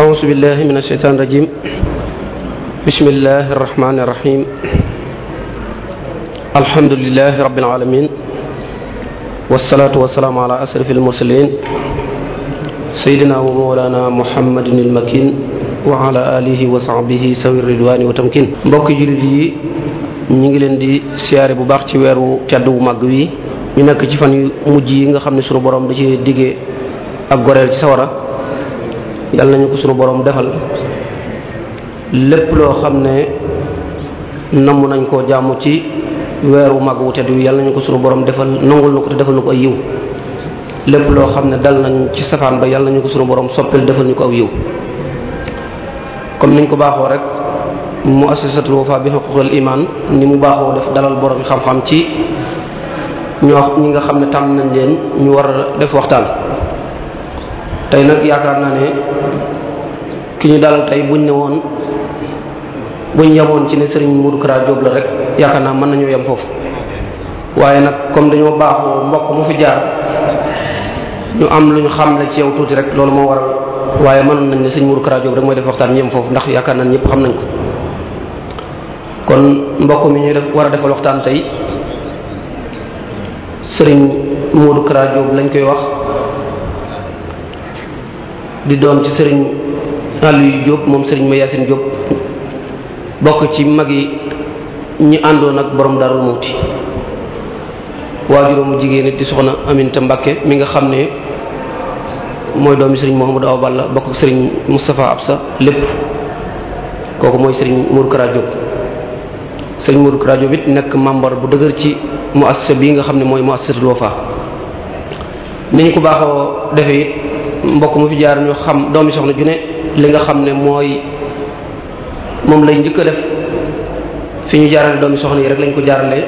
أعوذ بالله من الشيطان الرجيم بسم الله الرحمن الرحيم الحمد لله رب العالمين والصلاة والسلام على أشرف المرسلين سيدنا ومولانا محمد المكين وعلى آله وصحبه سوي الرضوان وتمكين mbokk jullit yi ñu ngi leen di siyaare bu baax ci weeru tedd bu màgg wi ñu nekk ci fan yu mujj yi nga xam ne sunu borom da ci diggee ak goreel ci sawara yàlla nañu ko suñu boroom defal lépp loo xam ne namm nañ koo jàmm ci weeru mag wu tedd wi yàlla nañu ko suñu boroom defal nangul na ko te defal ko ay yiw lépp loo xam ne dal nañ ci safaan ba yàlla ñu ko suñu boroom soppil defal ñu ko aw yiw comme niñ ko baaxoo rek mu assisatul wafa bi xuquqil iman ni mu baaxoo def dalal boroom xam-xam ci ñoo ñi nga xam ne tànn nañ leen ñu war a def waxtaan tey nag yaakaar naa ne ki ñu dalal tey buñ ne woon buñ yemoon ci ne sëriñ Modou Kara Diop la rek yaakaar naa mën nañoo yam foofu waaye nag comme dañoo baaxoo mbokk mu fi jaar ñu am lu ñu xam la ci yow tuuti rek loolu moo waral waaye mënoon nañ ne sëriñ Modou Kara Diop rek mooy def waxtaan ñeem foofu ndax yaakaar naa ñëpp xam nañ ko kon mbokk mi ñu def war a defal tey sëriñ Modou Kara Diop lañ koy wax di doom ci sëriñ Aliou Diop moom sëriñ ma Yacine Diop bokk ci mag yi ñi àndoon ak borom Darou Moukhty waajuróomu jigéen it di soxna Aminta Mbakke mi nga xam ne mooy doomi sëriñ Mouhamadou Awa Balla bokk ak sëriñ Moustapha Absa lépp kooku mooy sëriñ Mour Kara Diop sëriñ Mour Kara Diop it nekk membre bu dëgër ci muassasa bii nga xam ne mooy muassasatul Wafa ni ñu ko baaxoo defee it mbokk mu fi jaar ñu xam doomi soxna ju ne li nga xam ne mooy moom lay njëkk a def fi ñu jaarale doomi soxna yi rek lañ ko jaarale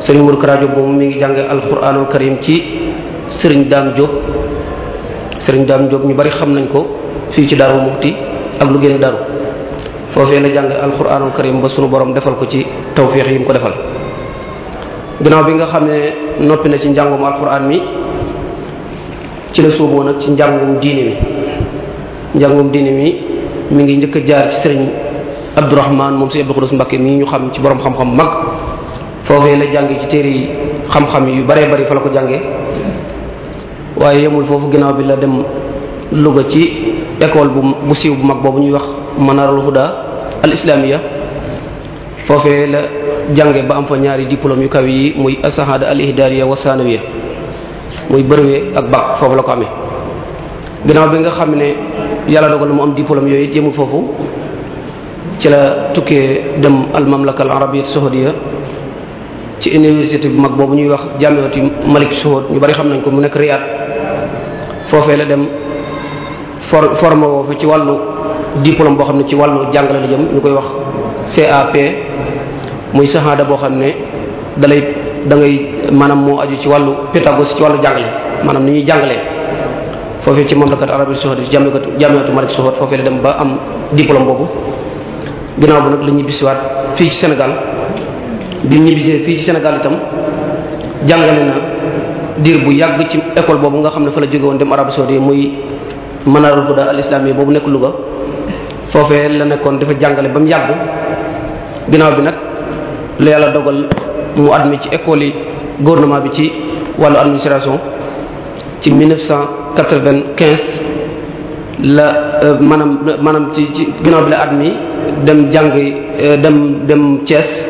sëriñ Mourou Kara Diop boobu mi ngi jànge alxuraanul karim ci sëriñ Dame Diop sëriñ Dame Diop ñu bari xam nañ ko fii ci Darou Moukhty ak lu génn Darou foofee la jànge alxuraanul karim ba sunu boroom defal ko ci tawféex yi mu ko defal. ginnaaw bi nga xam ne noppi na ci njàngum alxuraan mi. ci la sóoboo nag ci njàngum diine mi njàngum diine mi mu ngi njëkk a jaar ci sëriñ Abdourahman moom si Abdou Khoudoss Mbacké mii ñu xam ci borom xam-xam mag foofee la jànge ci téere yi xam yu baree bari fa la ko jànge waaye yemul foofu ginnaaw bi la dem luga ci école bu siiw bu mag boobu ñuy wax Manarul Huda al islamiya foofee la jànge ba am fa ñaari diplôme yu kaw yi muy asahada al ihdariya wa muy brevet ak bac foofu la ko amee ginnaaw bi nga xam ne yàlla dogal mu am diplôme yooyu yëmul foofu ci la tukkee dem al mamlaka al arabiyya ci université bu mag boobu ñuy wax jamiatu Malik Saud ñu bari xam nañ ko mu nekk Riyad foofee la dem for formé woo fa ci wàllu diplôme boo xam ne ci wàllu jàngale la jëm ñu koy wax CAP muy shahada boo xam ne dalay da ngay maanaam moo aju ci wàllu pédagogie ci wàllu jàngale maanaam ni ñuy jàngalee foofee ci mamlakat arabi suhud ci jamekatu jameatu malik suhud foofee la dem ba am diplôme boobu ginnaaw bu nag la ñuy bisiwaat fii ci Sénégal bi ñu fii ci Sénégal itam jàngale na bu yàgg ci école boobu nga xam ne fa la jóge woon dem arabi saudi muy manarul huda al islam yi boobu nekk Louga foofee la nekkoon dafa jàngale ba mu yàgg ginnaaw bi nag la yàlla dogal mu at mi ci école yi gouvernement bi ci wàllu administration ci 1995 la euh, maanaam maanaam ci ci ginnaaw bi la at mi dem jàng euh, dem dem cees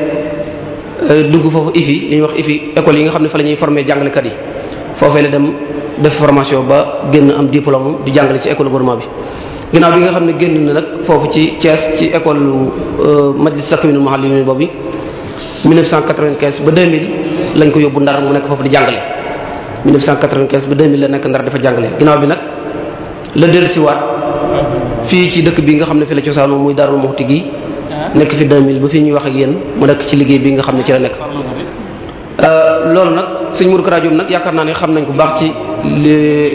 euh, dugg foofu IFI li ñuy wax IFI école yi nga xam ne fa la ñuy former jàngalekat yi foofee la dem def formation ba génn am diplôme di jàngale ci école gouvernement bi. ginnaaw bi nga xam ne génn na nag foofu ci Thiès ci école majlis sakawinu mahalli boobu 1995 ba 2000 lañ ko yóbbu ndar mu nekk foofu di jàngale 1995 ba 2000 la nekk ndar dafa jàngale ginnaaw bi nag la dellusiwaat fii ci dëkk bi nga xam ne fi la cosaanoo muy Darou Moukhty gi nekk fi 2000 ba fii ñuy wax ak yéen mu nekk ci liggéey bi nga xam ne ci la nekk euh, loolu nag suñu Mourou Kara Diop nag yaakaar naa ne xam nañ ko baax ci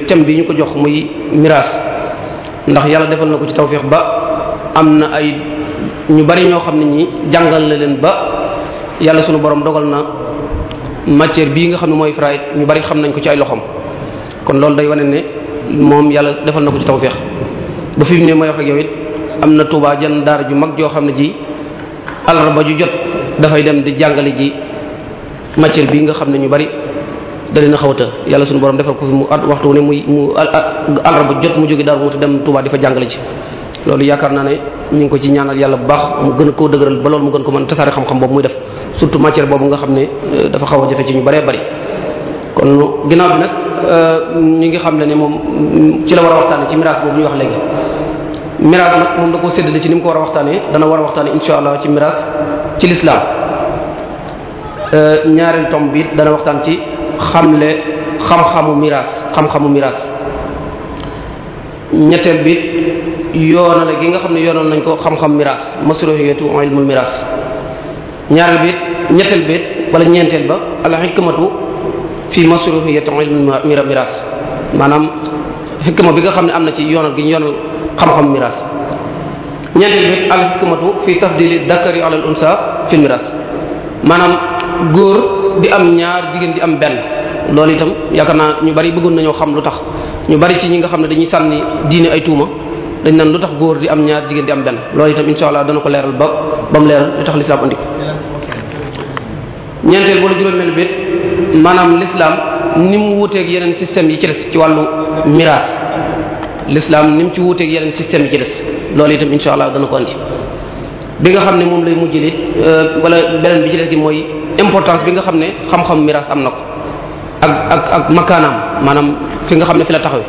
thème bi ñu ko jox muy miraas ndax yàlla defal na ko ci tawféex ba am na ay ñu bari ñoo xam ne ñi jàngal na leen ba yàlla sunu borom dogal na matière bii nga xam ne mooy ferraille ñu bari xam nañ ko ci ay loxoom kon loolu day wane ne moom yàlla defal na ko ci tawfeex ba fi mu ne may wax ak am na Touba jan daara ju mag joo xam ne ji àllarba ju jot dafay dem di jàngale ji matière bii nga xam ne ñu bari da leen a xawta yàlla sunu borom defal ko fi mu at waxtu ne muy mu àllarba jot mu jóge daaru mu te dem Touba di fa jàngale ji loolu yaakaar naa ne ñu ngi ko ci ñaanal yàlla bu baax mu gën koo dëgëral ba loolu mu gën ko boobu muy def surtout matière boobu nga xam ne euh, dafa xaw a jafe ci ñu bare bari kon ginnaaw bi nag euh, ñi nga xam ne ne moom ci la war a waxtaane ci miraas boobu ñuy wax léegi miraas nag moom da koo séddale ci ni war a waxtaanee dana war a waxtaane insha ci miraas ci lislaam euh, ñaareel biit dana waxtaan ci xamle xam-xamu miraas xam-xamu bi yoonale gi nga xam ne yoonoon nañ ko xam-xam miraas masruhiyatu ñetteel béet wala ñeenteel ba al xikmatu fi masruhiyat ilmi miraas maanaam xikma bi nga xam ne am na ci yoonal gi ñu yoonal xam-xam miraas ñeenteel béet al xikmatu fi tafdili dakari ala al unsa fi miraas maanaam góor di am ñaar jigéen di am benn loolu itam yaakaar naa ñu bari bëggoon nañoo xam lu tax ñu bari ci ñi nga xam ne dañuy sànni diine ay tuuma dañ naan lu tax góor di am ñaar jigéen di am benn loolu itam insha allah dana ko leeral ba ba tax lislaam andi ñeenteel wala juróomeelu bi maanaam lislaam ni mu wuuteeg yeneen système yi ci des ci wàllu miraas lislaam ni mu ci wuuteeg yeneen système yi ci des loolu itam insha allah dana ko andi bi nga xam ne moom lay mujj li euh, wala beneen bi ci des mooy importance bi nga xam ne xam-xam miraas am na ko ak ak ak makaanaam maanaam fi nga xam ne fi la taxawe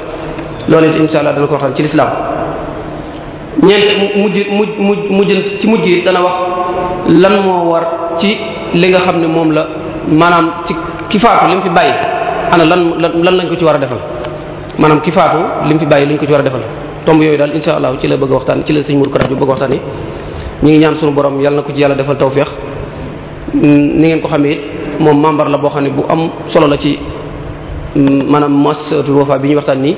loolu it insha allah dana ko waxtaan ci lislaam ñeent mujj mujj mujj mujj ci mujj dana wax lan moo war ci li nga xam ne moom la maanaam ci ki faatu li mu fi bàyyi ana lan lan lañ ko ci war a defal maanaam ki faatu li mu fi bàyyi lu ñu ko ci war a defal tomb yooyu daal insha allah ci la bëgg waxtaan ci la sëñ Mourou Karajo bëgg waxtaan yi ñu ngi ñaan sunu borom yàlla na ko ci yàlla defal tawféex ni ngeen ko xamee moom membre la boo xam ne bu am solo la ci mm, maanaam masatul wafa bi ñu waxtaan nii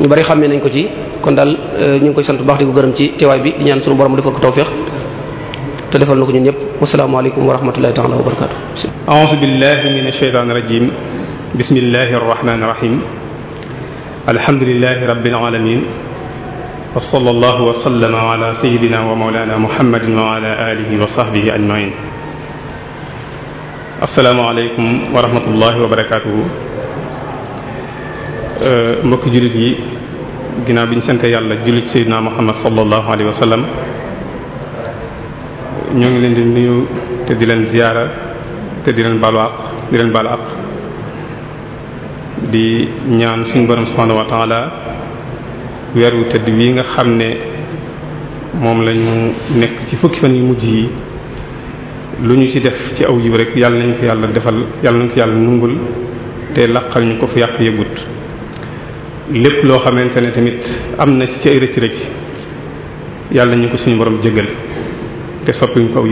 ñu bari xamee nañ ko ci kon daal euh, ñu ngi koy sant baax di ko gërëm ci teewaay bi di ñaan sunu borom defal ko tawféex te defal na ko ñun ñëpp wasalaamaaleykum wa rahmatullahi taala wa barakaatu. a'uuzu billahi mina shaytaani rajiim bismillahi rahmaani rahiim alhamdulillahi rabbil aalamiin wa sallallahu wa sallama ala sayyidina wa mawlana muhammadin wa ala alihi wa sahbihi ajmain asalaamaaleykum wa rahmatullahi wa barakaatuhu mbokki jullit yi ginnaaw bi ñu sant yàlla jullit sayyidina muhammad sallallahu alayhi wa sallam ñoo ngi leen di nuyu te di leen ziyaara te di leen balu àq di leen balu di ñaan suñu borom subhaanahu wa taala weer wu tëdd wi nga xam ne moom lañu nekk ci fukki fan yu mujj yi lu ñu ci def ci aw yiw rek yàlla nañ ko yàlla defal yàlla nañ yàlla nungul te laqal ñu ko fi yàq yëgut lépp loo xamante ne tamit am na ci ci ay rëcc rëcc yàlla ñu ko suñu borom jéggal te soppiwuñ ko aw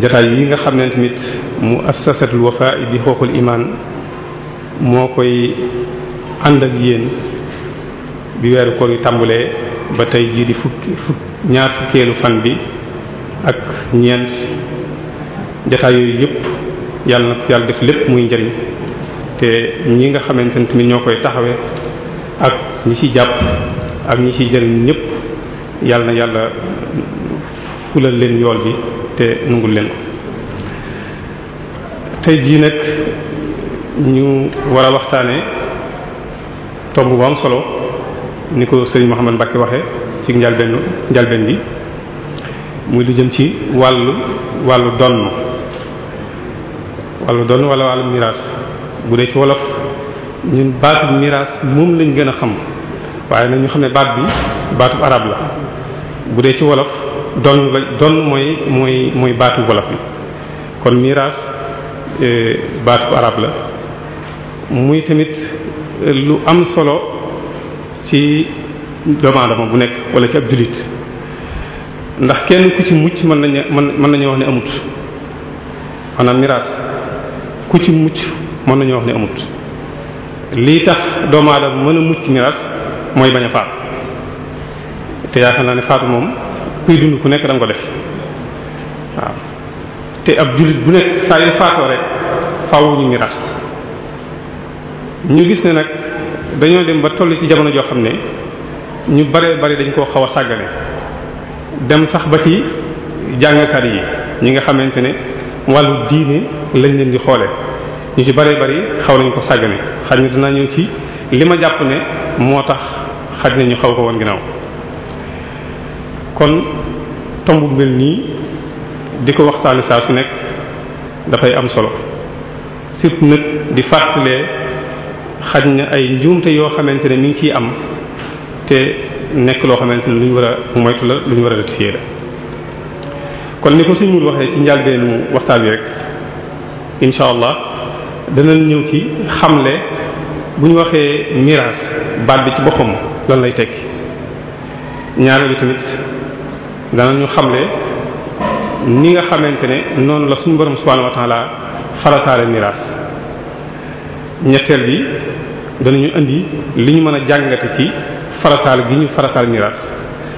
jataay yi nga xam ne tamit mu assasatul wafa bi xooxul imaan moo koy ànd ak yéen bi weeru koor yu tàmbulee ba tey jii di fukki fukk ñaar fukkeelu fan bi ak ñeent jataay yooyu yëpp yàlla na yàlla def lépp muy njariñ te ñi nga xamante ne tamit ñoo koy taxawee ak ñi ci jàpp ak ñi ci jariñ ñëpp yàlla na yàlla fulal leen yool bi te nungul leen ko tey jii nag ñu war a waxtaane tomb bu am solo ni ko sëriñ Mouhamed Mbacke waxe ci njalbeen njalbeen bi muy lu jëm ci wàllu wàllu donn wàllu donn wala wàllu miraas bu dee ci wolof ñun baatu miraas moom lañ gën a xam waaye nag ñu xam ne baat bi baatu arab la bu dee ci wolof doon la doon mooy mooy mooy baatu wolof bi kon miraas e, baatu arab la muy tamit e, lu am solo ci doomu aadama bu nekk wala ci ab jullit ndax kenn ku ci mucc mën nañu mën mën nañu wax ne amut maanaam miraas ku ci mucc mën nañu wax ne amut lii tax doomu aadama mën a mucc miraas mooy bañ a faatu te yaakaar naa ne faatu moom kuy dund ku nekk danga ko def waaw te ab jullit bu nekk saa yu faatoo rek faaw ñu miraas ko ñu gis ne nag dañoo dem ba toll ci jamono joo xam ne ñu bare bari dañ koo xaw a sàggane dem sax ba ci jàngkat yi ñi nga xamante ne wàllu diine lañ leen di xoole ñu ci bare bari xaw nañ ko sàggane xaj na dinaa ci li ma jàpp ne moo tax xaj na ñu xaw ko woon ginnaaw kon tomb bu mel nii di ko waxtaane saa su nekk dafay am solo surtout nag di fàttalee xaj na ay njuumte yoo xamante ne mu ngi ciy am te nekk loo xamante ne luñ ñu war a moytu la lu ñu war a rectifier la kon ni ko suñ mun waxee ci njàlbeenu waxtaan wi rek incha allah danañ ñëw ci xamle bu ñu waxee miraas baat bi ci boppam lan lay tekki ñaareelu tamit danañu xamle ni nga xamante ne noonu la suñu borom subhanahu wa ta'ala farataale miraas ñetteel bi danañu indi li ñu mën a jàngate ci farataal gi ñu farataal miraas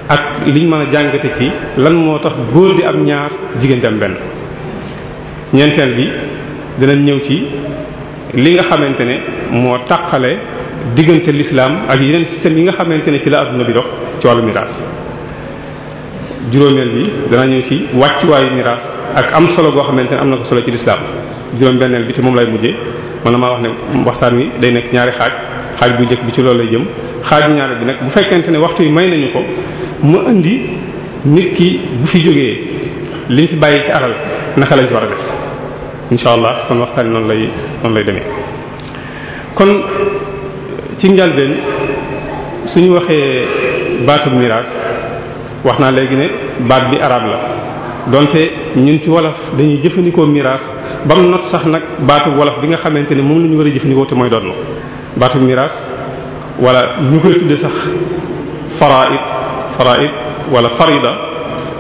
ak li ñu mën a jàngate ci lan moo tax góor di am ñaar jigéen di benn ñeenteel bi danañ ñëw ci li nga xamante ne moo taqale diggante lislaam ak yeneen système yi nga xamante ne ci la adduna bi dox ci wàllu miraas juróomeel bi dana ñëw ci wàccuwaayu miraas ak am solo goo xamante ne am na ko solo ci lislaam juróom-benneel bi ci moom lay mujjee man maa wax ne waxtaan wi day nekk ñaari xaaj xaaj bu njëkk bi ci loolu lay jëm xaaj bu ñaareel bi nag bu fekkente ne waxtu yi may nañu ko mu indi nit ki bu fi jógee liñ fi bàyyi ci alal naka lañ ci war a def incha allah kon waxtaan yi noonu lay noonu lay demee. kon ci njëlbeen suñu waxee baatu miraas wax naa léegi ne baat bi araab la donte ñun ci wolof dañuy jëfandikoo miraas bam mu sax nag baatu wolof bi nga xamante ne moom la ñu war a jëfandikoo te mooy doon baatu miraas wala ñu koy tudde sax faraid faraid wala farida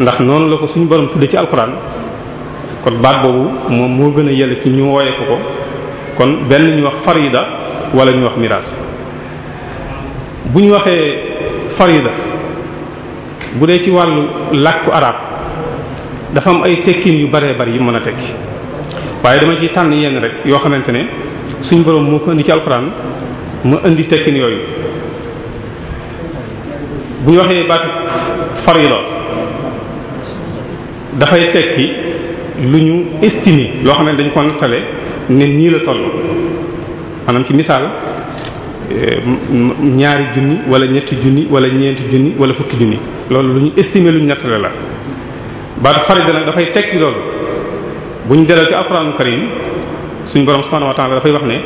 ndax noonu la ko suñu borom tudde ci alxuraan kon baat boobu moom moo gën a yelle ci ñu wooyee ko ko kon benn ñu wax farida wala ñu wax miraas bu ñu waxee farida bu dee ci wàllu làkku arab dafa am ay tekkiin yu bëree bëri yu mën a tekki waaye dama ci tànn yenn rek yoo xamante ne suñ borom moo ko indi ci alxuraan mu indi tekkiin yooyu bu ñu waxee baatu farida dafay tekki lu ñu estimé loo xam ne dañ ko nattale ne nii la toll maanaam ci misaal Eh, ñaari junni wala ñetti junni wala ñeenti junni wala fukki junni loolu lu ñu estimé luñ ñu nattale la baatu farida nag dafay tekki loolu bu ñu delal ci alxuraanu karim suñu borom subhanahu wa dafay wax ne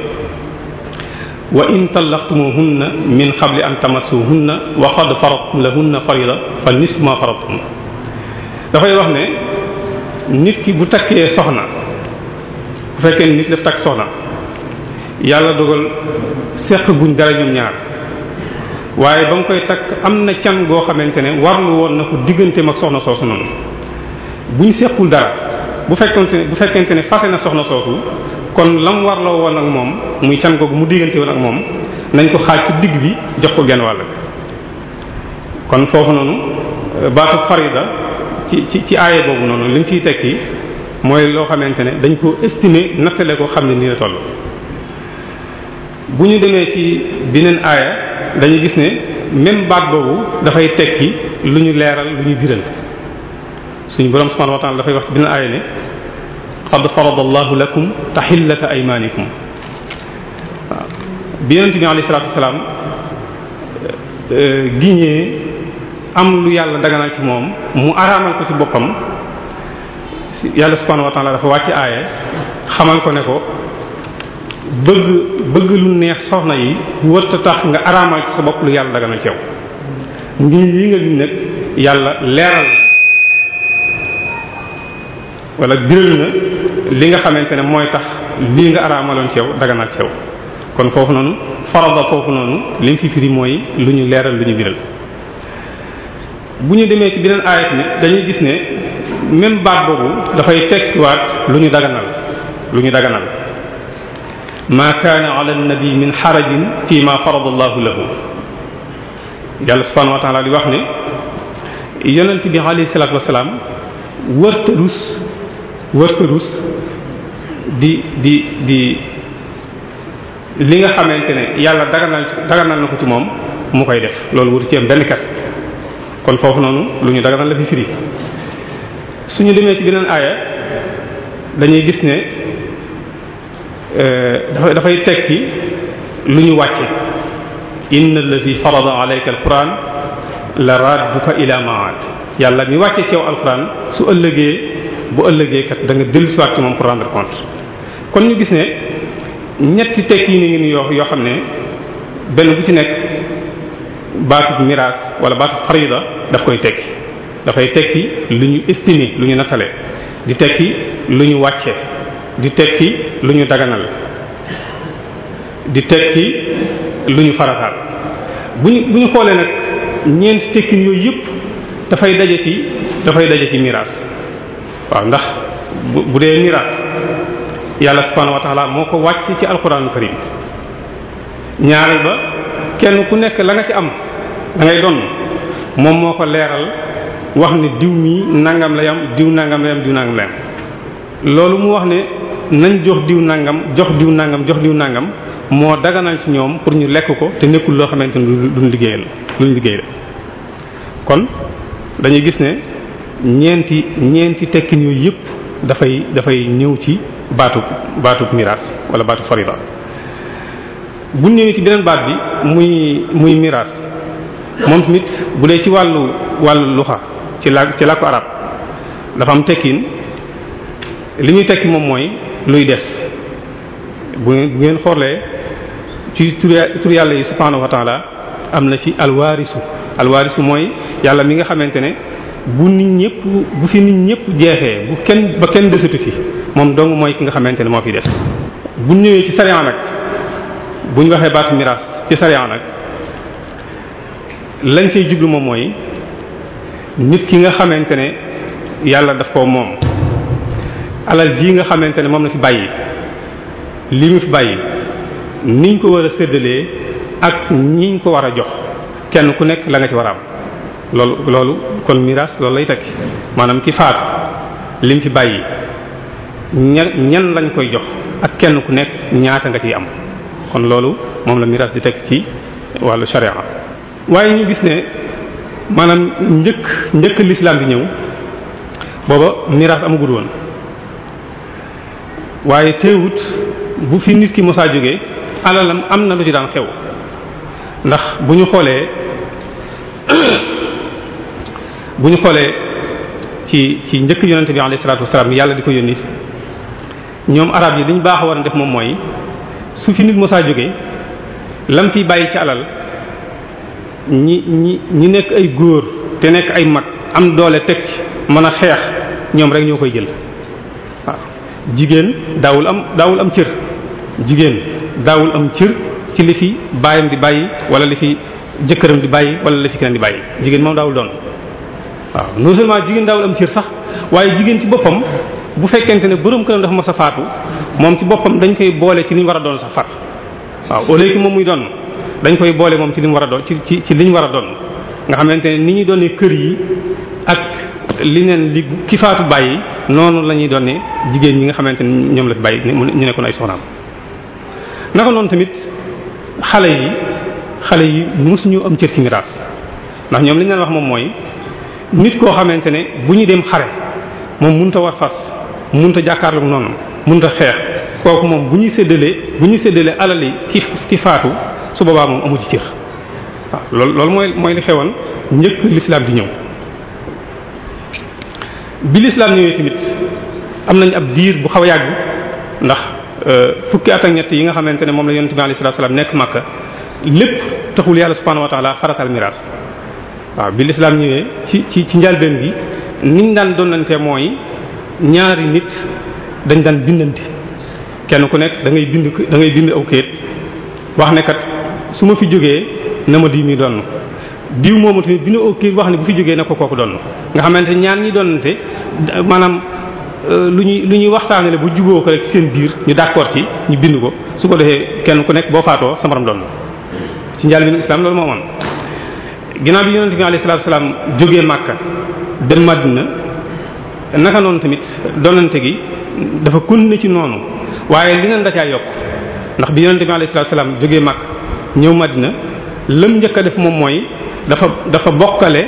wa in tallaqtumuhunna min qabli an tamassuhunna wa qad faradtum lahunna farida fa nisfu ma faradtum dafay wax ne nit ki bu takkee soxna bu fekkee nit daf takk soxna yàlla dogal seq guñ dara ñoom ñaar waaye ba mu koy takk am na can goo xamante ne warlu woon na ko digganteem mag soxna soosu noonu buñ sequl dara bu fekkonte bu fekkente ne fase na soxna soosu kon lam warloo woon ak moom muy can googu mu diggante woon ak moom nañ ko xaaj ci digg bi jox ko genn wàll kon foofu noonu euh, baatu farida ci ci ci aaye boobu noonu li mu ciy tekki mooy loo xamante ne dañ ko estimer nattale ko xam ne nii la toll bu ñu demee ci beneen aaya dañu gis ne même baat boobu dafay tekki lu ñu leeral lu ñu biral suñu boroom subhanahu wa ta'ala dafay wax ci beneen aaya ne qad farada allahu lakum tahillata aymanikum waaw bi yonent bi alayhi salaatu wasalaam euh, euh, giñee am lu yàlla daganal ci moom mu araamal ko ci boppam yàlla subhanahu wa ta'ala dafa wàcc aaya xamal ko ne ko bëgg bëgg lu neex soxna yi wërta tax nga araamal ci sa bopp lu yàlla daga na ceew ngir yi nga nit nag yàlla leeral wala biral na li nga xamante ne mooy tax lii nga araamaloon ceew daga na ceew kon foofu noonu farada foofu noonu li mu fi firi mooy lu ñu leeral lu ñu biral bu ñu demee ci beneen aaya tamit dañuy gis ne même baat boobu dafay tekkiwaat lu ñu daganal lu ñu daganal maa kaana ala nabi min xarajin fi ma farada allahu lahu yàlla subhanahu wa taala di wax ne yonent bi alayhi salaatu wasalaam wërta rus wërta rus di di di li nga xamante ne yàlla daganal daganal na ko ci moom mu koy def loolu wutu ci am benn kat kon foofu noonu lu ñu daganal la fi firi suñu demee ci beneen aaya dañuy gis ne Euh, dafay tekki lu ñu wàcce inna allazi farada alayka alquran la radduka ila maad yàlla mi wàcce ci yow alquran su ëllëgee bu ëllëgeekat danga da nga dellusiwaat ci moom pour rendre compte kon ñu gis ne ñetti tekki yi ngi ni yoo xam ne benn bu ci nekk baatub miraas wala baatub farida daf koy tekki dafay tekki lu ñu estimé lu ñu natale di tekki lu ñu wàcce di teg tekki lu ñu daganal di teg tekki lu ñu farataal bu ñu bu ñu xoolee nag ñeenti tekkin yooyu yëpp dafay daje ci dafay daje ci miraas waaw ndax bu bu dee miraas yàlla subhaanahu moo ko wàcc ci alxuraanu karim ñaareel ba kenn ku nekk la nga ci am da ngay doon moom moo ko leeral wax ni diw mii nangam la yam diw nangam la yam diw nangam la loolu mu wax ne nañ jox diw nangam jox diw nangam jox diw nangam moo daganal ci ñoom pour ñu lekk ko te nekkul loo xamante ni duñ liggéeyal luñ liggéey la kon dañuy gis ne ñeenti ñeenti tekkin yooyu yëpp dafay dafay ñëw ci baatu baatub miraas wala baatub farida bu ñëwee ci beneen baat bi muy muy miraas moom tamit bu dee ci wàllu wàllu luxa ci la ci làkku arab dafa am tekkin li ñuy tekki moom mooy luy des bu ngeen xoolee ci tur yàlla yi subhaanahu wa am na ci alwaarisu alwaarisu mooy yàlla mi nga xamante ne bu nit ñëpp bu fi nit ñëpp jeexee bu kenn ba kenn desatu fi moom dong mooy ki nga xamante ne moo fi des bu ñëwee ci sariya nag bu ñu waxee baatu miraas ci sariya nag lañ say jublu moom mooy nit ki nga xamante ne yàlla daf koo moom alal ji nga xamante ne moom na fi bàyyi li mu fi bàyyi niñ ko war a séddalee ak niñ ko war a jox kenn ku nekk la nga ci war a am loolu loolu kon miraas loolu lay tekki maanaam ki faat li mu fi bàyyi ñan ñan lañ koy jox ak kenn ku nekk ñaata nga ciy am kon loolu moom la miraas di tekki ci wàllu sharia waaye ñu gis ne maanaam njëkk njëkk lislaam gi ñëw booba miraas amagul woon waaye teewut bu fi nit ki mosaa jógee alalam am na lu ci daan xew ndax bu ñu xoolee bu ñu xoolee ci ci njëkk yonente bi alayhi salaatu wasalaam yàlla di ko yónni ñoom arab yi li ñu baax war a def moom mooy su fi nit mosaa jóge lam fi bàyyi ci alal ñi ñi ñi nekk ay góor te nekk ay mag am doole teg ci mën a xeex ñoom rek ñoo koy jël jigéen daawul am daawul am cër jigéen daawul am cër ci li fi baayam di bàyyi wala li fi jëkkëram di bàyyi wala li fi keneen di bàyyi jigéen moom daawul doon waaw non seulement jigéen daawul am cër sax waaye jigéen ci boppam bu fekkente ne borom këram dafa mas sa faatu moom ci boppam dañ koy boole ci li ñu war a doon sax far waaw au lieu moom muy doon dañ koy boole moom ci li mu war a doon ci ci ci li war a doon nga xamante ne ni ñuy doonee kër yi ak. li neen li ki faatu bàyyi noonu la ñuy ne jigéen ñi nga xamante ni ñoom la fi bàyyi ñu nekkoon ay soxnaam naka noonu tamit xale yi xale yi musuñu am cër ci miraas ndax ñoom li ñu wax moom mooy nit koo xamante ne bu ñu dem xare moom mënut a war fas mënut a jàkkaarloog noonu mënut a xeex kooku moom bu ñuy séddalee bu ñu séddalee alal yi ki ki faatu su boobaa moom amu ci cër waaw loolu loolu mooy mooy li xewoon njëkk l'islam di ñëw. bi lislaam ñëwee tamit am nañ ab diir bu xaw a yàgg ndax euh, fukki at ñett yi nga xamante ne moom la yonent bi alayhi salaatu salaam nekk Makka lépp taxul yàlla subhanahu wa taala faratal miraas waaw bi lislaam ñëwee ci ci ci njëlbéen bi niñ daan doonante mooy ñaari nit dañ daan bindante kenn ku nekk da ngay bind da ngay bind aw kayit wax ne su ma fi jógee na di mi doon diw moomu tamit bi ñu kii wax ne bu fi jógee na ko kooku doon nga xamante ñaan ñi doonante maanaam euh, lu ñuy lu ñuy waxtaanale bu juboo ko rek seen biir ñu d'accord ci ñu bind ko su ko defee kenn ku nekk boo faatoo sa morom doon ci njaal bi nu islam loolu moo amoon ginnaaw bi yonent bi alayhi salaatu salaam jógee Makka dem Madina naka noonu tamit doonante gi dafa continuer ci noonu waaye li neen da caa ndax bi yonent bi alayhi salaatu salaam jógee Makka ñëw Madina lëm njëkk a def moom mooy dafa dafa bokkale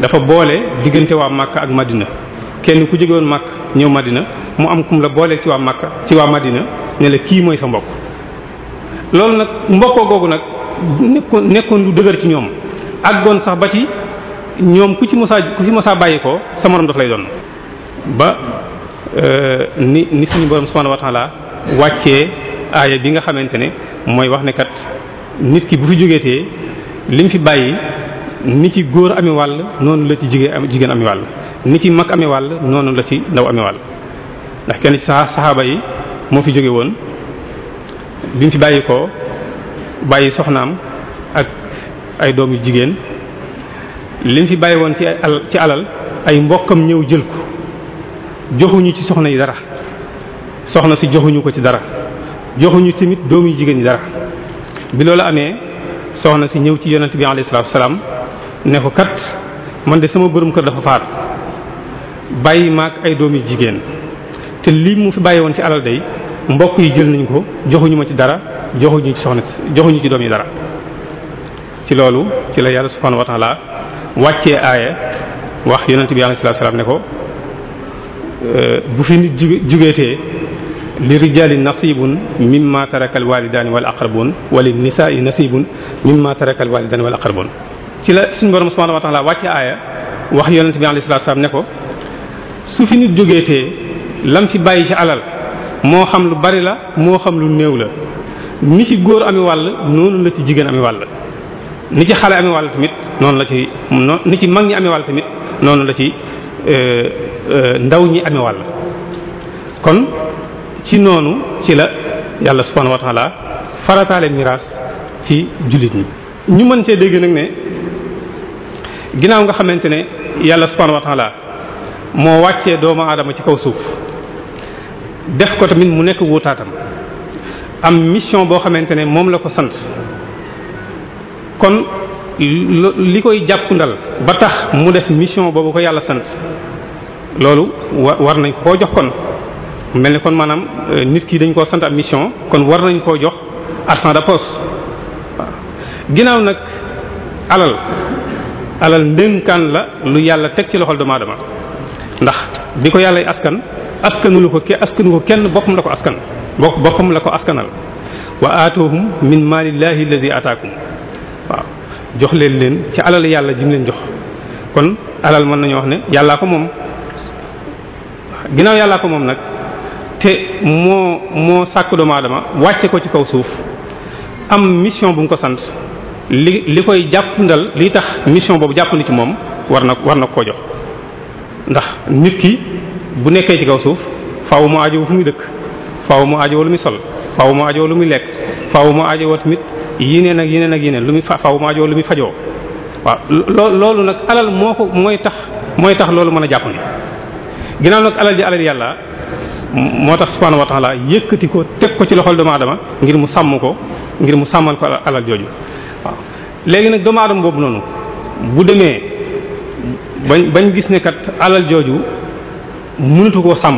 dafa boole diggante waa màkk ak Madina kenn ku jógewoon woon ñëw Madina mu am kum la booleel ci waa Makka ci waa Madina ne kii mooy sa mbokk loolu nag mbokkoo googu nag nekkoon nekkoon lu dëgër ci ñoom àggoon sax ba ci ñoom ku ci mosaa ku ci mosaa bàyyi ko sa morom daf lay doon ba euh, ni ni suñu borom subhanahu wa ta'ala wàccee aaya bi nga xamante ne mooy wax ne kat nit ki bu fi jógeetee li mu fi bàyyi nit ci góor amee noonu la ci jigéen jigéen amee wàll ni ci mag amee wàll noonu la ci ndaw amee wàll ndax kenn ci saxaaba yi moo fi jóge woon bi mu fi bàyyi ko bàyyi soxnaam ak ay doom yu jigéen li mu fi bàyyi woon ci alal ay mbokkam ñëw jël ko joxuñu ci soxna yi dara soxna si joxuñu ko ci dara joxuñu tamit doom yu jigéen yi dara bi loolu amee soxna si ñëw ci yonent bi alayhi salaatu salaam ne ko kat man de sama borom kër dafa faat bàyyi maak ay doom yu jigéen te lii mu fi bàyyi woon ci alal day mbokk yi jël nañ ko joxuñu ma ci dara joxuñu ci soxna joxuñu ci doom yi dara. ci loolu ci la yàlla subhaanahu wa taala wàccee aaya wax yonent bi alayhi salaatu salaam ne ko euh, bu fi nit jugee jugeetee li rijaali nasibun mimma taraka alwalidaani wal aqrabun wa li nisaai nasibun mimma taraka alwalidaani wal aqrabun ci la suñu borom subhanahu wa taala wàcce aaya wax yonent si alayhi salaatu salaam ne ko su fi nit jógee tee lam fi bàyyi ci alal moo xam lu bari la moo xam lu néew la ni ci góor ami wàll noonu la ci jigéen ami wàll ni ci xale ami wàll tamit noonu la ci ni ci mag ñi ami wàll tamit noonu la ci euh, euh, ndaw ñi ami wàll kon ci noonu ci la yàlla subhanahu wa ta'ala farataale miraas ci jullit ñi ñu mën cee dégg nag ne ginnaaw nga xamante ne yàlla subhanahu wa ta'ala moo wàccee doomu aadama ci kaw suuf def ko tamit mu nekk wutaatam am mission boo xamante ne moom la ko sant kon li koy jàpp ndal ba tax mu def mission boobu ko yàlla sant loolu war nañ koo jox kon mu mel ni kon maanaam euh, nit kii dañ koo sant ab mission kon war nañ koo jox argent de poche waaw ginnaaw nag alal alal ndénkaan la lu yàlla teg ci loxol doomu ndax bi ko yàlla askan askanu lu ko ke kenn boppam la ko askan boppam la ko askanal wa aatuhum min maalillahi allazi ataakum waaw jox leen leen ci alal yàlla jim leen jox kon alal mën nañu wax ne yàllaa ko moom ginnaaw yàllaa ko moom nag te moo moo sàkk doomu aadama wàcce ko ci kaw suuf am mission bu mu ko sant li li koy jàppandal li tax mission boobu jàppandi ci moom war na war na koo jox ndax nit ki bu nekkee ci kaw suuf faaw mu aajo fu muy dëkk faaw mu aajo lu muy sol faaw mu aajo lu muy lekk faaw mu aajo tamit yeneen ak yeneen ak yeneen lu muy faaw mu aajo lu muy fajoo waaw loolu nag alal moo ko mooy tax mooy tax loolu mën a jàppandi ginnaaw nag alal ji alal yàlla moo tax subhaanahu wa taala yëkkati ko teg ko ci loxol doomu aadama ngir mu sàmm ko ngir mu sàmmal ko alal jooju waaw léegi nag doomu aadama boobu noonu bu demee bañ bañ gis ne kat alal jooju munatu koo sàmm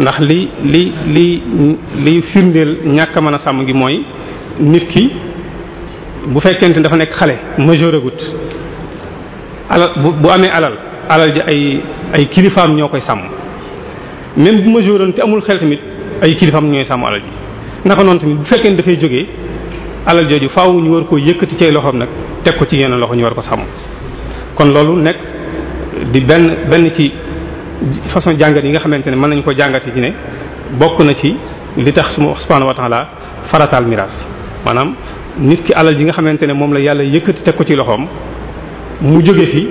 ndax li li li li firndeel ñàkk man mën a sàmm ngi mooy nit ki bu fekkente dafa nekk xale majeur agut alal bu amee alal alal ji ay ay kilifaam ñoo koy sàmm même bu majeur oon te amul xel tamit ay kilifaam ñooy sàmm alal ji naka noonu tamit bu fekkee ne dafay jóge alal jooju faw ñu war koo yëkkati cay loxoom nag teg ko ci yenn loxo ñu war ko sàmm kon loolu nekk di benn benn ci façon jàngat yi nga xamante ne mën nañu ko jàngati ci ne bokk na ci li tax suma subhanahu wa ta'ala farataal miraas maanaam nit ki alal ji nga xamante ne moom la yàlla yëkkati teg ko ci loxoom mu jóge fi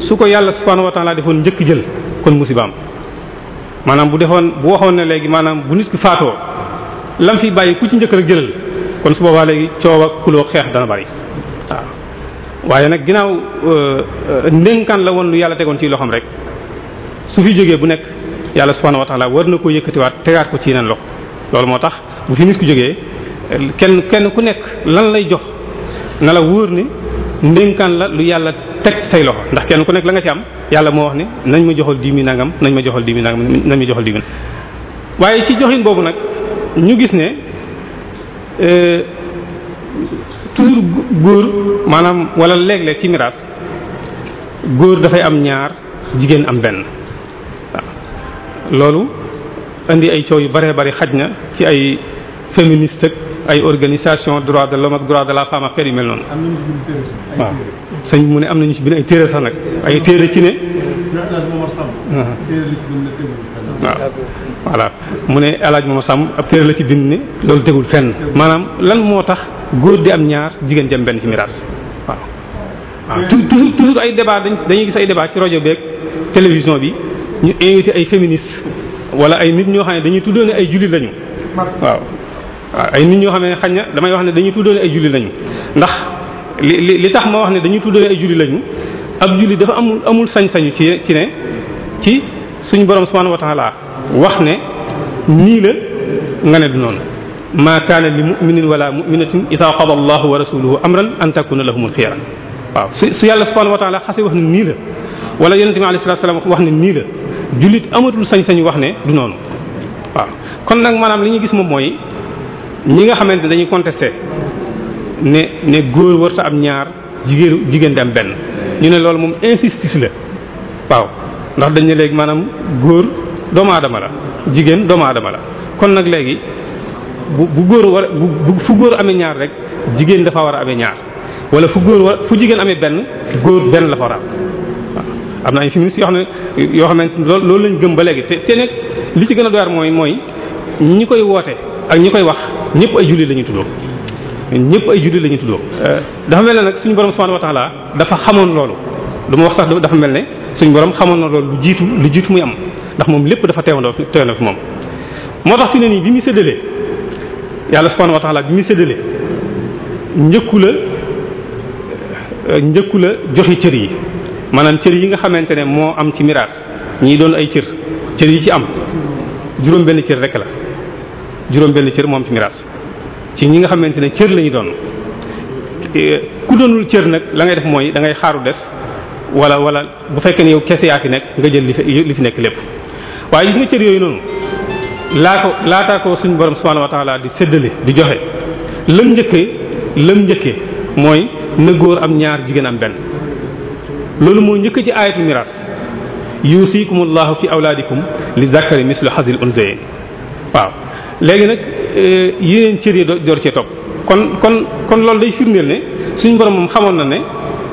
su ko yàlla subhanahu wa ta'ala defoon njëkk jël kon musibaam maanaam bu defoon bu waxoon ne léegi maanaam bu nit ki faatoo lam fi bàyyi ku ci njëkkër rek jëlal kon su boobaa léegi coow ak kuloo xeex dana bari waaye nag ginnaaw euh, euh, ndénkaan la woon lu yàlla tegoon ci loxoom rek su fi jógee bu nekk yàlla subhaanahu wa taala war na koo yëkkatiwaat tegaat ko ci yeneen loxo loolu moo tax bu fi nit ku jógee kenn kenn ku nekk lan lay jox na la wóor ni ndénkaan la lu yàlla teg say loxo ndax kenn ku nekk la nga ci am yàlla moo wax ne nañ ma joxal dimi nangam nañ ma joxal dimi nangam nañ ma joxal dimi waaye ci joxin boobu nag ñu gis ne euh, toujours góor maanaam wala léeg-léeg ci miraas góor dafay am ñaar jigéen am benn loolu indi ay coow yu bare bari xaj na ci ay féministe ay organisation droit de l'homme ak droit de la femme ak xeet yu mel noonu waaw sëñ mu ne am nañu ci bind ay téere sax nag ay téere ci ne waaw voilà mu ne alaaj mooma sàmm ab téere la ci bind ne loolu tegul fenn maanaam lan moo tax góor di am ñaar jigéen jëm benn ci miraas waaw waaw toujours toujours ay débat dañuy gis ay débat ci rajo beeg télévision bi ñu invité ay féministes wala ay nit ñoo xam ne dañuy tuddoone ay jullit lañu waaw ay nit ñoo xam ne xañ na damay wax ne dañuy tuddoone ay julli lañu ndax li li li tax ma wax ne dañuy tuddoone ay julli lañu ab julli dafa amul amul sañ-sañu ci ci ci suñ borom subhanahu wa ta'ala wax ne nii la nga ne du noonu ma kaana li mu'minin wala mu'minatin idha qada allahu wa rasuluhu amran an takuna lahumul khiyara waaw su su yàlla subhanahu wa ta'ala xase wax ne nii la wala yonente bi alayhi salaam wax ne nii la jullit amatul sañ-sañu wax ne du noonu waaw kon nag maanaam li ñu gis moom mooy ñi nga xamante ne dañuy contesté ne ne góor war sa am ñaar jigéen jigéen di am benn ñu ne loolu moom insistance la waaw ndax dañ ne léegi maanaam góor doomu aadama la jigéen doomu aadama la kon nag léegi bu bu góor war bu fu góor amee ñaar rek jigéen dafa war a amee ñaar wala fu góor war fu jigéen amee benn góor benn la fa war a am am na ay féministes yoo xam ne yoo xamante loolu lañ gëm ba léegi te te li ci gën a doyar mooy mooy ñi koy woote ak ñi koy wax ñëpp ay jullit la ñuy tuddoo ñëpp ay jullit la tuddoo. Eh, dafa mel ne nag suñ borom subhanahu wa dafa xamoon loolu lu ma wax sax dafa mel ne suñ borom xamoon na loolu lu jiitu lu jiitu muy am ndax moom lépp dafa teewandoo fi moom. moo tax fi ne nii bi muy séddalee yàlla subhanahu wa ta'ala bi muy séddalee njëkku la eh, njëkku la joxe cër yi maanaam cër yi nga xamante ne moo am ci miraas ñii doon ay cër cër yi ci am juróom benn cër rek la. juróom benn cër moom ci miraas ci ñi nga xamante ne cër lañu doon ku doonul cër nag la ngay def mooy da ngay xaaru des wala wala bu fekkee ne yow kese yaa fi nekk nga jël li fi li fi nekk lépp waaye gis nga cër yooyu noonu laa ko laataa ko suñu borom subhanahu wa taala di séddale di joxe lëm njëkkee lëm mooy na góor am ñaar jigéen loolu moo njëkk ci ayatul miraas yusikumullahu fi awlaadikum li zakari mislu hazil unzayin waaw léegi nag euh, yeneen cër yi door cee topp kon kon kon loolu day firndeel ne suñu borom moom xamoon na ne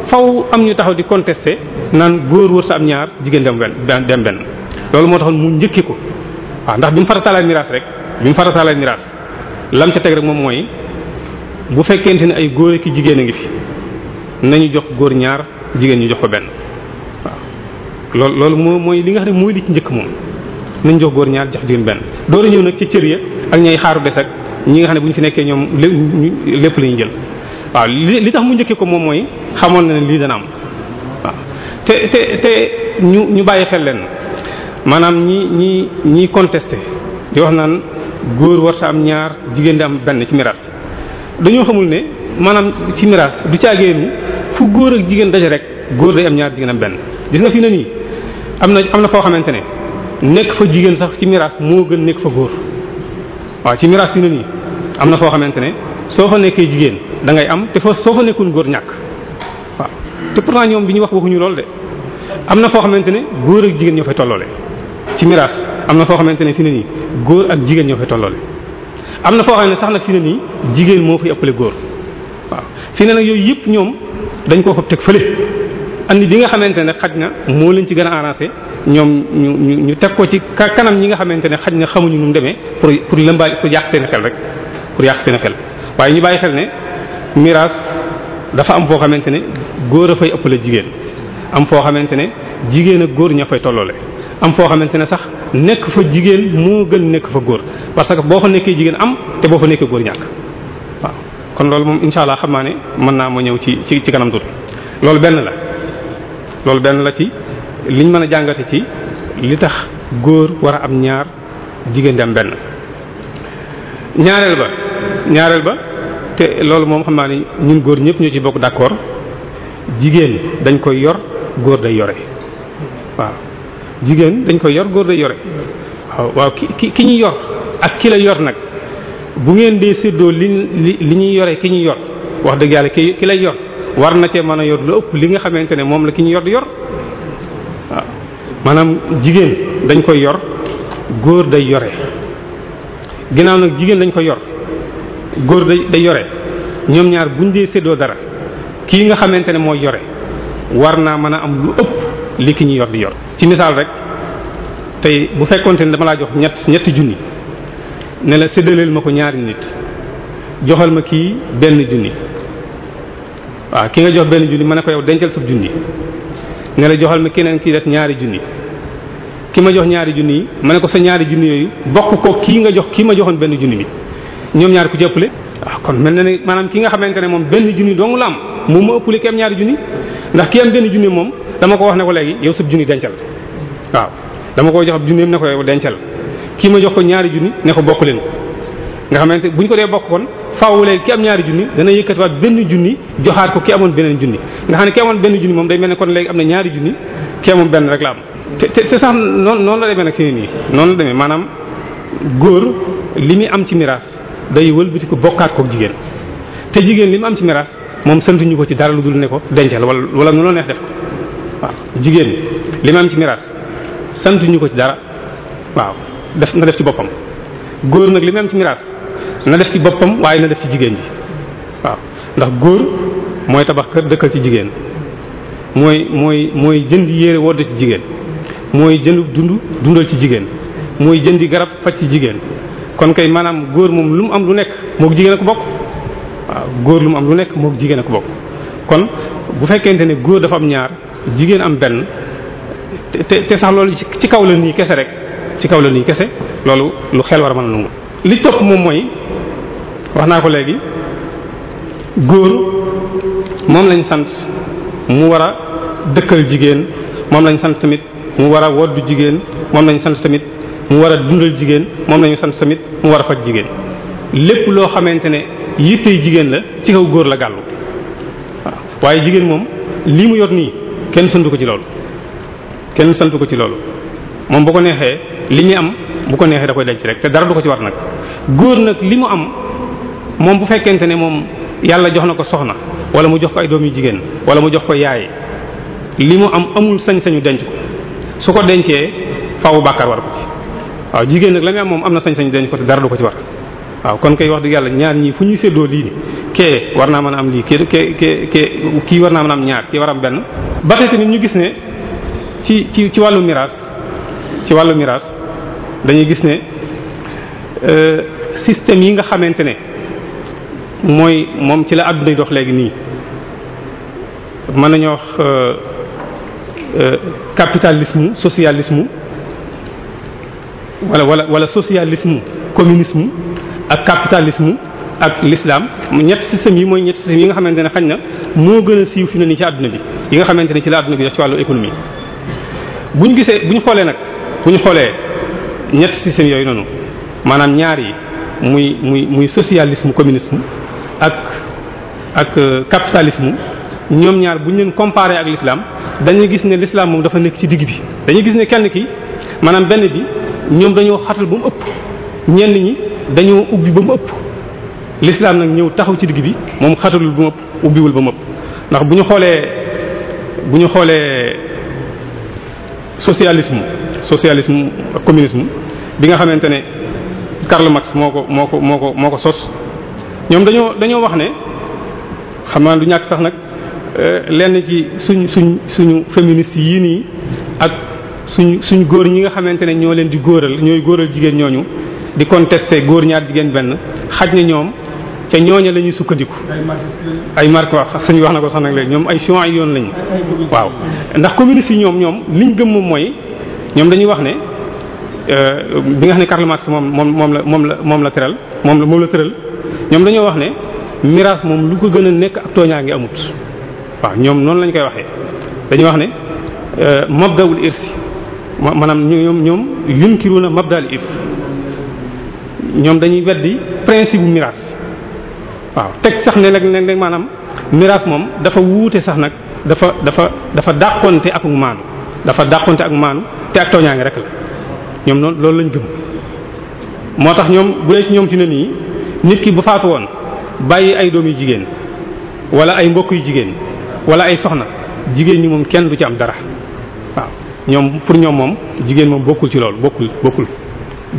faw am ñu taxaw di contester naan góor wër sa am ñaar jigéen dem benn dem benn loolu moo tax mu njëkki ko waa ndax bi mu farataalee miraas rek bi mu farataalee miraas lam ca teg rek moom mooy bu fekkente ni ay góor ki jigéen a ngi fi nañu jox góor ñaar jigéen ñu jox ko benn waaw loolu loolu moo mooy li nga xam ne mooy li ci njëkk moom nañ jox góor ñaar jox jigéen benn door a ñëw nag ci cër ya ak ñay xaaru des ak ñi nga xam ne bu ñu fi nekkee ñoom lépp la jël waaw li tax mu njëkkee ko moom mooy xamoon na ne lii dana am te te te ñu ñu bàyyi xel leen maanaam ñi ñi ñi contesté di wax naan góor war warta am ñaar jigéen di am benn ci miraas dañoo xamul ne maanaam ci miraas du caageenu fu góor ak jigéen daje rek góor day am ñaar jigéen am benn gis nga fi na nii am na am na foo xamante ne nekk fa jigéen sax ci miraas moo gën nekk fa góor waaw ci miraas yu ne am na foo xamante ne soo fa nekkee jigéen da ngay am te fa soo fa nekkul góor ñàkk waaw te pourtant ñoom bi ñu wax waxuñu lool de am na foo xamante ne góor ak jigéen ñoo fay tolloole ci miraas am na foo xamante ne fi ne góor ak jigéen ñoo fay tolloole am na foo xam ne sax nag fi ne jigéen moo fay ëppale góor waaw fi ne yooyu yëpp ñoom dañ koo fa teg fële andi bi nga xamante ne xaj na moo leen ci gën a arrangé ñoom ñu ñu ñu teg ko ci kanam ñi nga xamante ne xaj na xamuñu nu mu demee pour pour lëmbaay pour yàq seen xel rek pour yàq seen xel waaye ñu bàyyi xel ne miraas dafa am foo xamante ne góor a fay ëppale jigéen am foo xamante ne jigéen ak góor ña fay tolloole am foo xamante ne sax nekk fa jigéen moo gën nekk fa góor parce que boo fa nekkee jigéen am te boo fa nekkee góor ñàkk waaw kon loolu moom incha allah xam naa ne mën naa ma ñëw ci ci ci kanam loolu benn la loolu benn la ci liñ mën a jàngate ci li tax góor war a am ñaar jigéen di am benn ñaareel ba ñaareel ba te loolu moom xam naa ni ñun góor ñëpp ñoo ci bokk d'accord jigéen dañ koy yor góor day yore waaw jigéen dañ koy yor góor day yore waaw waaw ki ki ki ñu yor ak ki la yor nag bu ngeen dee séddoo li li li ñuy yore ki ñu yor wax dëgg yàlla ki ki lay yor war na cee mën a yor lu ëpp li nga xamante ne moom la ki ñu yor di yor waaw maanaam jigéen dañ koy yor góor day yore ginnaaw nag jigéen dañ koy yor góor day day yore ñoom ñaar buñ dee séddoo dara kii nga xamante ne mooy yore war naa mën a am lu ëpp li ki ñu yor di yor ci misaal rek tey bu fekkoonte ne dama laa jox ñett ñetti junni ne la séddaleel ma ko ñaari nit joxal ma kii benn junni waaw ki nga jox benn junni ma ne ko yow dencal sab junni ne la joxal ma keneen ki def ñaari junni ki ma jox ñaari junni yi ma ne ko sa ñaari junni yooyu bokk ko kii nga jox kii ma joxoon benn junni bi ñoom ñaar ku jëppale waaw ah, kon mel na ne maanaam ki nga xamante ne moom benn junni dong la am moom ma ëppale ki am ñaari junni ndax ki am benn junni moom dama ko wax ne ko léegi yow sab junni dencal waaw dama koo jox ab junni ne ko yow dencal kii ma jox ko ñaari junni ne ko bokk leen ko nga xamante bu ñu ko dee bokk kon faaw léegi ki am ñaari junni dana yëkkatiwaat benn junni joxaat ko ki amoon beneen junni nga xam ne ki amoon benn junni moom day mel ne kon léegi am na ñaari junni ki amoon benn rek la am te te te sax noonu la demee nag fi ne nii noonu la demee maanaam góor li muy am ci miraas day wëlbati ko bokkaat kook jigéen te jigéen li mu am ci miraas moom santuñu ko ci dara lu dul ne ko dencal wala wala nu loo neex def ko waaw jigéen li ci miraas sant ko ci dara waaw def def ci boppam góor nag li mu ci miraas na def ci boppam waaye na def ci jigéen ji waaw ndax góor mooy tabax kër dëkkal ci jigéen mooy mooy mooy jënd yére wodd ci jigéen mooy jënd dund dundal ci jigéen mooy jëndi garab faj ci jigéen kon kay maanaam góor moom lu mu am lu nekk moo jigéen a ko bokk góor lu mu am lu nekk mook jigéen ko bokk kon bu fekkente ne góor dafa am ñaar jigéen am benn te te sax loolu ci kaw la nii kese rek ci kaw la nii kese loolu lu xel war a mën a nangu li topp moom mooy wax naa ko léegi góor moom lañ sant mu war a dëkkal jigéen moom lañ sant tamit mu war a woddu jigéen moom lañ sant tamit mu war a dundal jigéen moom lañu sant tamit mu war a faj jigéen lépp loo xamante ne yittey jigéen la ci kaw góor la gàllu waaw waaye jigéen moom lii mu yor nii kenn santu ko ci loolu kenn santu ko ci loolu moom boo ko neexee li ñu am bu ko neexee da koy ci rek te dara du ko ci war nag góor nag li mu am moom bu fekkente ne moom yàlla jox na ko soxna wala mu jox ko ay doom yu jigéen wala mu jox ko yaay li mu am amul sañ-sañu denc ko su ko dencee fawu bàkkaar war ko ci waaw jigéen nag la nga am moom am na sañ-sañu denc ko te dara du ko ci war waaw kon koy wax dëgg yàlla ñaar ñii fu ñuy séddoo lii ni kee war naa mën a am lii kee kee kee kii war naa mën a am ñaar ki war am benn. ba tamit ñu gis ne ci ci ci wàllu miraas ci wàllu miraas dañuy gis ne euh, système yi nga xamante ne. mooy moom ci la àdduna dox léegi nii mën nañu wax euh, euh, capitalisme socialisme wala wala wala socialisme communisme ak capitalisme ak l'islam ñett système yi mooy ñett système yi nga xamante ne xañ na moo gën a siiw fi ne nii ci àdduna bi yi nga xamante ne ci la àdduna bi dox ci wàllu économie bu ñu gisee bu ñu xoolee nag bu ñu xoolee ñett système yooyu noonu maanaam ñaar muy muy muy socialisme communisme ak ak euh, capitalisme ñoom ñaar bu ñu leen comparé ak lislaam dañuy gis ne lislaam moom dafa nekk ci digg bi dañuy gis ne kenn ki maanaam benn bi ñoom dañoo xatal ba mu ëpp ñenn ñi dañoo ubbi ba mu ëpp lislaam nag ñëw taxaw ci digg bi moom xatalul ba mu ëpp ubbiwul ba mu ëpp ndax bu ñu xoolee bu ñu xoolee socialisme socialisme ak communisme bi nga xamante ne Karl Marx moo ko moo ko moo ko moo ko sos ñoom dañoo dañoo wax ne xam naa du ñàkk sax nag eh, lenn ci suñ suñ suñu féministes yii nii ak suñ suñ góor ñi nga xamante ne ñoo leen di góoral ñooy góoral jigéen ñooñu di contester góor ñaar jigéen benn xaj na ñoom ca ñooña la ñuy sukkandiku. ay marques wax suñu wax na ko sax nag léegi ñoom ay champs ay yoon lañu. waaw ndax communistes yi ñoom ñoom liñ gëm moom mooy ñoom dañuy wax ne. Euh, bi nga xam ne Karl Marx moom moom moom la moom la moom la tëral moom la moom la tëral ñoom dañoo wax ne miraas moom lu ko gën a nekk ak tooñaa ngi amut waaw ñoom noonu lañ koy waxee dañuy wax ne euh, mabdawul irsi maanaam ñoom ñoom yunkiruna mabdal if ñoom dañuy weddi principe bu miraas waaw teg sax ne nag ne nag maanaam miraas moom dafa wuute sax nag dafa dafa dafa dàqonte ak maanu dafa dàqonte ak maanu te ak tooñaa ngi rek la ñoom noonu loolu lañ gëm moo tax ñoom bu dee ci ñoom fi ne nii nit ki bu faatu woon bàyyi ay doom yu jigéen wala ay mbokk yu jigéen wala ay soxna jigéen ñi moom kenn du ci am dara waaw ñoom pour ñoom moom jigéen moom bokkul ci loolu bokkul bokkul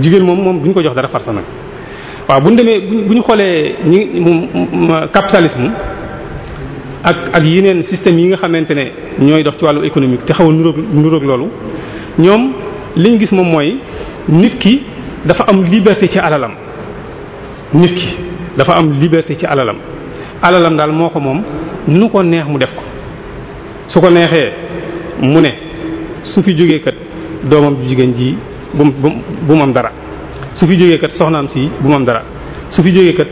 jigéen moom moom duñ ko jox dara farsa nag waaw bu ñu demee bu ñu xoolee ñi capitalisme ak ak yeneen système yi nga xamante ne ñooy dox ci wàllu économique te xaw a nuróog loolu ñoom li ñu gis moom mooy nit ki dafa am liberté ci alalam nit ki dafa am liberté ci alalam alalam daal moo ko moom nu ko neex mu def ko su ko neexee mu ne su fi jógee kat doomam jigéen ji bu bu mu am dara su fi jógee kat soxnaam si bu mu am dara su fi jógee kat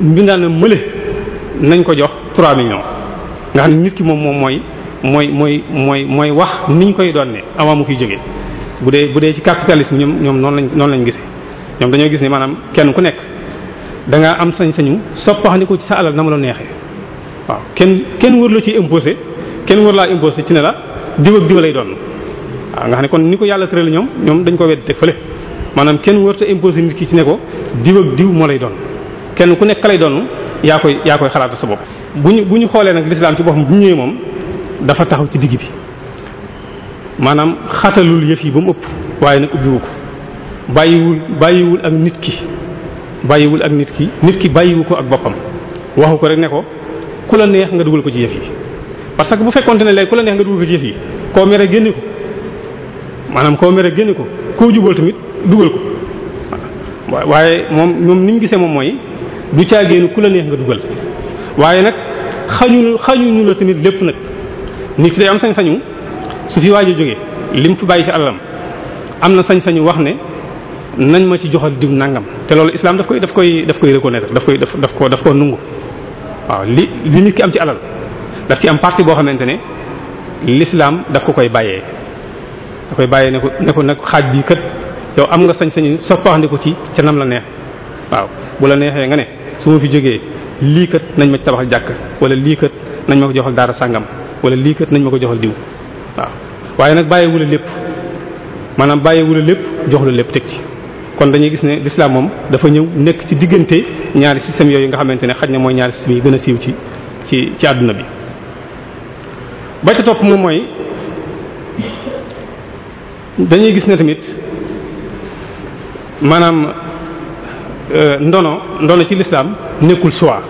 mbindaan na mële nañ ko jox 3 millions nga xam nit ki moom moom mooy mooy mooy mooy mooy wax niñ koy doon ne avant mu kiy jóge bu dee bu dee ci capitalisme ñoom ñoom noonu lañ noonu lañ gisee ñoom dañoo gis ni maanaam kenn ku nekk danga am sañ-sañu soppaxandiku ci sa alal na la neexee waaw kenn kenn wër la ci imposé kenn wër laa imposé ci ne la diw ak diw lay doon waaw nga xam ne kon ni ko yàlla tëral ñoom ñoom dañ ko wedd teg fële maanaam kenn wërta imposé nit ki ci ne ko diw ak diw moo lay doon kenn ku nekk ka lay doon yaa koy yaa koy xalaat sa bopp bu ñu bu ñu xoolee nag l'islam ci boppam bu ñëwee moom dafa taxaw ci digg bi maanaam xatalul yëf yi ba mu ëpp waaye nag ubbiwu ko bàyyiwul bàyyiwul ak nit ki bàyyiwul ak nit ki nit ki bàyyiwu ko ak boppam waxu ko rek ne ko ku la neex nga dugal ko ci yëf yi parce que bu fekkonte ne léegi ku la neex nga dugal ko ci koo mere génne ko maanaam koo mere génne ko koo jubal tamit dugal ko waaye moom moom ni mu gisee moom mooy du caagéenu ku la neex nga dugal waaye nag xañu xañuñu tamit lépp nag nit ki day am sañ-sañu su fi waaj a jógee lim fi bàyyi ci alalam am na sañ-sañu wax ne nañ ma ci joxal diw nangam te loolu islaam daf koy daf koy daf koy reconnaître daf koy daf daf ko daf ko nungu waaw li li nit am ci alal daf ci am partie boo xamante ne l'islam daf ko koy bàyyee da koy bàyyee ne ko ne ko nag xaaj bii kat yow am nga sañ-sañu soppaxandiku ci ca nam la neex waaw bu la neexee nga ne su ma fi jógee lii kat nañ ma ci tabaxal jàkk wala lii kat nañ ma ko joxal daara sàngam wala lii kat nañ ma ko joxal diw waaw waaye nag bàyyiwu la lépp maanaam bàyyiwu la lépp jox la lépp teg ci kon dañuy gis ne l'islam moom dafa ñëw nekk ci diggante ñaari système yooyu nga xamante ne xaj na mooy ñaari système yi gën a siiw ci ci ci àdduna bi ba ca topp moom mooy dañuy gis ne tamit maanaam euh, ndono ndono ci l'islam nekkul choix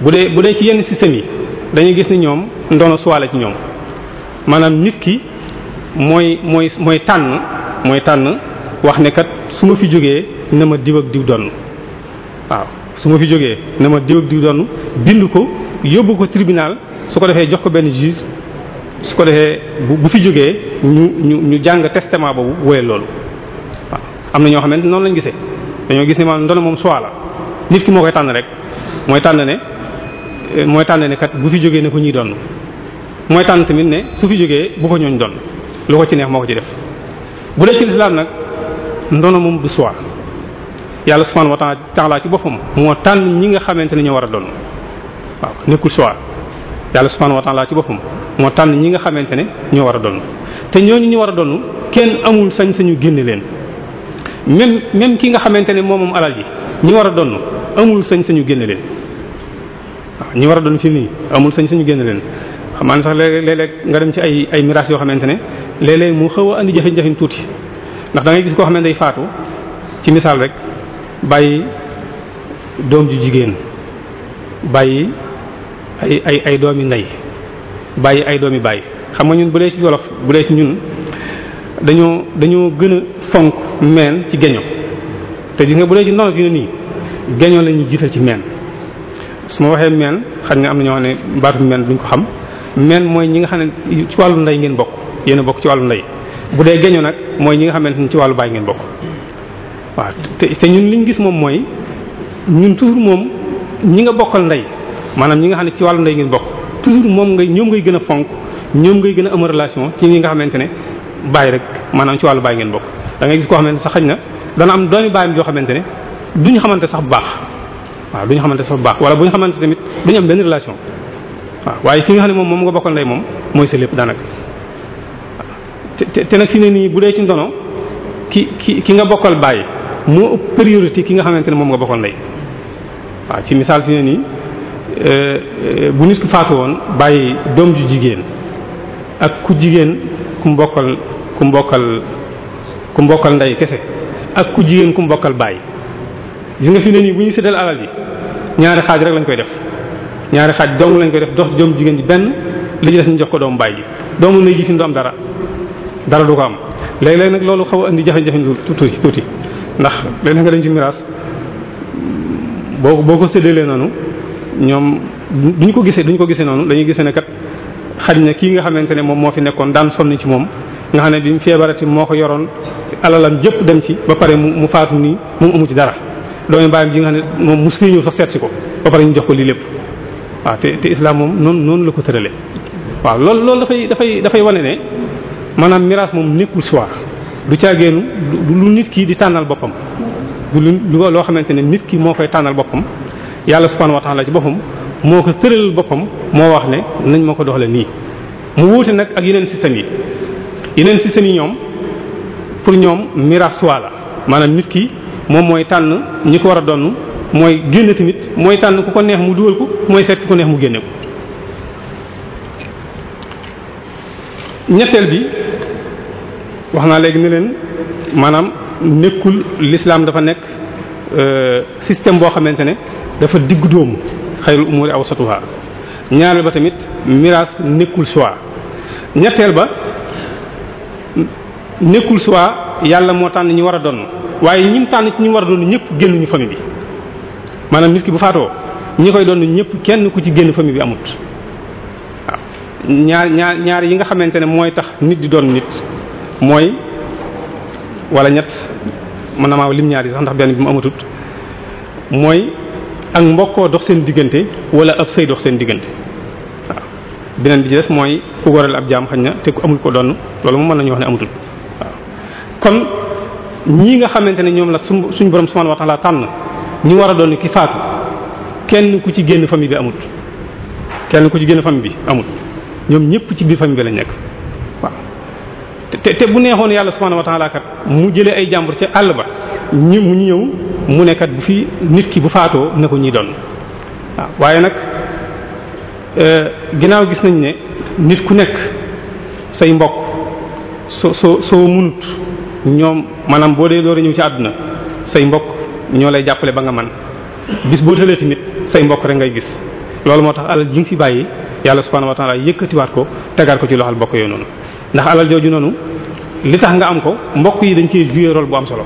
bu dee bu dee ci yenn système yi dañuy gis ni ñoom ndono suwaale ci ñoom maanaam nit ki mooy mooy mooy tànn mooy tànn wax ne kat su ma fi jógee na ma diw ak diw donn waaw su ma fi jógee na ma diw ak diw donn bind ko yóbbu ko tribunal su ko defee jox ko benn juge su ko defee bu fi jógee ñu ñu ñu jàng testament boobu wooye loolu waaw am na ñoo xamante noonu lañ gisee dañoo gis ne maanaam ndono moom suwaala nit ki moo koy tànn rek mooy tànn ne mooy tànn ne kat bu fi jógee ne ko ñuy doon mooy tànn tamit ne su fi jógee bu ko ñooñ doon lu ko ci neex moo ko ci def bu dee ci lislaam nag ndono moom du soir yàlla subhanahu wa ta'ala ci boppam moo tànn ñi nga xamante ne ñoo war a doon waaw nekkul soir yàlla subhanahu wa ta'ala ci boppam moo tànn ñi nga xamante ne ñoo war a doon te ñooñu ñu war a doon kenn amul sañ-sañu génne leen même même ki nga xamante ne moom moom alal ji ñi war a doon amul sañ-sañu génne leen. ñu war a doon fi nii amul sañ sañu génn leen xam naa ne sax nga dem ci ay ay miraas yoo xamante ne léeg-léeg mu xaw a andi jafe-jafe tuuti ndax da ngay gis koo xam ne day faatu ci misaal rek bàyyi doom ju jigéen bàyyi ay ay ay doomi ndey bàyyi ay doomi bàyyi xam nga ñun bu dee ci wolof bu dee ci ñun dañoo dañoo gën a fonk meen ci geño te gis nga bu dee ci noonu fi ne nii geño lañuy jiital ci meen su ma waxee meen xañ nga am na ñoo xam ne baatu meen duñ ko xam meen mooy ñi nga xam ne ci wàllu ndey ngeen bokk yéen a bokk ci wàllu ndey bu dee geño nag mooy ñi nga xamante ni ci wàllu baay ngeen bokk waaw te te ñun liñ gis moom mooy ñun toujours moom ñi nga bokkal ndey maanaam ñi nga xam ne ci wàllu ndey ngeen bokk toujours moom ngay ñoom ngay gën a fonk ñoom ngay gën a am relation ci ñi nga xamante ne baay rek maanaam ci wàllu baay ngeen bokk da ngay gis koo xamante sax xañ na dana am doomi baayam joo xamante ne duñu xamante sax bu baax waaw duñu xamante sax baax wala buñu ñu xamante tamit duñu am benn relation waa waaye ki nga xam ne moom moom nga bokkal ndey moom mooy sa lépp daanaka te nag fi ne nii bu dee ci ndono ki ki ki nga bokkal bàyyi moo ëpp priorité ki nga xamante ne moom nga bokkal ndey waaw ci misaal fi ne nii euh, bu nit ku faatu woon bàyyi doom ju jigéen ak ku jigéen ku mbokkal ku mbokkal ku mbokkal ndey kese ak ku jigéen ku mbokkal bàyyi gis nga fi ne nii bu ñu séddal alal yi ñaari xaaj rek lañ koy def ñaari xaaj dong lañ koy def dox doom jigéen ji benn li ñu des ñu jox ko doom baay ji doomu léegi fi mu du am dara dara du ko am léeg-léeg nag loolu xaw a indi jafe-jafe tuuti tuuti ndax léeg-léeg nga ci miraas boo boo ko séddalee noonu ñoom duñ ko gisee duñ ko gisee noonu dañuy gisee ne kat xaj na kii nga xamante ne moom moo fi nekkoon daan sonn ci moom nga xam ne bi mu feebarati moo ko yoroon alalam jëpp dem ci ba pare mu mu faatu nii moom amu ci dara. doomi bàyyam ji nga xam ne moom mos ñëw sax seet si ko ba pare ñu jox ko lii lépp waaw te te islam moom noonu noonu la ko tëralee. waaw loolu loolu dafay dafay dafay wane ne maanaam miraas moom nekkul choix du caageenu du lu nit ki di tànnal boppam du lu loo xamante ne nit ki moo koy tànnal boppam yàlla subhanahu wa la ci boppam moo ko tëral boppam moo wax ne nañ ma ko doxalee nii mu wuute nag ak yeneen système yi yeneen système yi ñoom pour ñoom miraas choix la maanaam nit ki. moom mooy tànn ñi ko war a donn mooy génn tamit mooy tànn ku ko neex mu dugal ko mooy seet ku ko mu génne ko ñetteel bi wax naa léegi ne leen maanaam nekkul l'islam dafa nekk euh, système boo xamante ne dafa diggu dóomu xayrul umuri awsatuha ñaareel ba tamit miraas nekkul choix ñetteel ba nekkul choix yàlla moo tànn ñu war a doon waaye ñim tànn ci ñu war a doon ñëpp génnuñu famille bi maanaam nit ki bu faatoo ñi koy doon ñëpp kenn ku ci génn famille bi amut waaw ñaar ñaar ñaar yi nga xamante ne mooy tax nit di doon nit mooy wala ñett mën na maa lim ñaar yi sax ndax benn bi mu amatut mooy ak mbokkoo dox seen diggante wala ab sëy dox seen diggante waaw beneen bi ci des mooy ku goreel ab jaam xañ na te ku amul ko doon loolu moom mën nañu wax ne amatul kon ñii nga xamante ne ñoom la suñu borom subhanahu wa ta'ala tànn ñu war a doon ki faatu kenn ku ci génn famille bi amut kenn ku ci génn famille bi amut ñoom ñëpp ci biir famille bi lañ nekk waaw. te te bu neexoon yàlla subhanahu wa ta'ala mu jëlee ay jàmbur ca àll ba ñu mu ñëw mu nekkat kat bu fi nit ki bu faatoo na ko ñuy doon waaw waaye nag euh, ginnaaw gis nañ ne nit ku nekk say mbokk soo soo soo munut. ñoom maanaam boo dee door a ñëw ci àdduna say mbokk ñoo lay jàppale ba nga man bis boo tëlee tamit say mbokk rek ngay gis loolu moo tax alal ji nga fi bàyyi yàlla subhanahu wa ta'ala yëkkatiwaat ko tegaat ko ci loxol bokk yooyu noonu ndax alal jooju noonu li tax nga am ko mbokk yi dañ cee jouer rôle bu am solo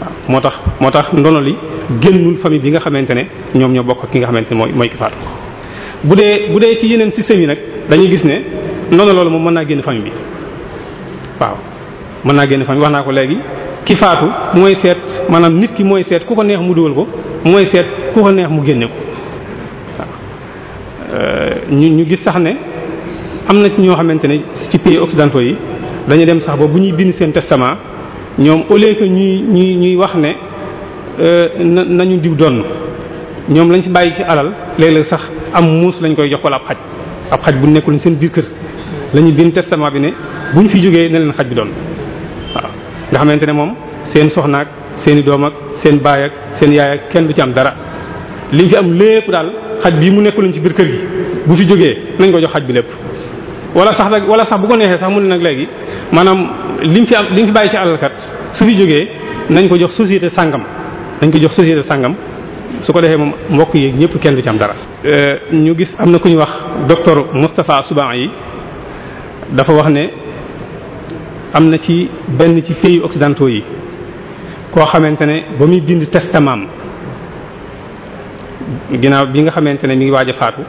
waaw moo tax moo tax ndono li génnul famille bi nga xamante ne ñoom ñoo bokk ki nga xamante ne mooy mooy ki faatu ko bu dee bu dee ci yeneen système yi nag dañuy gis ne ndono loolu moom mën naa génn famille bi waaw mën naa génn famille wax naa ko léegi ki faatu mooy seet maanaam nit ki mooy seet ku ko neex mu dugal ko mooy seet ku ko neex mu génne ko waaw euh, ñu ñu gis sax ne am na ñoo xamante ne ci pays occidentaux yi dañu dem sax ba bu ñuy bind seen testament ñoom au lieu que ñuy ñuy ñuy wax ne euh, na nañu diw doon ñoom lañ ci bàyyi ci alal léeg-léeg sax am muus lañ koy jox wala ab xaj ab xaj bu nekkul seen biir kër lañu bind testament bi ne buñ fi jógee ne leen xaj bi donn nga xamante ne moom seen soxnaak seen i doom ak seen baay ak seen yaay kenn bu ci am dara liñ fi am lépp daal xaj bii mu nekk luñ ci biir kër gi bu fi jógee nañ ko jox xaj bi lépp. wala sax nag wala sax bu ko neexee sax mu ne nag léegi maanaam liñ fi am liñ fi bàyyi ci alal kat su fi jógee nañ ko jox société sàngam nañ ko jox société sangam su ko defee moom mbokk yeeg ñëpp kenn du ci am dara. Euh, ñu gis am na ku ñu wax docteur Moustapha Souban yi dafa wax am na ci benn ci pays occidentaux yi koo xamante ne ba muy bind testament ginnaaw bi nga xamante ne mi ngi waaj a faatu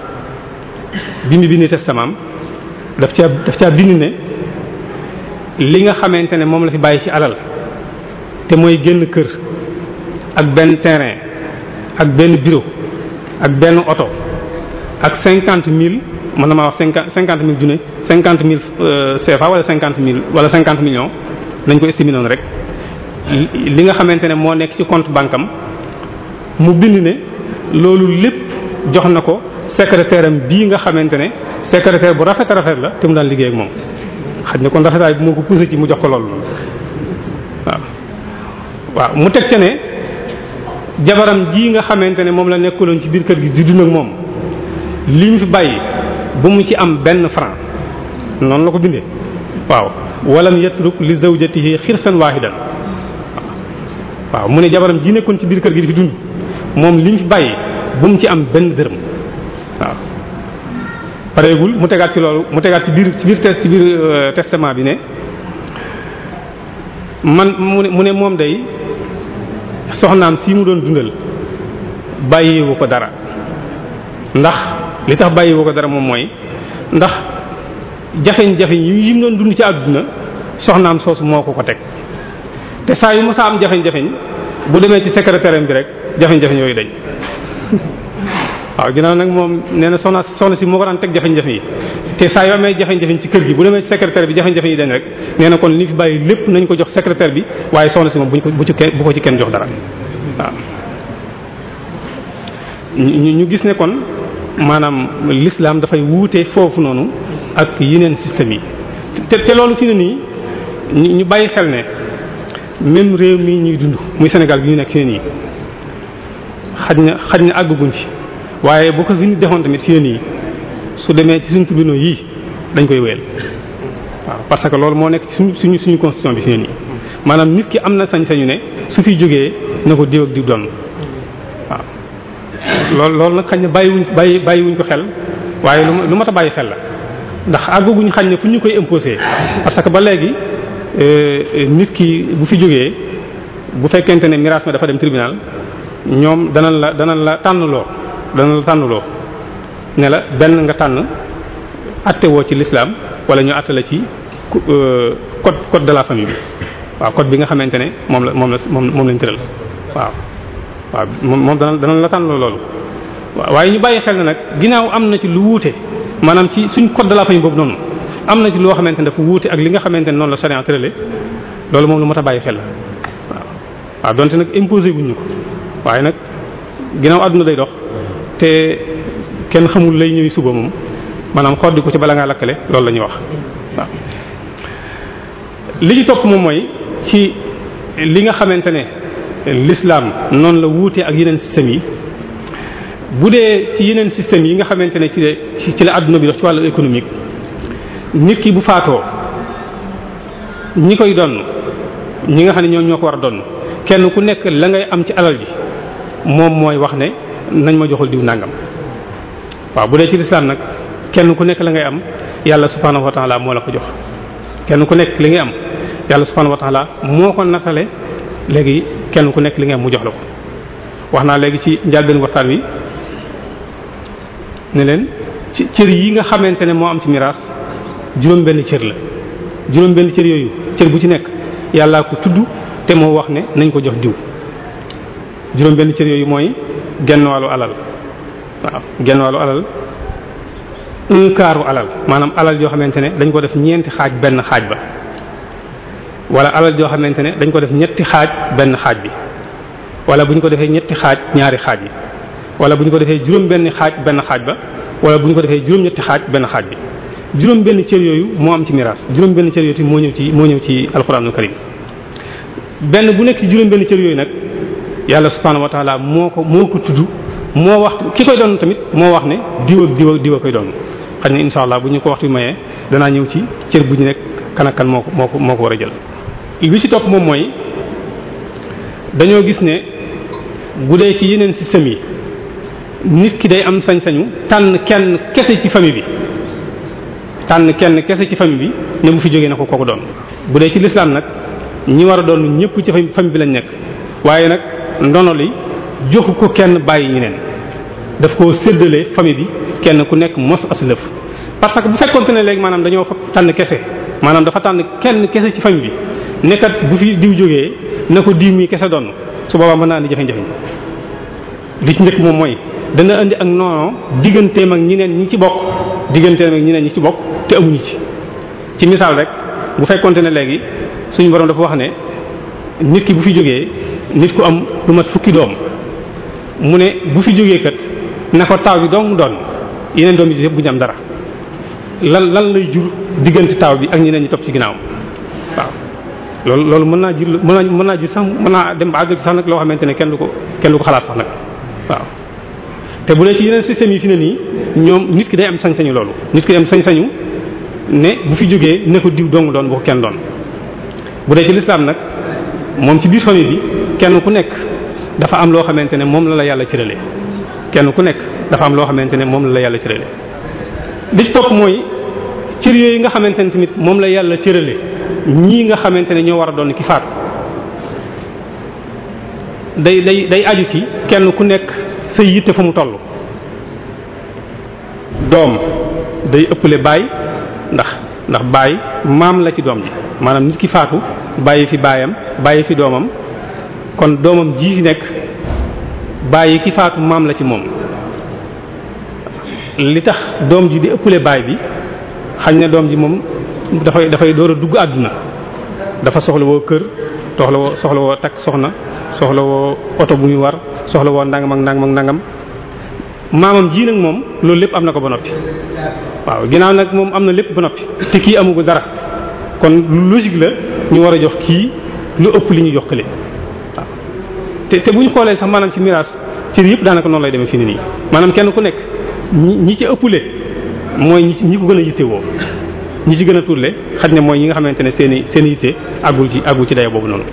bi mu bind testament daf caa daf caa bind ne li nga xamante ne moom la fi bàyyi ci alal te mooy génn kër ak benn terrain ak benn bureau ak benn oto ak cinquante mille mën na maa wax cinquante cinquante mille junne cinquante mille euh, CFA wala cinquante mille wala cinquante millions nañ ko estimé noonu rek li nga xamante ne moo nekk ci compte banque am mu bind ne loolu lépp jox na ko secrétaire am bii nga xamante ne secrétaire bu rafet rafet la te mu daan liggéey ak moom xaj na kon rafetaay bi moo ko poussé ci mu jox ko loolu waaw waaw mu teg ca ne jabaram ji nga xamante ne moom la nekkuloon ci biir kër gi di dund ak moom li ñu bu mu ci am benn franc noonu la ko bindee waaw walam yatruk li xiir seen waahidan waaw mu ne jabaram ji nekkoon ci biir kër gi di fi dund moom li mu fi bàyyi bu mu ci am benn dërëm waaw pareegul mu tegaat ci loolu mu tegaat ci biir ci biir ci biir euh, testament bi ne man mu ne mu ne moom day soxnaam si mu doon dundal bàyyiwu ko dara ndax li tax bàyyiwu ko dara moom mooy ndax jafe-jafe yi mu doon dund ci àdduna soxnaam soosu moo ko ko teg te saa yu mos a am jafe-jafe bu demee ci secrétaire bi rek jafe-jafe yooyu dañ waaw ginnaaw nag moom nee na soxna soxna si moo ko daan teg jafe-jafe yi te saa yoo amee jafe-jafe ci kër gi bu demee ci bi jafe-jafe yi dañ rek nee kon li fi bàyyi lépp nañ ko jox secrétaire bi waaye soxna si moom bu ci kenn bu ko ci kenn jox dara waaw ñu ñu gis ne kon. maanaam lislaam dafay wuute foofu noonu ak yeneen système yi te te loolu fi ne nii ñu ñu bàyyi xel ne même réew mi ñuy dund muy Sénégal gi ñu nekk fi ne nii xaj na xaj na àgguguñ ci waaye boo ko fi ñu defoon tamit fi ne nii su demee ci suñu tribunaux yii dañ koy wéyal waaw parce que loolu moo nekk ci suñu suñu constitution bi fi ne nii maanaam nit ki am na sañ-sañu ne su fi jógee na ko diw ak diw doon. loolu loolu nag xañ ne bàyyiwuñ bàyyi bàyyiwuñ ko xel waaye lu lu mat a bàyyi xel la ndax àgguguñ xañ ne fu ñu koy imposer parce que ba léegi euh, nit ki bu fi jógee bu fekkente ne miraas ma dafa dem tribunal ñoom danañ la danañ la tànnloo danañ la tànnloo ne la benn nga tànn woo ci lislaam wala ñu atte la ci euh, code code de la famille bi waaw code bi nga xamante ne moom la moom la moom moom lañ tëral waaw waaw moom dana dana la tànn loolu waaye ñu bàyyi xel na nag ginnaaw am na ci lu wuute maanaam ci suñ code de la famille boobu noonu am na ci loo xamante ne dafa wuute ak li nga xamante ne noonu la charia tërale loolu moom lu mat a bàyyi xel la waaw waaw donte nag imposé guñ ñu ko waaye nag ginnaaw àdduna day dox te kenn xamul lay ñuy suba moom maanaam xoddi ko ci bala ngaa lakkale loolu la ñuy wax waaw li ci topp moom mooy ci li nga xamante ne l'islam noonu la wuutee ak yeneen système yi bu dee ci yeneen système yi nga xamante ne ci ci la adduna bi dox ci wàllu économique nit ki bu faatoo ñi koy donn ñi nga xam ne ñoo ñoo ko war a donn kenn ku nekk la ngay am ci alal ji moom mooy wax ne nañ ma joxul diw nangam waaw bu dee ci lislaam nag kenn ku nekk la ngay am yàlla subhanahu wa moo la ko jox kenn ku nekk li ngay am yàlla subhanahu wa moo ko natale léegi kenn ku nekk li nga mu jox la ko wax naa léegi ci njàlbeen waxtaan wi ne leen ci cër yi nga xamante ne moo am ci miraas juróom benn cër la juróom benn cër yooyu cër bu ci nekk yàllaa ko tudd te moo wax ne nañ ko jox diw juróom benn cër yooyu mooy genn wàllu alal waaw genn wàllu alal un quart alal maanaam alal yoo xamante ne dañ ko def ñeenti xaaj benn xaaj ba wala alal joo xamante ne dañ ko def ñetti xaaj benn xaaj bi wala bu ñu ko defee ñetti xaaj ñaari xaaj bi wala bu ñu ko defee juróom benn xaaj benn xaaj ba wala bu ñu ko defee juróom xaaj benn xaaj bi juróom benn cër yooyu moo am ci miraas juróom benn cër yooyu moo ñëw ci moo ñëw ci alxuraanul karim benn bu nekk ci juróom benn cër yooyu nag yàlla subhaanahu wa moo ko moo ko tudd moo wax ki koy doon tamit moo wax ne diw ak diw ak diw a koy doon xëy na incha allah bu ñu ko waxtu mayee danaa ñëw ci cër bu ñu nekk kan moo ko moo ko moo ko war a jël li ci topp moom mooy dañoo gis ne bu dee ci yeneen système yi nit ki day am sañ-sañu tànn kenn kese ci famille bi tànn kenn kese ci famille bi ne bu fi jógee na ko kooku doon bu dee ci lislaam nag ñi war a doon ñëpp ci famille bi lañ nekk waaye nag ndono li joxu ko kenn bàyyi ñeneen daf koo séddalee famille bi kenn ku nekk mos as lëf parce que bu fekkoonte ne léegi maanaam dañoo fa tànn kese maanaam dafa tànn kenn kese ci famille bi nekkat bu fi diw jógee na ko diw mi kese donn su boobaa mën naa andi jafe-jafe li ci njëkk moom mooy dana indi ak noono digganteem ak ñeneen ñi ci bokk digganteem ak ñeneen ñi ci bokk te amuñu ci. ci misaal rek bu fekkonte ne léegi suñu borom dafa wax ne nit ki bu fi jógee nit ku am lu mat fukki doom mu ne bu fi jógee kat na ko taaw bi dong doon yeneen doom yi yëpp bu ñu am dara lan lan lay jur diggante taaw bi ak ñeneen ñu topp ci ginnaaw. loolu loolu mën naa jur mën naa mën naa jur sax mën naa dem ba àgg sax nag loo xamante ne kenn du ko kenn du ko xalaat sax nag waaw te bu dee ci yeneen système yi fi ne nii ñoom nit ki day am sañ-sañu loolu nit ki day am sañ-sañu ne bu fi jógee ne ko diw dong doon bu kenn doon bu dee ci lislaam nag moom ci biir famille bi kenn ku nekk dafa am loo xamante ne moom la la yàlla cëralee kenn ku nekk dafa am loo xamante ne moom la yàlla cëralee li ci topp mooy cër yooyu nga xamante ne tamit moom la yàlla cëralee ñii nga xamante ne ñoo war a doon ki faatu day day day aju ci kenn ku nekk sa yitte fa mu toll doom day ëpple baay ndax ndax baay maam la ci doom ji maanaam nit ki faatu bàyyi fi baayam bàyyi fi doomam kon doomam ji fi nekk bàyyi ki faatu maam la ci moom li tax doom ji di ëpple baay bi xañ na doom ji moom dafay dafay door a dugg àdduna dafa soxla woo kër soxla woo soxla woo takk soxna soxla woo oto bu muy war soxla woo ndangam ak ndangam ak ndangam maamam jii nag moom loolu lépp am na ko ba noppi waaw ginnaaw nag moom am na lépp ba noppi te kii amugu dara kon lu logique la ñu war a jox kii lu ëpp li ñu jox kële waaw te te bu ñu xoolee sax maanaam ci miraas ci yëpp daanaka noonu lay demee fii nii maanaam kenn ku nekk ñi ñi ci ëppule mooy ñi ñi ko gën a yittewoo ñi ci gën a turle xaj ne mooy ñi nga xamante ne seeni i seen i yitte àggul ci àggul boobu noonu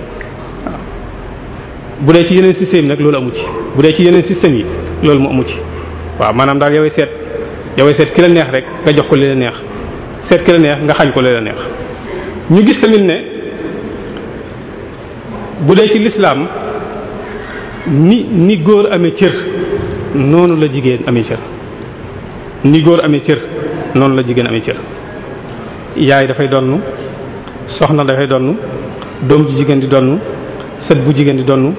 bu dee ci yeneen système yi nag loolu amu ci bu dee ci yeneen système yi loolu mu amu ci waaw maanaam daal yoway seet yoway seet ki la neex rek nga jox ko leen la neex seet ki la neex nga xañ ko leen a neex ñu gis tamit ne bu dee ci lislaam ni ni góor amee cër noonu la jigéen amee cër ni góor amee cër noonu la jigéen amee cër yaay dafay donn soxna dafay donn doom ji jigéen di donn sët bu jigéen di donn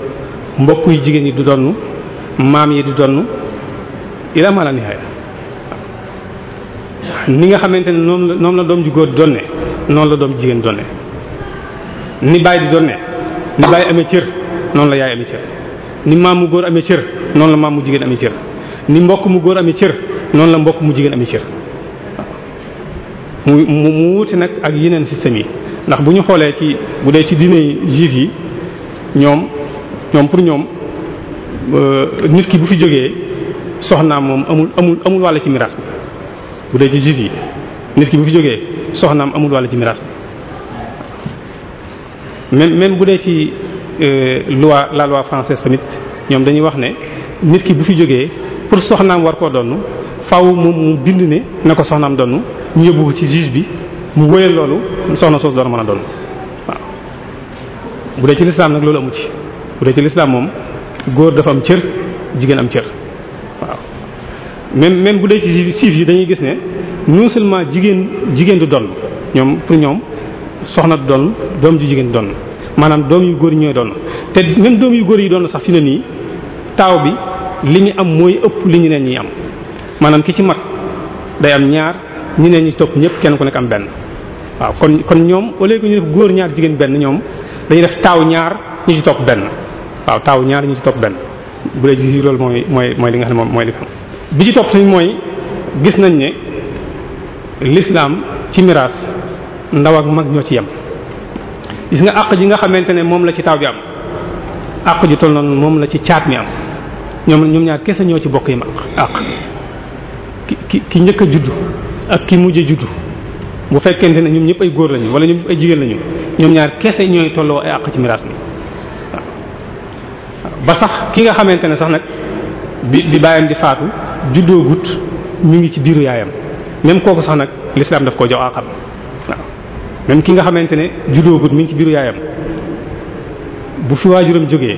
mbokk yu jigéen yi du donn maam yi di donn ila ma la nihaaya ni nga xamante ne noonu la noonu la doom ju góor di donne noonu la doom ju jigéen di donne ni baay di donne ni baay amee cër noonu la yaay amee cër ni maam mu góor amee cër noonu la maam mu jigéen amee cër ni mbokk mu góor amee cër noonu la mbokk mu jigéen amee cër mu mu wuute nag ak yeneen système yi ndax bu ñu xoolee ci bu dee ci diine juif yi ñoom ñoom pour ñoom euh, nit ki bu fi jógee soxnaam moom amul amul amul wàll ci miraas bi bu dee ci yi nit ki bu fi jógee soxnaam amul wàll ci miraas bi bu dee ci euh, loi la loi française tamit ñoom dañuy wax ne nit ki bu fi jógee pour soxnaam war koo donn faw moom mu bind ne na ko soxnaam donn ñu yóbbu ci juge bi mu wóyal loolu soxna soosu doon man a donn waaw bu dee ci lislaam nag loolu amu ci bu dee ci lislaam moom góor dafa am cër jigéen am cër waaw même même bu dee ci siif yi dañuy gis ne non seulement jigéen jigéen du donn ñoom pour ñoom soxna du donn doom ju jigéen donn maanaam doom yu góor yi ñooy donn te même doom yu góor yi donn sax fi ne nii taaw bi li ñu am mooy ëpp li ñeneen ñi am maanaam ki ci mat day am ñaar ñu ne ñu topp ñëpp kenn ku nekk am benn waaw kon kon ñoom au lieu que ñu def góor ñaar jigéen benn ñoom dañuy def taaw ñaar ñu ci topp benn waaw taaw ñaar ñu ci topp benn bu dee gis loolu mooy mooy li nga xam moom mooy li xam bi ci topp tamit mooy gis nañ ne l'islam ci miraas ndaw ak mag ñoo ci yem gis nga àq ji nga xamante ne moom la ci taaw bi am àq ji toll noonu moom la ci caat mi am ñoom ñoom ñaar kese ñoo ci bokk yi ma àq ki ki njëkk a juddu ak ki mujj juddu bu fekkente ne ñoom ñëpp ay góor lañu wala ñoom ñëpp ay jigéen lañu ñoom ñaar kese ñooy tolloo ay àq ci miraas mi ba sax ki nga xamante ne sax nag bi bi bàyyam di faatu juddoo gut ñu ngi ci biiru yaayam même kooku sax nag l'islam daf koo jox àqam waaw même ki nga xamante ne juddoo gut mi ngi ci biiru yaayam bu fi waajuram jógee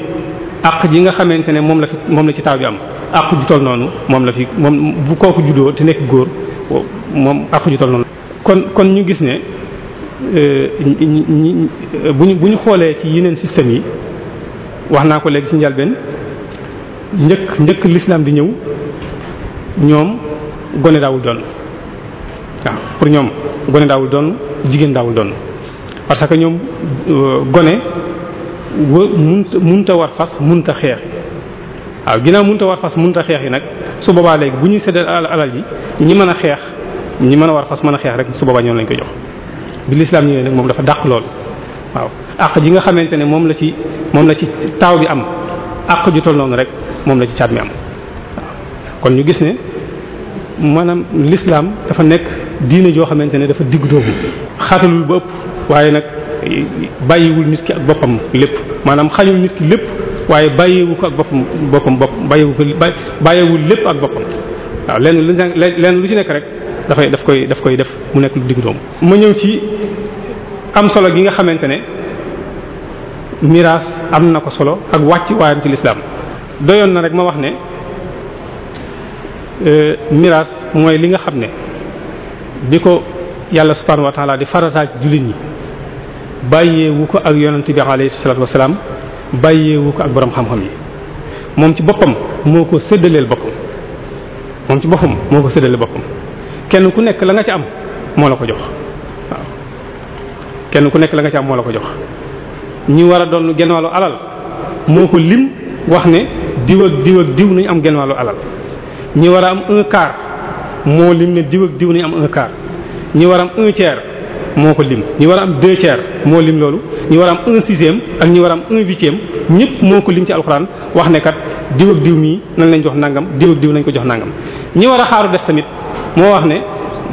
àq ji nga xamante ne moom la fi moom la ci taaw bi am àq ju toll noonu moom la fi moom bu kooku juddoo te nekk góor moom àq ju toll noonu. kon kon ñu gis ne euh, ñi bu ñu xoolee ci yeneen système yi wax naa ko léegi ci njalbeen njëkk njëkk l'islam di ñëw ñoom gone daawul doon waaw pour ñoom gone daawul doon jigéen daawul doon parce que ñoom euh, gone wa munta munta war fas munta xeex. waaw ginnaaw mënut a war fas mënut a xeex yi nag su boobaa léegi bu ñuy séddal alal ji ñi mën a xeex ñi mën a war fas mën a xeex rek su boobaa ñoom lañ ko jox bi lislaam ñëwee nag moom dafa dàq lool waaw àq ji nga xamante ne moom la ci moom la ci taaw bi am àq ju toll rek moom la ci caat mi am kon ñu gis ne maanaam lislaam dafa nekk diine joo xamante ne dafa digg doomu xaatalul ba ëpp waaye nag bàyyiwul nit ki ak boppam lépp maanaam xañul nit ki lépp waaye bàyyiwu ko ak boppam boppam bopp bàyyiwu ko bàyyiwul lépp ak boppam waaw lenn lu lenn lu ci nekk rek dafay daf koy daf koy def mu nekk lu digg doom ma ñëw ci am solo gi nga xamante ne miraas am na ko solo ak wàcc waayam ci lislaam doyoon na rek ma wax ne euh, miraas mooy li nga xam ne bi ko yàlla subhanahu wa taala di farataaj jullit ñi bàyyeewu ko ak yonent bi alayhi salaatu wasalaam bàyyeewu ko ak boroom xam-xam yi moom ci boppam moo ko séddaleel boppam moom ci boppam moo ko séddaleel boppam kenn ku nekk la nga ca am moo la ko jox waaw kenn ku nekk la nga ca am moo la ko jox ñi war a doon genn wàllu alal moo ko lim wax ne diw ak diw ak diw nañu am genn wàllu alal ñi war a am un quart moo lim ne diw ak diw nañu am un ñi war am un moo ko lim ñi war a am deux moo lim loolu ñi war a am un sixième ak ñi war a am un huitième ñëpp moo ko lim ci alxuraan wax ne kat diw ak diw mii nañ lañ jox nangam diw ak diw nañ ko jox nangam. ñi war a xaaru def tamit moo wax ne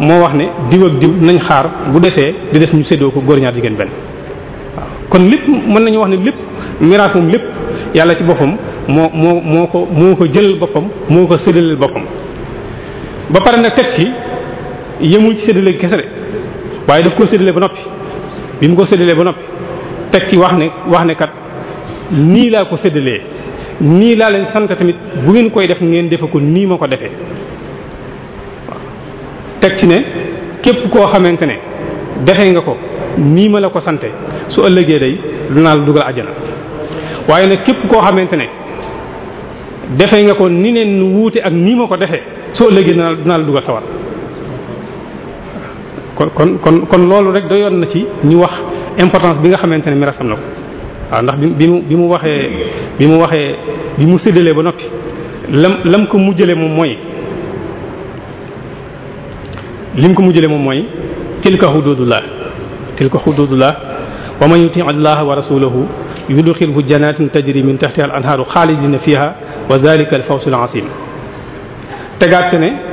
moo wax ne diw ak diw nañ xaar bu defee di def ñu séddoo ko góor ñaar jigéen benn kon lépp mën nañu wax ne lépp miraas moom lépp yàlla ci boppam moo moo moo ko moo ko jëlal boppam moo ko séddaleel boppam ba pare nag teg ci yemul ci séddale kese waaye daf ko séddale ba noppi bi mu ko séddalee ba noppi teg ci wax ne wax ne kat nii laa ko séddalee nii laa leen sant tamit bu ngeen koy def ngeen defe ko nii ma ko defee teg ci ne képp koo xamante ne defe nga ko nii ma la ko sante su ëllëgee day lu naa la dugal àjjana waaye nag képp koo xamante ne defe nga ko ni neen wuute ak nii ma ko defee su ëllëgee dinaa la dugal sawar kon kon kon kon loolu rek doyoon na ci ñu wax importance bi nga xamante ne miraas am na ko waaw ndax bi bi mu bi mu waxee bi mu waxee bi mu séddalee ba noppi lam lam ko mu mujjale moom mooy lim ko mujjale moom mooy tilka hududullah tilka hududullah wa man yuti allah wa rasulahu yudxilhu jannatin tajri min tahtiha al anhaaru xaalidina fiha wa dalika al fawzul azim tegaat ne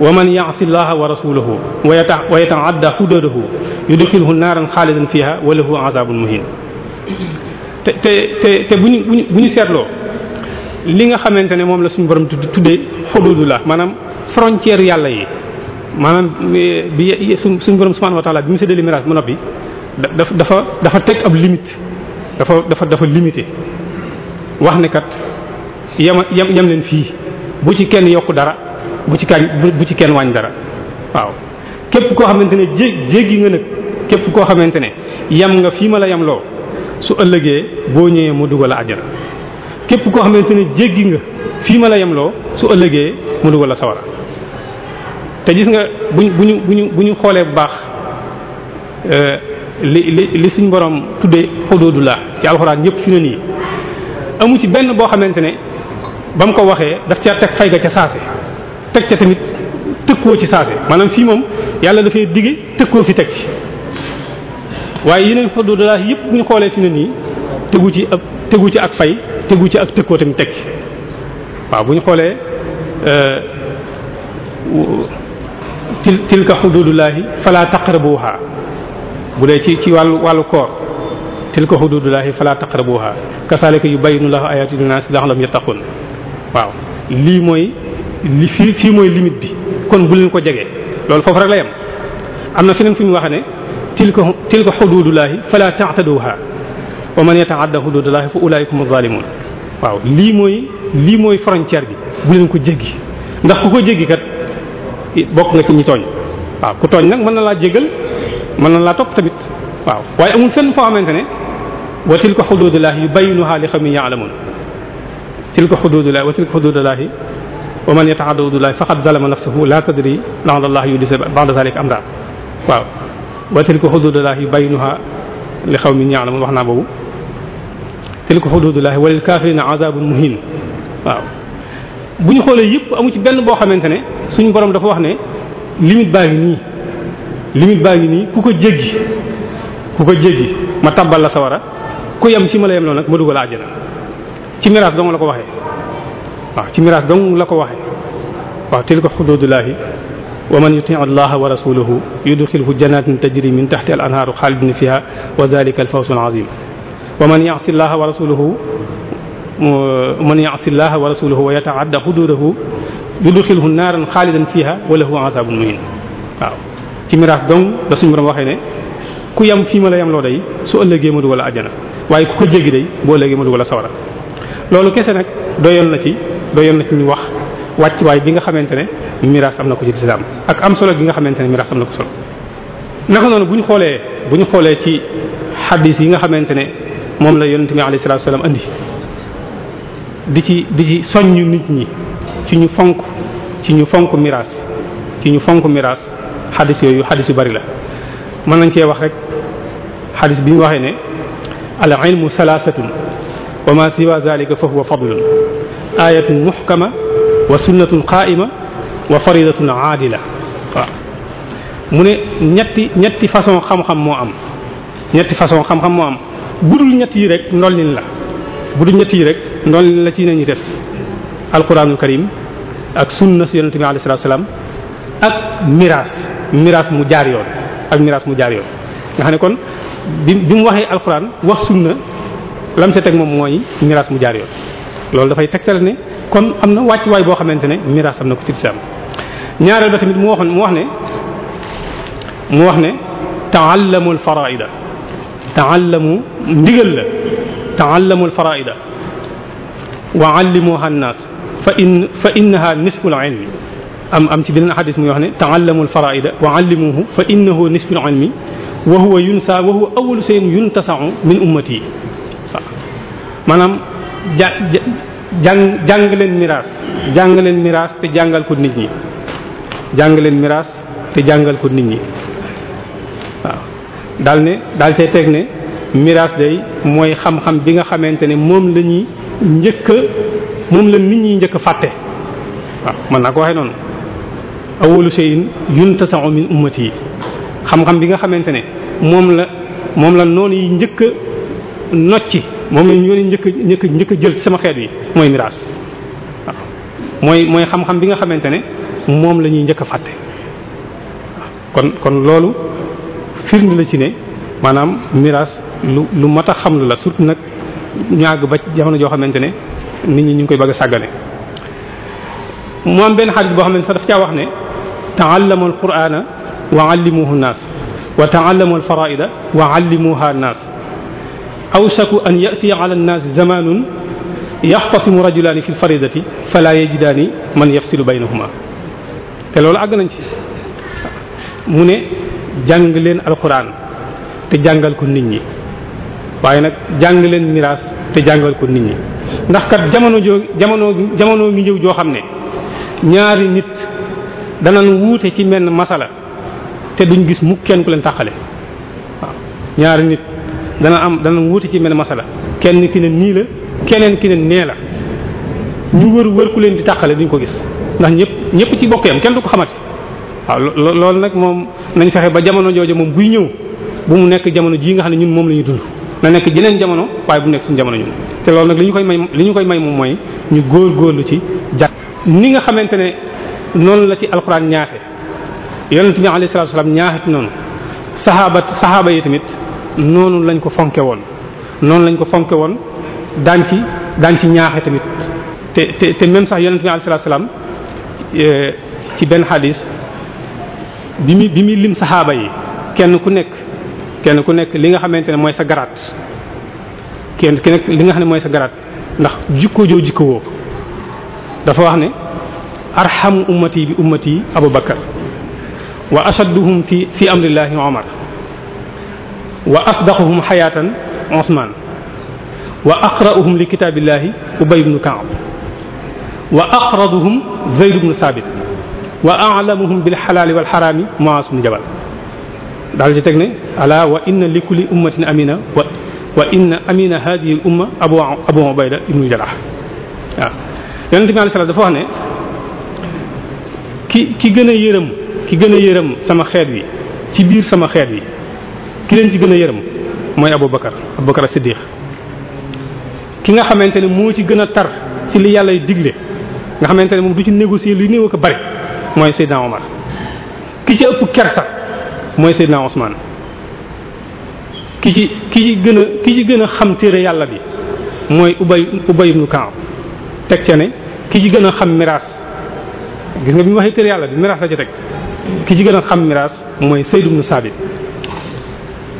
wa man yaasi llaha wa rasulahu wa yataadda xuduudahu yudxilhu naaran xaalidan fiha wa lahu azabun muhin te te te te bu ñu bu bu ñu seetloo li nga xamante ne moom la suñu borom tuddee xuduudullah maanaam frontière yàlla yi maanaam eh, bi suñ suñu borom subhanahu wa taala bi mu séddale miraas ba dafa dafa teg ab limite dafa dafa dafa limité wax ne kat yama yam yam leen fii bu ci kenn yokku dara. bu ci kañ bu ci kenn wàññi dara waaw képp koo xamante ne jé jéggi nga nag képp koo xamante ne yam nga fii ma la yam loo su ëllëgee boo ñëwee mu dugal a àjjana képp koo xamante ne jéggi nga fii ma la yam loo su ëllëgee mu dugal a sawara te gis nga buñ buñu buñu bu ñu xoolee bu baax eh, li li li suñ borom tuddee xuduudullah ci alxuraan yëpp fi ne nii amu ci benn boo xamante ne ba mu ko waxee daf caa teg fay ga ca saase teg ca tamit tëkkoo ci saase maanaam fii moom yàlla dafay digge tëkkoo fi teg ci waaye yeneen xuduud Allah yëpp bu ñu xoolee fi ne nii tegu ci ak tegu ci ak fay tegu ci ak tëkkoo tamit teg ci waaw bu ñu xoolee euh, til tilka xuduudullaahi falaa taqrabuha bu dee ci ci wàllu wàllu koor tilka xuduudullaahi falaa taqrabuha kasaalika yubayyinu llaahu aayaati linnaasi la'allahum yattaquun waaw lii mooy li fii fii mooy limite bi kon bu leen ko jege loolu foofu rek la yem am na feneen fi mu wax ne tilka tilka xuduudullaahi fala ta'taduha wa man yata'adda xuduudullaahi fa ulaa'ika humu zaalimuun waaw lii mooy lii mooy frontière bi bu leen ko jéggi ndax ku ko jéggi kat bokk nga ci ñi tooñ waaw ku tooñ nag mën na laa jégal mën na laa topp tamit waaw waaye amul fenn foo xamante ne wa tilka xuduudullaahi yubayyinuhaa li qawmin ya'lamuun tilka xuduudullaahi wa tilka xuduudullaahi wa man yata'adda huduudallahi faqad zalama nafsahu la tadri la'allallahi yuhdithu ba'da zalika amra waaw wa tilka huduudullahi yubayyinuha li qawmin ya'lamuun wax naa boobu tilka huduudullahi wa lil kaafiriina azaabun muhiin waaw bu ñu xoolee yëpp amu ci benn boo xamante ne suñu borom dafa wax ne limite baa ngi nii limite baa ngi nii ku ko jéggi ku ko jéggi ma tabal la sawara ku yem ci ma la yem loo nag ma dugal àjjana ci miraas dong la ko waxee waaw ci miraas dong la ko waxee waaw tilka xududullaahi wa man yuti allaha wa rasulahu yudxilhu jannatin tajri min taxti al anhaaru xaalidin fiha wa dalika al fawzu al azim wa man yasi allaha wa rasuluhu man yasi allaha wa rasuluhu wa yataadda xududahu yudxilhu naaran xaalidan fiha wa lahu azabun muhin waaw ci miraas dong da suñu borom waxee ne ku yam fii ma la yam loo day su ëllëgee ma dugal ajjana waaye ku ko jéggi day boo ëllëgee ma dugal sawara loolu kese nag doyoon na ci doyoon na ci ñu wax wàccuwaay bi nga xamante ne miraas am na ko ci lislaam ak am solo gi nga xamante ne miraas am na ko solo naka noonu bu ñu xoolee bu ñu xoolee ci xaddis yi nga xamante ne moom la yonente bi alayhi salaatu salaam andi di ci di ci soññ nit ñi ci ñu fonk ci ñu fonk miraas ci ñu fonk miraas xaddis yooyu xaddis yu bari la mën nañ cee wax rek xaddis bi waxee ne al ilmu salaasatun wa ma siwa zalika fa huwa fadlun ayatun muhkama wa sunnatun qaa'ima wa faridatun aadila waaw mu ne ñetti ñetti façon xam-xam moo am ñetti façon xam-xam moo am budul ñett yi rek ndolin la budul ñett yi rek ndolin la ci nañu def alquranul karim ak sunna si yonente ak miraas mu jaar yoon ak miraas mu jaar yoon nga xam ne kon bi mu waxee alquran wax sunna lam sa teg moom mooy miraas mu jaar yoon loolu dafay tegtal ne kon am na wàccuwaay boo xamante ne miraas am na ko ci lislaam ñaareel ba tamit mu waxoon mu wax ne mu wax ne taallamu al faraida taallamu ndigal la taallamu al faraida wa allimuha annaas fa in fa innaha nisful ilmi am am ci beneen xadis muy wax ne taallamu al faraida wa allimuhu fa innahu nisful ilmi wa huwa yunsa wa huwa awwalu shay'in yuntasahu min ummati maanaam ja jàng jàng leen miraas jàng leen miraas te jàngal ko nit ñi jàng leen miraas te jàngal ko nit ñi waaw daal ne daal cay teg ne miraas day mooy xam-xam bi nga xamante ne moom la njëkk moom la nit ñi njëkk a fàtte mën naa ko waxee noonu awwalu shay'in bi nga xamante ne moom la moom la noonu yi njëkk nocci moom la ñu yónni njëkk njëkk njëkk jël ci sama xeet wi mooy miraas waaw mooy mooy xam-xam bi nga xamante ne moom lañuy njëkk a fàtte kon kon loolu firnde la ci ne maanaam miraas lu lu mat a xam lu la surtout nag ñaag ba jamono joo xamante ne nit ñi ñu ngi koy bëgg a sàggane mu am benn xadis boo xam ne sax daf caa wax ne ta'allamu al-qur'ana wa 'allimuhu an-nas wa ta'allamu al-fara'ida wa 'allimuha an-nas awsaku an yatiya ala annaasi zamanun yaxtasimu rajulaani fi lfaridati fala yajidaani man si lu yafsilu baynahuma te loolu àgg nañ ci mu ne jàng leen alquran te jàngal ko nit ñi waaye nag jàng leen miraas te jàngal ko nit ñi ndax kat jamono joo jamono jamono ngi ñëw joo xam ne ñaari nit danañ wuute ci menn masala te duñ gis mu kenn ku leen tàqale ñaari nit dana am dana wuute ci mel masala kenn ki ne nii la keneen ki ne nee la ñu wër wër ku leen di tàqale duñ ko gis ndax ñëpp ñëpp ci bokk yam kenn du ko xamati waaw loolu nag moom nañ fexe ba jamono jooju moom buy ñëw bu mu nekk jamono jii nga xam ne ñun moom la ñu dund na nekk jeneen jamono waaye bu nekk suñu jamono ñun te loolu nag li ñu koy may li ñu koy may moom mooy ñu góor góorgóorlu ci jàkk ni nga xamante ne noonu la ci alxuraan ñaaxe yonent bi alayhi salaatu wa salaam ñaaxe ci tamit noonu lañ ko fonke woon noonu lañ ko fonke woon daañ ci daañ ci ñaaxe tamit te te te sax yonent bi alayhi salaam ci eh, benn xadis bi muy bi muy lim saxaaba yi kenn ku nekk kenn ku nekk li nga xamante ne mooy sa garaat kenn ku li nga xam ne mooy sa garaat ndax jikkoo joo jikko woo dafa wax ne arhamu ummati bi ummati Abu Bakar wa ashadduhum fi fi amrillahi Umar wa asdaquhum xayaatan Usmaan wa aqra'uhum li kitaabillahi Ubay ibnu Kaab wa aqraduhum Zayd ibnu Saabit wa a'lamuhum bil xalaali wal xaraami Muaaz ibnu Jabal daal ci teg ne alaa wa inna li kulli ummatin amina wa wa inna amina haadihi al umma abu abu Ubayda ibnu Jaraax waaw yonent bi alayhi salaam dafa wax ne ki ki gën a yërëm ki gën a yërëm sama xeet wi ci biir sama xeet wi. ki leen ci gën a yërëm mooy Aboubacar Aboubacar Siddiq ki nga xamante ne moo ci gën a tar ci li yàlla digle nga xamante ne moom du ci négocier li néew ko bari mooy Seydina Omar ki ci ëpp kersa mooy Seydina Ousmane ki ci ki ci gën a ki ci gën a xam téere yàlla bi mooy Ubay Ubay ibn Ka'b teg ca ne ki ci gën a xam miraas gis nga bi mu waxee téere yàlla bi miraas la ci teg ki ci gën a xam miraas mooy Seyd ibn Saabit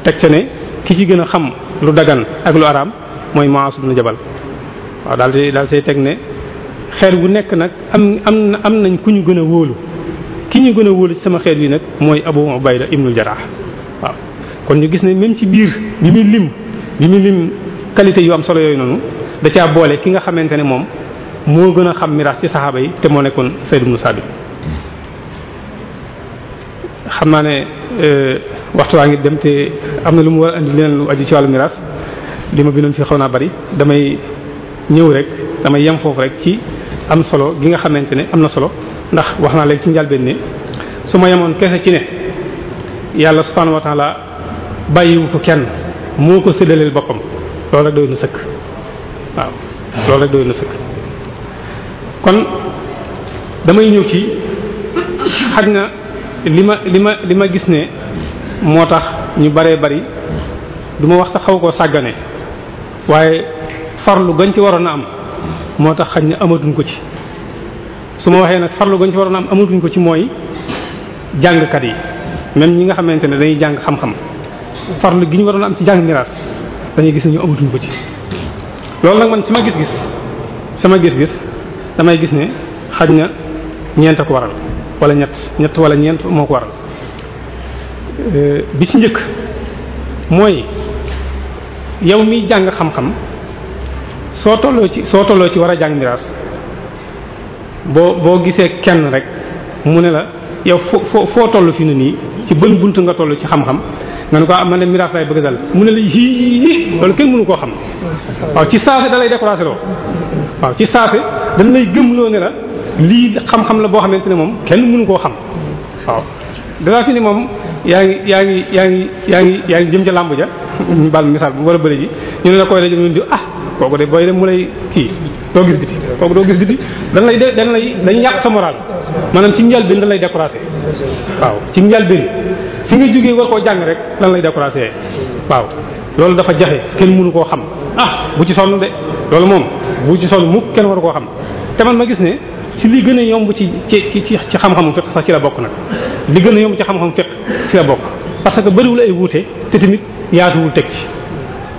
teg ca ne ki ci gën a xam lu dagan ak lu araam mooy Mu'aas ibn Jabal waaw daal di dal di teg ne xeet wu nekk nag am am am nañ ku ñu gën a wóolu ki ñu gën a wóolu ci sama xeet wi nag mooy Abu Ubayda ibnul Jarrah waaw kon ñu gis ne même ci biir bi muy lim bi muy lim qualité yu am solo yooyu noonu da caa boole ki nga xamante ne moom moo gën a xam miraas ci saxaaba yi te moo nekkoon Sayd ibn Saabit xam naa ne euh, waxtu waa ngi dem te am na lu mu war a indi leneen lu aju ci wàllu miraas li ma bindoon fi xaw naa bari damay ñëw rek damay yem foofu rek ci am solo gi nga xamante ne am na solo ndax wax naa léegi ci njalbeen ne su ma yemoon kese ci ne yàlla subhanahu wa ta'ala bàyyiwu ko kenn moo ko séddaleel boppam loolu rek doy na sëkk waaw loolu rek doy na sëkk kon damay ñëw ci xaj na li ma li ma li ma gis ne moo tax ñu baree bari duma wax sax xaw koo sàggane waaye farlu gañ ci waroon a am moo tax xañ na amatuñ ko ci su ma waxee nag farlu gañ ci waroon a am amatuñ ko ci mooy jàngkat yi même ñi nga xamante ne dañuy jàng xam-xam farlu gi ñu waroon a am ci jàng miraas dañuy gis ñu amatuñ ko ci loolu nag man sama gis-gis sama gis-gis damay gis ne xaj na ñeent ko waral wala ñett ñett wala ñeent moo ko waral bi ci njëkk mooy yow miy jàng xam-xam soo tolloo ci soo tolloo ci war a jàng miraas boo boo gisee kenn rek mu ne la yow foo foo foo toll fi ne nii ci bën bunt nga toll ci xam-xam nga ne ko am ah, de miraas lay bëgg dal mu ne la yii loolu kenn mënu koo xam waaw ci saase da lay loo waaw ci saase dañ lay gëm loo la lii xam la boo xamante ne moom kenn mënu koo xam waaw. dafa fi ne moom yaa ngi yaa ngi yaa ngi yaa ngi yaa ngi jëm ca làmb ja ñu baal misaal bu war a bëri ji ñu ne la koy la jëm ah, kooku de booy dem kii doo gis kooku doo gis biti dañ lay dañ lay dañ yàq sa moral maanaam ci njëlbéen dañ lay découragé waaw ci njëlbéen fi nga jógee war koo jàng rek lan lay découragé waaw loolu dafa jaxe kenn mënu koo xam ah bu ci sonn de loolu moom bu ci sonn mu kenn waru koo xam te man ma gis ne ci li gën a yomb ci ci ci ci xam-xamu fiq sax ci la bokk nag li gën a yomb ci xam-xamu fiq ci la bokk parce que bëriwul ay wute te tamit yaatuwul teg ci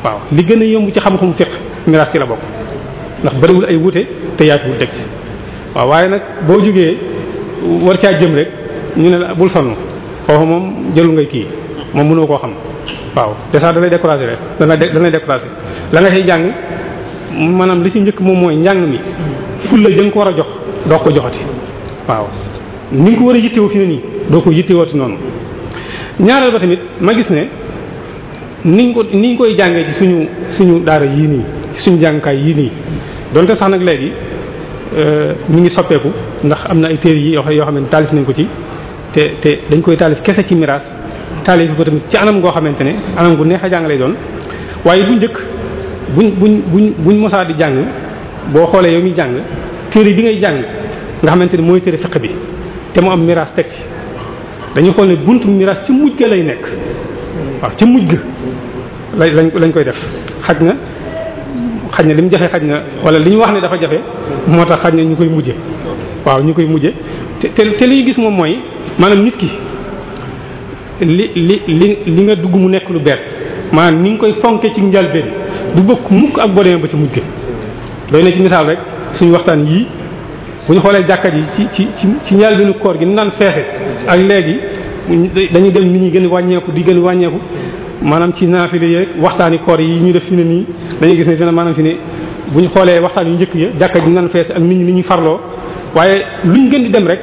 waaw li gën a yomb ci xam-xamu fiq miraas ci la bokk ndax bëriwul ay wuute te yaatuwul teg ci waaw waaye nag boo jógee war caa jëm rek ñu ne la bul sonn foofu moom jëlu ngay kii moom mënoo koo xam waaw dèjà da lay découragé rek dana danay découragé la nga cay jàng maanaam li ci njëkk moom mooy njàng mi ful la jën ko war a jox doo ko joxati waaw ni nga ko war a yittewoo fi ne nii doo ko yittewooti noonu ñaareel ba tamit ma gis ne niñ ko niñ koy jàngee ci suñu suñu daara yii nii ci suñu jàngkaay yii nii donte sax nag léegi euh, mu ngi soppeeku ndax am na ay téere yi yoo xam ne taalif nañ ko ci te te dañ koy taalif kese ci miraas taalif ko tamit ci anam goo xamante ne anam gu neex a jàng lay doon waaye bu njëkk buñ buñ buñ buñ mosaa di jàng boo xoolee yow mi jàng téere bi ngay jàng nga xamante ni mooy téere fiq bi te mu am miraas teg ci dañu xool ne buntu miraas ci mujj ga lay nekk waaw ci mujj ga lañ lañ koy def xaj na xaj na li mu jafe xaj na wala li ñu wax ne dafa jafe moo tax xaj na ñu koy mujje waaw ñu koy mujje te te li ñu gis moom mooy maanaam nit ki li li li li nga dugg mu nekk lu bees maanaam ni nga koy fonke ci njalbeen du bokk mukk ak boo demee ba ci mujj ga doy na ci misaal rek suñu waxtaan yii buñu xoolee jàkkat yi ci ci ci ci ñaar gënu koor gi ñu naan feexe ak léegi dañuy dem nit ñi gën wàññeeku di gën wàññeeku maanaam ci naafile yeeg waxtaani koor yi ñu def fi ne nii dañuy gis ne maanaam fi ne bu ñu xoolee waxtaan yu njëkk ya jàkka nan fees ak nit ñi ni ñu farloo waaye luñ gën di dem rek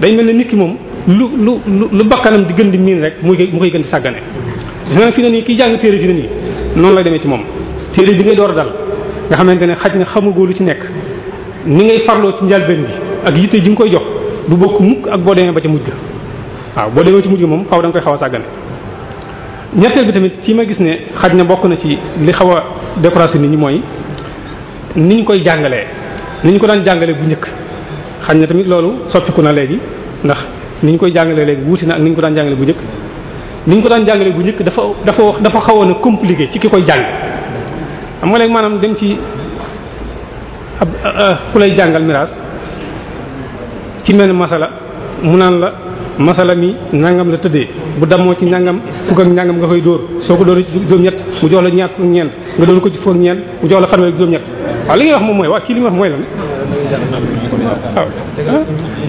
day mel na nit ki moom lu lu lu bakkanam di gën di miin rek mu koy mu koy gën di sàggane gis na fi ne nii kii jàng téere fi ne nii noonu lay demee ci moom téere bi ngay door a dal nga xamante ne xaj na xamagoo lu ci nekk ni ngay farloo ci njalbeen bi ak yitte ji nga koy jox du bokk mukk ak boo demee ba ca mujj ga waaw boo demee ci mujj ga moom xaw da nga koy xaw a sàggane ñetteel bi tamit ci ma gis ne xaj na bokk na ci li xaw a découragé nit ñi mooy ni ñu koy jàngalee ni ñu ko daan jàngalee bu njëkk xaj na tamit loolu soppiku na léegi ndax ni ñu koy jàngalee léegi wuuti na ak ni ñu ko daan jàngalee bu njëkk ni ñu ko daan jàngalee bu njëkk dafa dafa dafa xawoon a compliqué ci ki koy jàng xam nga léegi maanaam dem ci ab ku lay jàngal miraas ci mel masala mu naan la masala mi nangam la tëddee bu damoo ci nangam fukk ak nangam nga koy dóor soo ko dóor ci juróom-ñett mu jox la ñaar fukk ñeent nga dóor ko ci fukk ñeent mu jox la fanweer ak juróom-ñett waaw li ngay wax moom mooy waa kii li nga wax mooy lan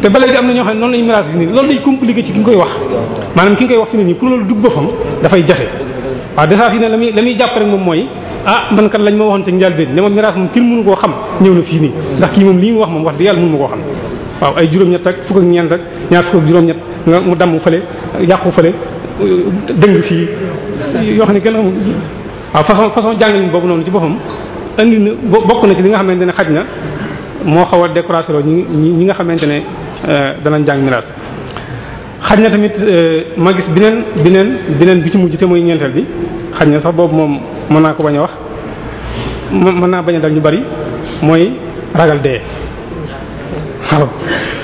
te ba am na ñoo xam ne noonu lañu miraas bi nii loolu day compliqué ci ki nga koy wax maanaam ki nga koy wax fi ne nii pour loolu dugg boppam dafay jafe waaw dèjà fi ne la muy la muy jàpp rek moom mooy ah man kat lañ ma waxoon ca njëlbéen ne ma miraas moom kenn mënu koo xam ñëw na fii nii ndax kii moom li mu wax moom wax dëgg yàlla mënu ma koo xam waaw ay juróom-ñett ak fukk ak ñeent ak ñaar fukk ak juróom-ñett nga mu damm fële yàqu fale euh, dëng fii yoo xam ne kenn amul waaw façon façon jàngalin ci boppam andi na bokk na ci li nga xamante ne xaj na moo xaw a découragé loo ñi ñi nga xamante ne euh, danañ jàng miraas xaj na tamit euh, ma gis beneen beneen beneen bi ci mujj te mooy ñeenteel bi xaj na sax boobu moom mën naa ko bañ wax moom mën naa bañ a dal ñu bari mooy ragal dee waaw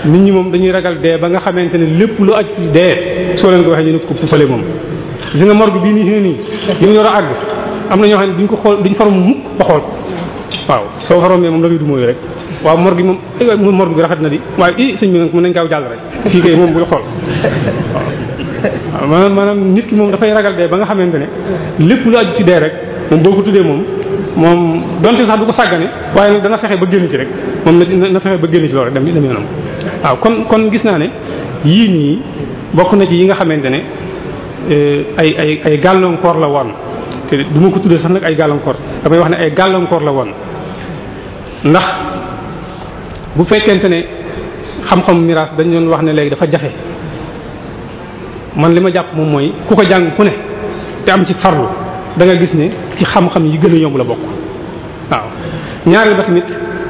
nit ñi moom dañuy ragal dee ba nga xamante ne lépp lu aj dee soo leen ko waxee ñu ne ko fële moom gis nga morgue bii nii si ne nii li mu yor a àgg am na ñoo xam ne duñ ko xool duñ farom mukk ba xool waaw soo faroomee moom la muy du mooyu rek waaw morgue bi moom ay bi rafet na di waaye i sëñ bi nag mën nañ kaaw jàll rek fii kay moom buy xool maanaam maanaam nit ki moom dafay ragal dee ba nga xamante ne lépp lu aju ci dee rek moom boo ko tuddee moom moom donte sax du ko sàggane waaye nag dana fexe ba génn ci rek moom na fexe ba génn ci loolu rek dem dem yoonam waaw kon kon gis naa ne yii nii bokk na ci yi nga xamante ne eh, ay ay ay gàllankoor la woon te du ma ko tuddee sax nag ay gàllankoor damay wax ne ay gàllankoor la woon ndax bu fekkente ne xam-xam miraas dañ doon wax ne léegi dafa jafe man li ma jàpp moom mooy ku ko jàng ku ne te am ci farlu da nga gis ne ci xam-xam yi gën a yomb la bokk waaw ñaareel ba tamit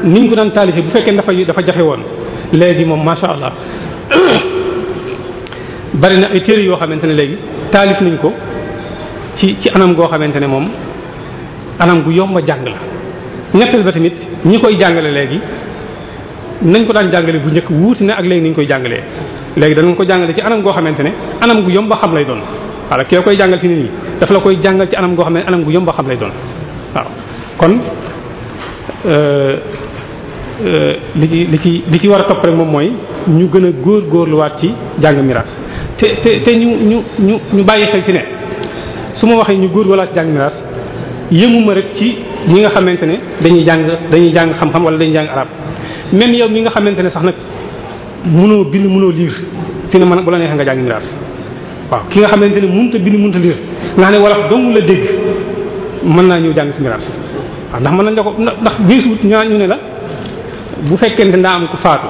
niñ ko daan taalifee bu fekkee dafa dafa jafe woon léegi moom macha allah bari na ay téere yoo xamante ne léegi taalif nañ ko ci ci anam goo xamante ne moom anam gu yomb a jàng la ñetteel ba tamit ñi koy jàngale léegi nañ ko daan jàngale bu njëkk wuuti na ak léegi niñ koy jàngalee léegi dana ko jàngale ci anam goo xamante ne anam gu yomb a xam lay doon wala kee koy jàngal ci nit daf la koy jàngal ci anam goo xam ne anam gu yomb a xam lay waaw kon euh, euh, li ci li ci li ci war a topp rek moom mooy ñu gën a góor góorluwaat ci jàng miraas te te te ñu ñu ñu ñu bàyyi xel ci ne su ma waxee ñu góor walaat jàng miraas yëmuma rek ci ñi nga xamante ne dañuy jàng dañuy jàng xam-xam wala dañuy jàng arab même yow mi nga xamante ne sax nag mënoo bind mënoo liir fi ne mën bu la neexee nga jàng miraas waaw ki nga xamante ne mënut a bind munta liir nga xam ne wolof dong la dégg mën naa ñëw jàng si miraas waaw ndax mën nañ la ko ndax biisuut ñaa ñu ne la daa am ku faatu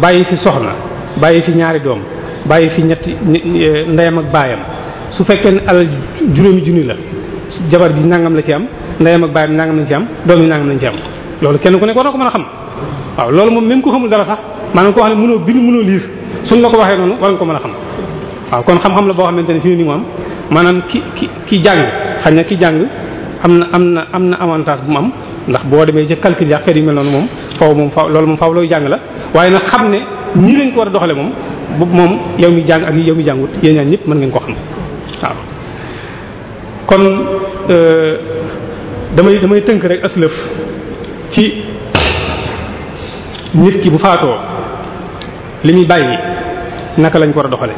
bàyyi fi soxna bàyyi fi ñaari doom bàyyi fi ñetti ndeyam ak baayam su fekkee ne alal juróomi junni la jabar bi nangam la ci am ndeyam ak baayam nangam lañ ci am doom yi nangam lañ ci am loolu kenn ku nekk war na ko mën a xam waaw loolu moom même ko xamul dara sax maanaam koo xam ne mënoo bind mënoo liir suñ la ko waxee noonu war nga ko mën a xam waaw kon xam-xam boo xamante ne fi mu moom maanaam ki ki ki jàng xañ na ki jàng am na am na am na avantage bu mu ndax boo demee ca calcul yu mel noonu moom faw moom faw loolu moom faw looy jàng la waaye nag xam ne nii lañ ko war a doxale moom boobu moom yow mi jàng ak yow mi jàngut yéen ñaan mën ngeen ko xam waaw euh, damay tënk rek aslëf ci nit ki bu faatoo li muy bàyyi naka lañ ko war a doxale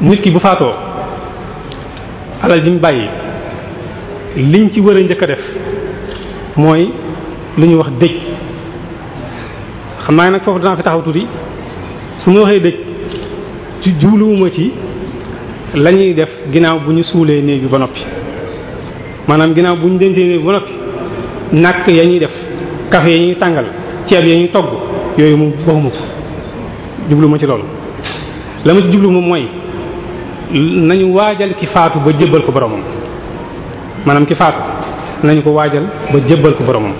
nit ki bu faatoo alal ji mu bàyyi liñ ci war a njëkk a def mooy lu ñuy wax dëj xam naa nag foofu danaa fi taxaw tuuti su ma waxee dëj ci jubluwuma ci la ñuy def ginnaaw bu ñu suulee néeg bi ba noppi maanaam ginnaaw bu ñu dencee néeg bi ba noppi nàkk ya ñuy def kafe ya ñuy tàngal ceeb ya ñu togg yooyu mu waxuma ko jublu ma ci loolu la ma ci jublu moom mooy nañu waajal ki faatu ba jébbal ko boromam maanaam ki faatu nañu ko waajal ba jébbal ko boromam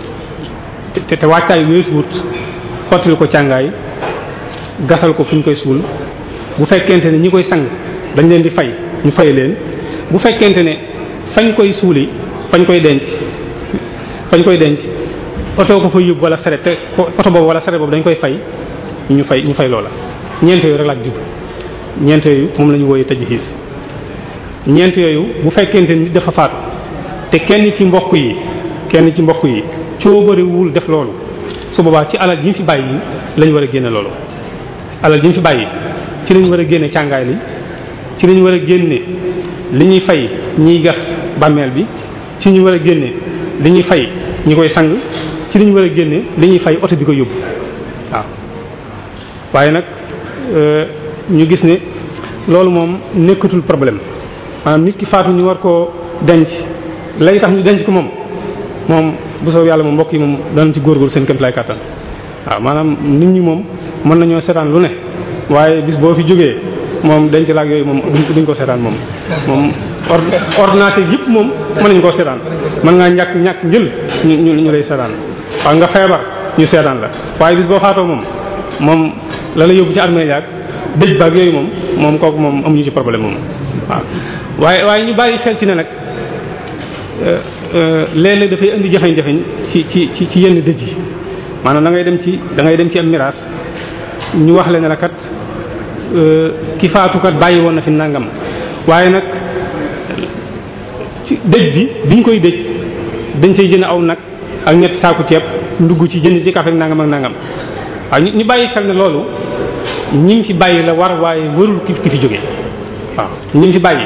te te waajtaay weesu wut ko càngaay gasal ko fu ñu koy suul bu fekkente ne ñi koy sang dañ leen di fay ñu fay leen bu fekkente ne fañ koy suuli fañ koy denc fañ koy denc oto ko fa yóbbu wala saret te oto boobu wala saret boobu dañ koy fay ñu fay ñu fay loola ñeent yooyu rek laaj jub ñeent yooyu ñu wooyee ñeent yooyu bu fekkente nit dafa faatu te kenn ci mbokk yi kenn ci mbokk yi coobarewul def loolu su boobaa ci alal ji ñu fi bàyyi la war a génne loolu alal ji ñu fi bàyyi ci la ñu war a génne càngaay li ci la war a génne li ñuy fay ñiy gas bàmmeel bi ci ñu war a génne li ñuy fay ñi koy sang ci li ñu war a génne li ñuy fay oto bi ko yóbbu waaw waaye nag euh, ñu gis ni loolu moom nekkatul problème maanaam nit ki faatu ñu war koo denc lay tax ñu denc ko moom moom bu soob yàlla moom mbokk yi moom danañ ci góorgóorlu seen kéemtalaay kàttan waaw maanaam nit ñi moom mën nañoo seetaan lu ne waaye bis boo fi jógee moom denc laag yooyu moom duñ ko seetaan moom moom ordonnance yëpp moom mën nañ koo seetaan mën ngaa ñàkk ñàkk njël ñu ñu lay seetaan waa nga feebar ñu seetaan la waaye bis boo faatoo moom moom la la yóbbu ci armée yaag dëj baag yooyu moom moom kooku moom amuñu ci problème moom waaw waaye waaye ñu bàyyi xel ci ne nag euh, euh, léeg-léeg dafay indi jafe-jafe ci ci ci ci yenn dëj yi maanaam da ngay dem ci da ngay dem ci am miraas ñu wax leen ne la kat euh, ki faatukat bàyyi woon na fi nangam waaye nag ci dëj bi biñ koy dëj dañ cay jënd aw nag ak ñetti saaku ceeb ndugg ci jënd ci kafe nangam ak nangam waaw ñu bàyyi xel ne loolu ñi ngi fi bàyyi la war waaye warul ki ki fi jógee waaw ñi ngi fi bàyyi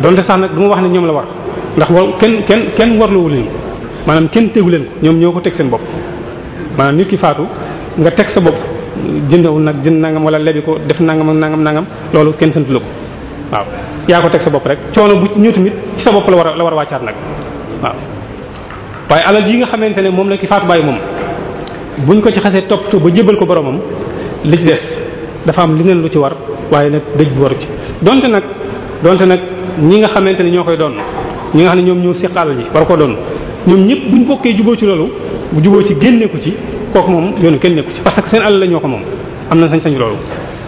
donte sax nag du wax ne ñoom la war ndax war kenn kenn kenn warloowu leen maanaam kenn tegu leen ko ñoom ñoo ko teg seen bopp maanaam nit ki faatu nga teg sa bopp jëndawul nag jënd nangam wala lebi ko def nangam ak nangam nangam loolu kenn seen la ko waaw yaa ko teg sa bopp rek coono bu ñëw tamit la war la war a wàccaat nag waaye alal yi nga xamante ne moom la ki faatu bàyyi moom buñ ko ci xasee toppatoo ba jëbbal ko boromam li ci def dafa am leneen lu ci war waaye nag dëj bu waru ci donte nag donte nag ñi nga xamante ne ñoo koy doon ñi nga xam ne ñoom ñoo seq alal ji war ko doon ñoom ñëpp buñ bokkee juboo ci loolu bu juboo ci génne ko ci kooku moom yoonu kenn nekku ci parce que seen alal la ko moom am na sañ-sañ loolu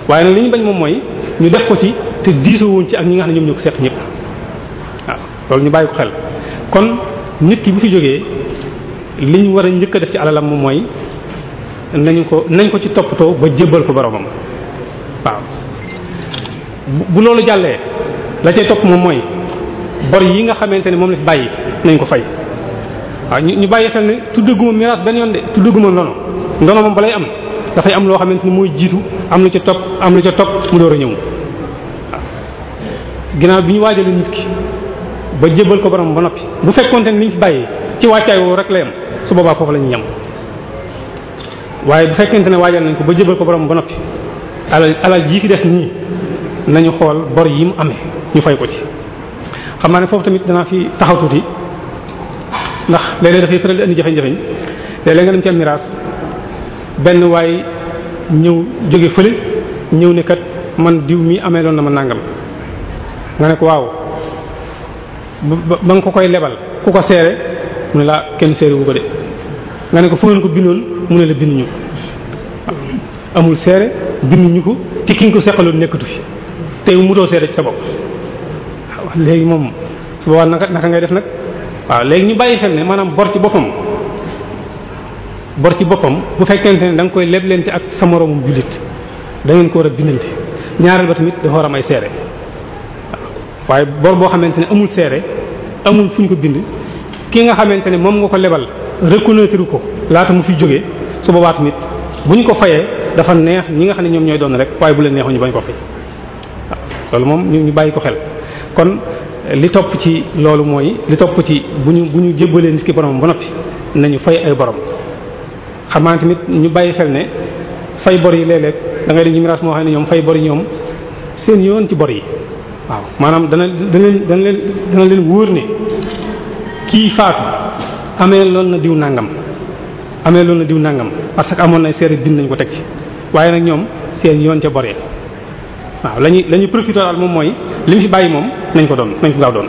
waaye nag li ñu bañ moom mooy ñu def ko ci te diisoo woon ci ak ñi nga xam ne ñoom ñoo ko seq ñëpp loolu ñu bàyyi ko xel nit ki bu fi jógee li ñu war a njëkk a def ci alalam moom mooy nañu ko nañ ko ci toppatoo ba jébbal ko boromam waaw bu loolu jàllee la cay topp moom mooy bor yi nga xamante ne moom la fi bàyyi nañ ko fay waaw ñu ñu bàyyi xel ne tuddaguma miraas benn yoon de tuddaguma ndono ndono moom balay am dafay am loo xamante ni mooy jiitu am lu ca topp am lu ca topp mu door a ñëw waaw ginnaaw bi ñu waajalee nit ki ba jébal ko borom ba noppi bu fekkonte ne liñ fi bàyyi ci wàccaay woo rek la yem su boobaa foofu la ñuy waaye bu fekkente ne waajal nañ ko ba jébal ko borom ba noppi alal alal jii fi des nii nañu xool bor yi mu amee ñu fay ko ci. xam naa ne foofu tamit danaa fi taxaw tuuti ndax léeg-léeg dafay faral di indi jafe-jafe léeg-léeg nga dem ci am benn waay ñëw jóge fële ñëw ne kat man diw mi amee loon na ma nangam nga ne ko waaw. ba nga ko koy lebal ku ko seere mu ne laa kenn seere wu ko de nga ne ko fu ngeen ko bindoon mu ne la binduñu ko amul seere binduñu ko te ki nga ko seqaloon nekkatu fi tey mutoo seere ci sa bopp léegi moom su boobaa naka naka ngay def nag waaw léegi ñu bàyyi xel ne maanaam bor ci boppam bor ci boppam bu fekkente ne da nga koy leblente ak sa moroomum jullit da ko war a bindante ñaareel ba tamit dafa war ay seere waaye bor boo xamante ne amul seere amul fu ñu ko bind ki nga xamante ne moom nga ko lebal reconnaître ko laata mu fi jógee su boobaa tamit bu ñu ko fayee dafa neex ñi nga xam ne ñoom ñooy doon rek waaye bu leen neexoon ñu bañ ko fay waaw loolu moom ñu bàyyi ko xel kon li topp ci loolu mooy li topp ci bu ñu bu ñu jébbalee nit ki borom ba noppi nañu fay ay borom xamaa tamit ñu bàyyi xel ne fay bor yi léeg-léeg da ngay dem ci miraas moo xam ne ñoom fay bor yi ñoom seen yoon ci bor yi waaw maanaam dana dana dana leen dana leen wóor ne kii faatu amee loolu na diw nangam amee loolu na diw nangam parce que amoon na seere din nañ ko teg ci waaye nag ñoom seen yoon ca boree waaw lañuy lañuy profité daal moom mooy li mu fi bàyyi moom nañ ko doon nañ ko gaaw doon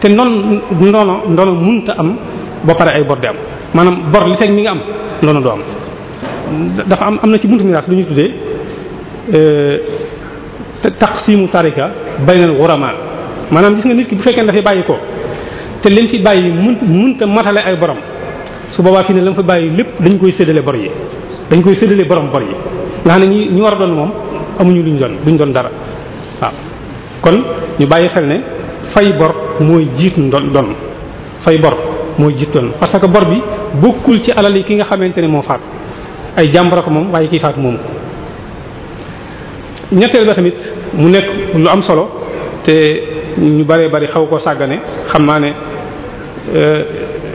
te noonu ndono ndono munta am ba pare ay bor di am maanaam bor li fekk mi ngi am ndono doo am dafa am am na ci buntu miraas lu ñu tuddee euh, taqsimu tarika baynal xuramaa maanaam gis nga nit ki bu fekkee ne dafay bàyyi ko te leen fi bàyyi mun munta matale ay borom su boobaa fii ne la mu fa bàyyi lépp dañ koy séddalee bor yi dañ koy séddalee borom bor yi nga xam ne ñi ñi war a doon moom amuñu luñ doon luñ doon dara waaw kon ñu bàyyi xel ne fay bor mooy jiitu doon doon fay bor mooy jiitu parce que bor bi bokkul ci alal yi ki nga xamante ne moo faat ay jàmbara ko moom waaye kii faat moom ñetteel ba tamit mu nekk lu am solo te ñu bëree bëri xaw koo sàggane xam naa ne euh,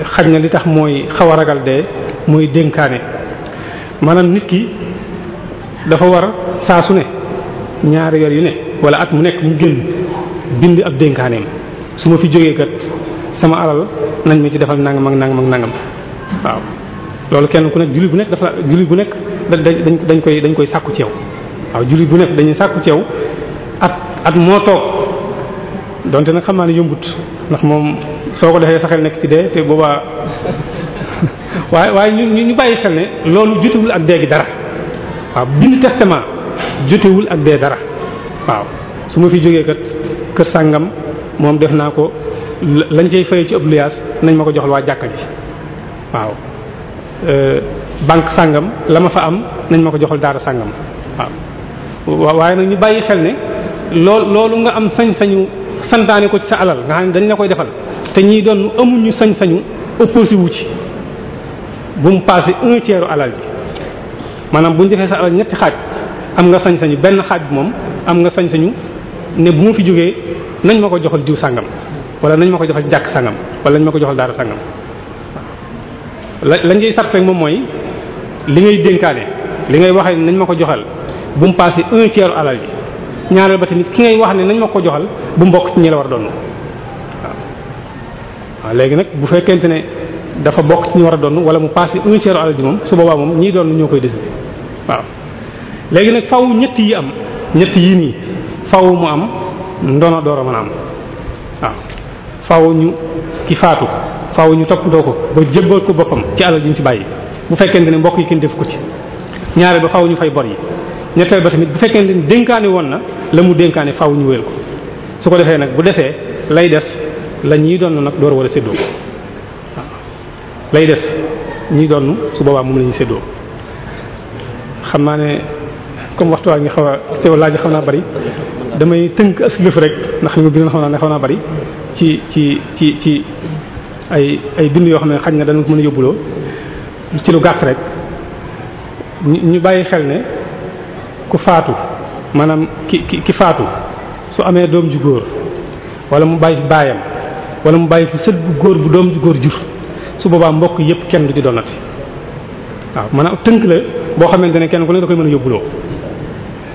xaj na li tax mooy xaw a ragal dee mooy dénkaane maanaam nit ki dafa war a saa su ne ñaari weer yu ne wala at mu nekk mu génn bind ab dénkaaneem su ma fi jógee kat sama alal nañ ma ci defal nangam ak nangam ak nangam waaw loolu kenn ku nekk jullit bu nekk dafa jullit bu nekk dañ dañ koy dañ koy sàkku ci yow waaw jullit bu nekk dañuy sàkku ceew ak ak moo toog donte nag xam naa ne yombut ndax moom soo ko defee saxel nekk ci dee te boobaa waaye waaye ñu ñu bàyyi xel ne loolu jotewul ak dee gi dara waaw bind testament jotewul ak dee dara waaw su ma fi jógee kat kër sàngam moom def naa ko lañ cey fayee ci ëpp liaas nañ ma ko joxal waa jàkka ji waaw euh, banque sàngam la ma fa am nañ ma ko joxal daara sàngam waaw waaye nag ñu bàyyi xel ne lool loolu nga am sañ-sañu santaane ko ci sa alal nga xam ne dañ la koy defal te ñiy doon amuñu sañ-sañu opposé wu ci bu mu passé un tiers alal bi maanaam bu ñu defee sa alal ñetti xaaj am nga sañ-sañu benn xaaj bi moom am nga sañ-sañu ne bu mu fi jógee nañ ma ko joxal jiw sàngam wala nañ ma ko joxal jàkk sàngam wala nañ ma ko joxal daara sàngam la lañ ngay sart rek moom mooy li ngay dénkaane li ngay waxee nañ ma ko joxal bu mu passé un tiers alal ji ñaareel ba tamit ki ngay wax ne nañ ma ko joxal bu mbokk ci ñi la war a doon waaw léegi nag bu fekkente ne dafa bokk ci ñu war a doon wala mu passé un tiers alal ji moom su boobaa moom ñii doon ñoo koy décider waaw léegi nag faw ñett yi am ñett yii nii faw mu am ndono door a mën a am waaw faw ñu ki faatu faw ñu toppatoo ko ba jébbal ko boppam ci alal ji ñu ci bàyyi bu fekkent ne mbokk yi kenn defu ko ci ñaareel ba faw fay bor yi ñetteel ba tamit bu fekkee ne dénkaane woon na la mu dénkaane faaw ñu wéel ko su ko defee nag bu defee lay def la ñuy doon nag door war a séddoo waaw lay def ñuy doon su boobaa moom la ñuy séddoo xam naa ne comme waxtu waxtuwaay ngi xaw a teew laaj xam naa bari damay tënk aslëf rek ndax li ma bindoon bari ci ci ci ci ay ay bind yoo xam ne xañ na dana mën a yóbbuloo ci lu gàtt rek ñu bàyyi xel ne ku faatu maanaam ki ki ki faatu su amee doom ju góor wala mu bàyyi fi baayam wala mu bàyyi fi sët bu góor bu doom ju góor jur su boobaa mbokk yépp kenn du ci donati waaw maanaam tënk boo xamante ne kenn ku ne da koy mën a yóbbuloo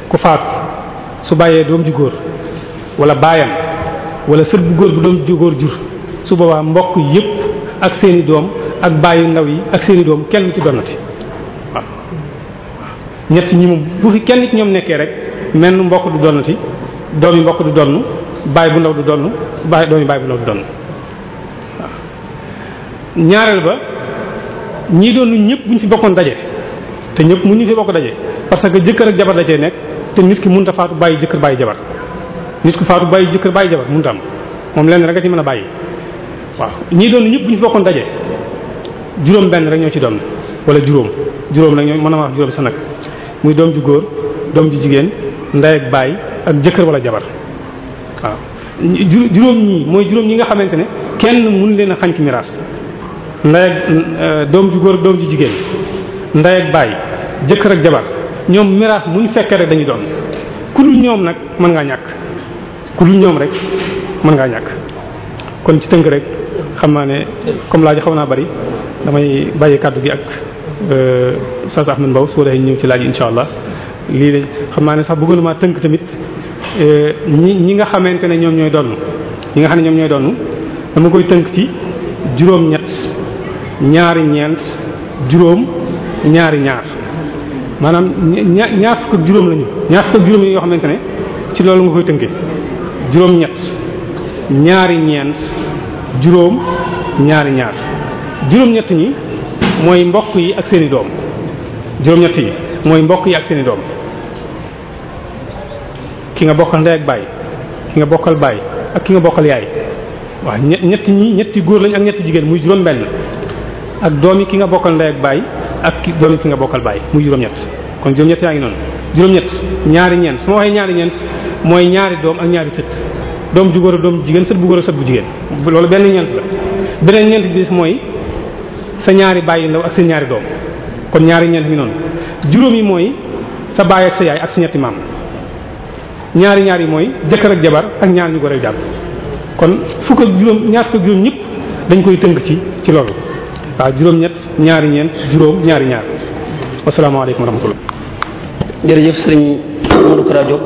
ku faatu su bàyyee doom ju góor wala baayam wala sët bu góor doom ju góor jur su boobaa mbokk yépp ak seeni doom ak bàyyi ndaw yi ak seeni doom kenn du ci donati waaw ñett ñi moom bu fi kenn ci ñoom nekkee rek mel nu mbokk du donnati doomi mbokk du donn baay bu ndaw du donn baay doomi baay bu ndaw du donn waaw ñaareel ba ñii doon ñëpp bu ñu fi bokkoon daje te ñëpp mu ñu fi bokk daje parce que jëkkër ak jabar da cee nekk te nit ki mënut a faatu bàyyi jëkkër bàyyi jabar nit ku faatu bàyyi jëkkër bàyyi jabar mënut am moom lenn rek a ci mën a bàyyi waaw ñii doon ñëpp bu ñu fi bokkoon daje juróom benn rek ñoo ci doon wala juróom juróom rek ñoo mën a wax juróom sa nag muy doom ju góor doom ju jigéen ndey ak baay ak jëkkër wala jabar waaw juróom ñii mooy juróom ñi nga xamante ne kenn mënu leen a xañ ci miraas ndey ak euh, doom ju góor doom ju jigéen ndey ak baay jëkkër ak jabar ñoom miraas muñ fekkee rek dañuy doon ku ñoom nag mën ngaa ñàkk ku dul ñoom rek mën ngaa ñàkk kon ci tënk rek xam naa ne comme laa ji xaw naa bari damay bàyyi kàddu gi ak Oustaz euh, Ahmed Mbow su ko defee ñëw ci laaj incha allah lii de xam naa ne sax bëggoon maa tënk tamit euh, ñi ñi nga xamante ne ñoom ñooy donn ñi nga xam ne ñoom ñooy donn dama koy tënk ci juróom ñaari ñeent juróom ñaari ñaar maanaam ñaar ñaar fukk ak juróom lañu ñaar xamante ne ci loolu nga koy tënkee juróom-ñett ñaari ñeent juróom ñaari ñaar juróom-ñett ñi. mooy mbokk yi ak seeni doom juróom-ñett yi mooy mbokk yi ak seen doom ki nga bokkal ndey ak baay ki nga bokkal baay ak ki nga bokkal yaay waa waaw ñett ñi ñetti góor lañ ak ñetti jigéen muy juróom-benn ak doom yi ki nga bokkal ndey ak baay ak doom yi ki nga bokkal baay muy juróom-ñett kon juróom-ñett yaa ngi noonu juróom-ñett ñaari ñeent su ma waxee ñaari ñeent mooy ñaari doom ak ñaari sët doom ju góor a doom jigéen sët bu góor a sët bu jigéen loolu benn ñeent la beneen ñeent bi mooy sa ñaari bàyyi ndaw ak sa ñaari doom kon ñaari ñeent ngi noonu juróom yi mooy sa baay ak sa yaay ak sa ñetti maam ñaari ñaar yi mooy jëkkër ak jabar ak ñaar ñu ko rek jàpp kon fukk ak juróom ñaar fukk juróom ñëpp dañ koy tënk ci ci loolu waaw juróom-ñett ñaari ñeent juróom ñaari ñaar wasalaamaaleykum wa rahmatullah jërëjëf sëriñ Modou Kara Diop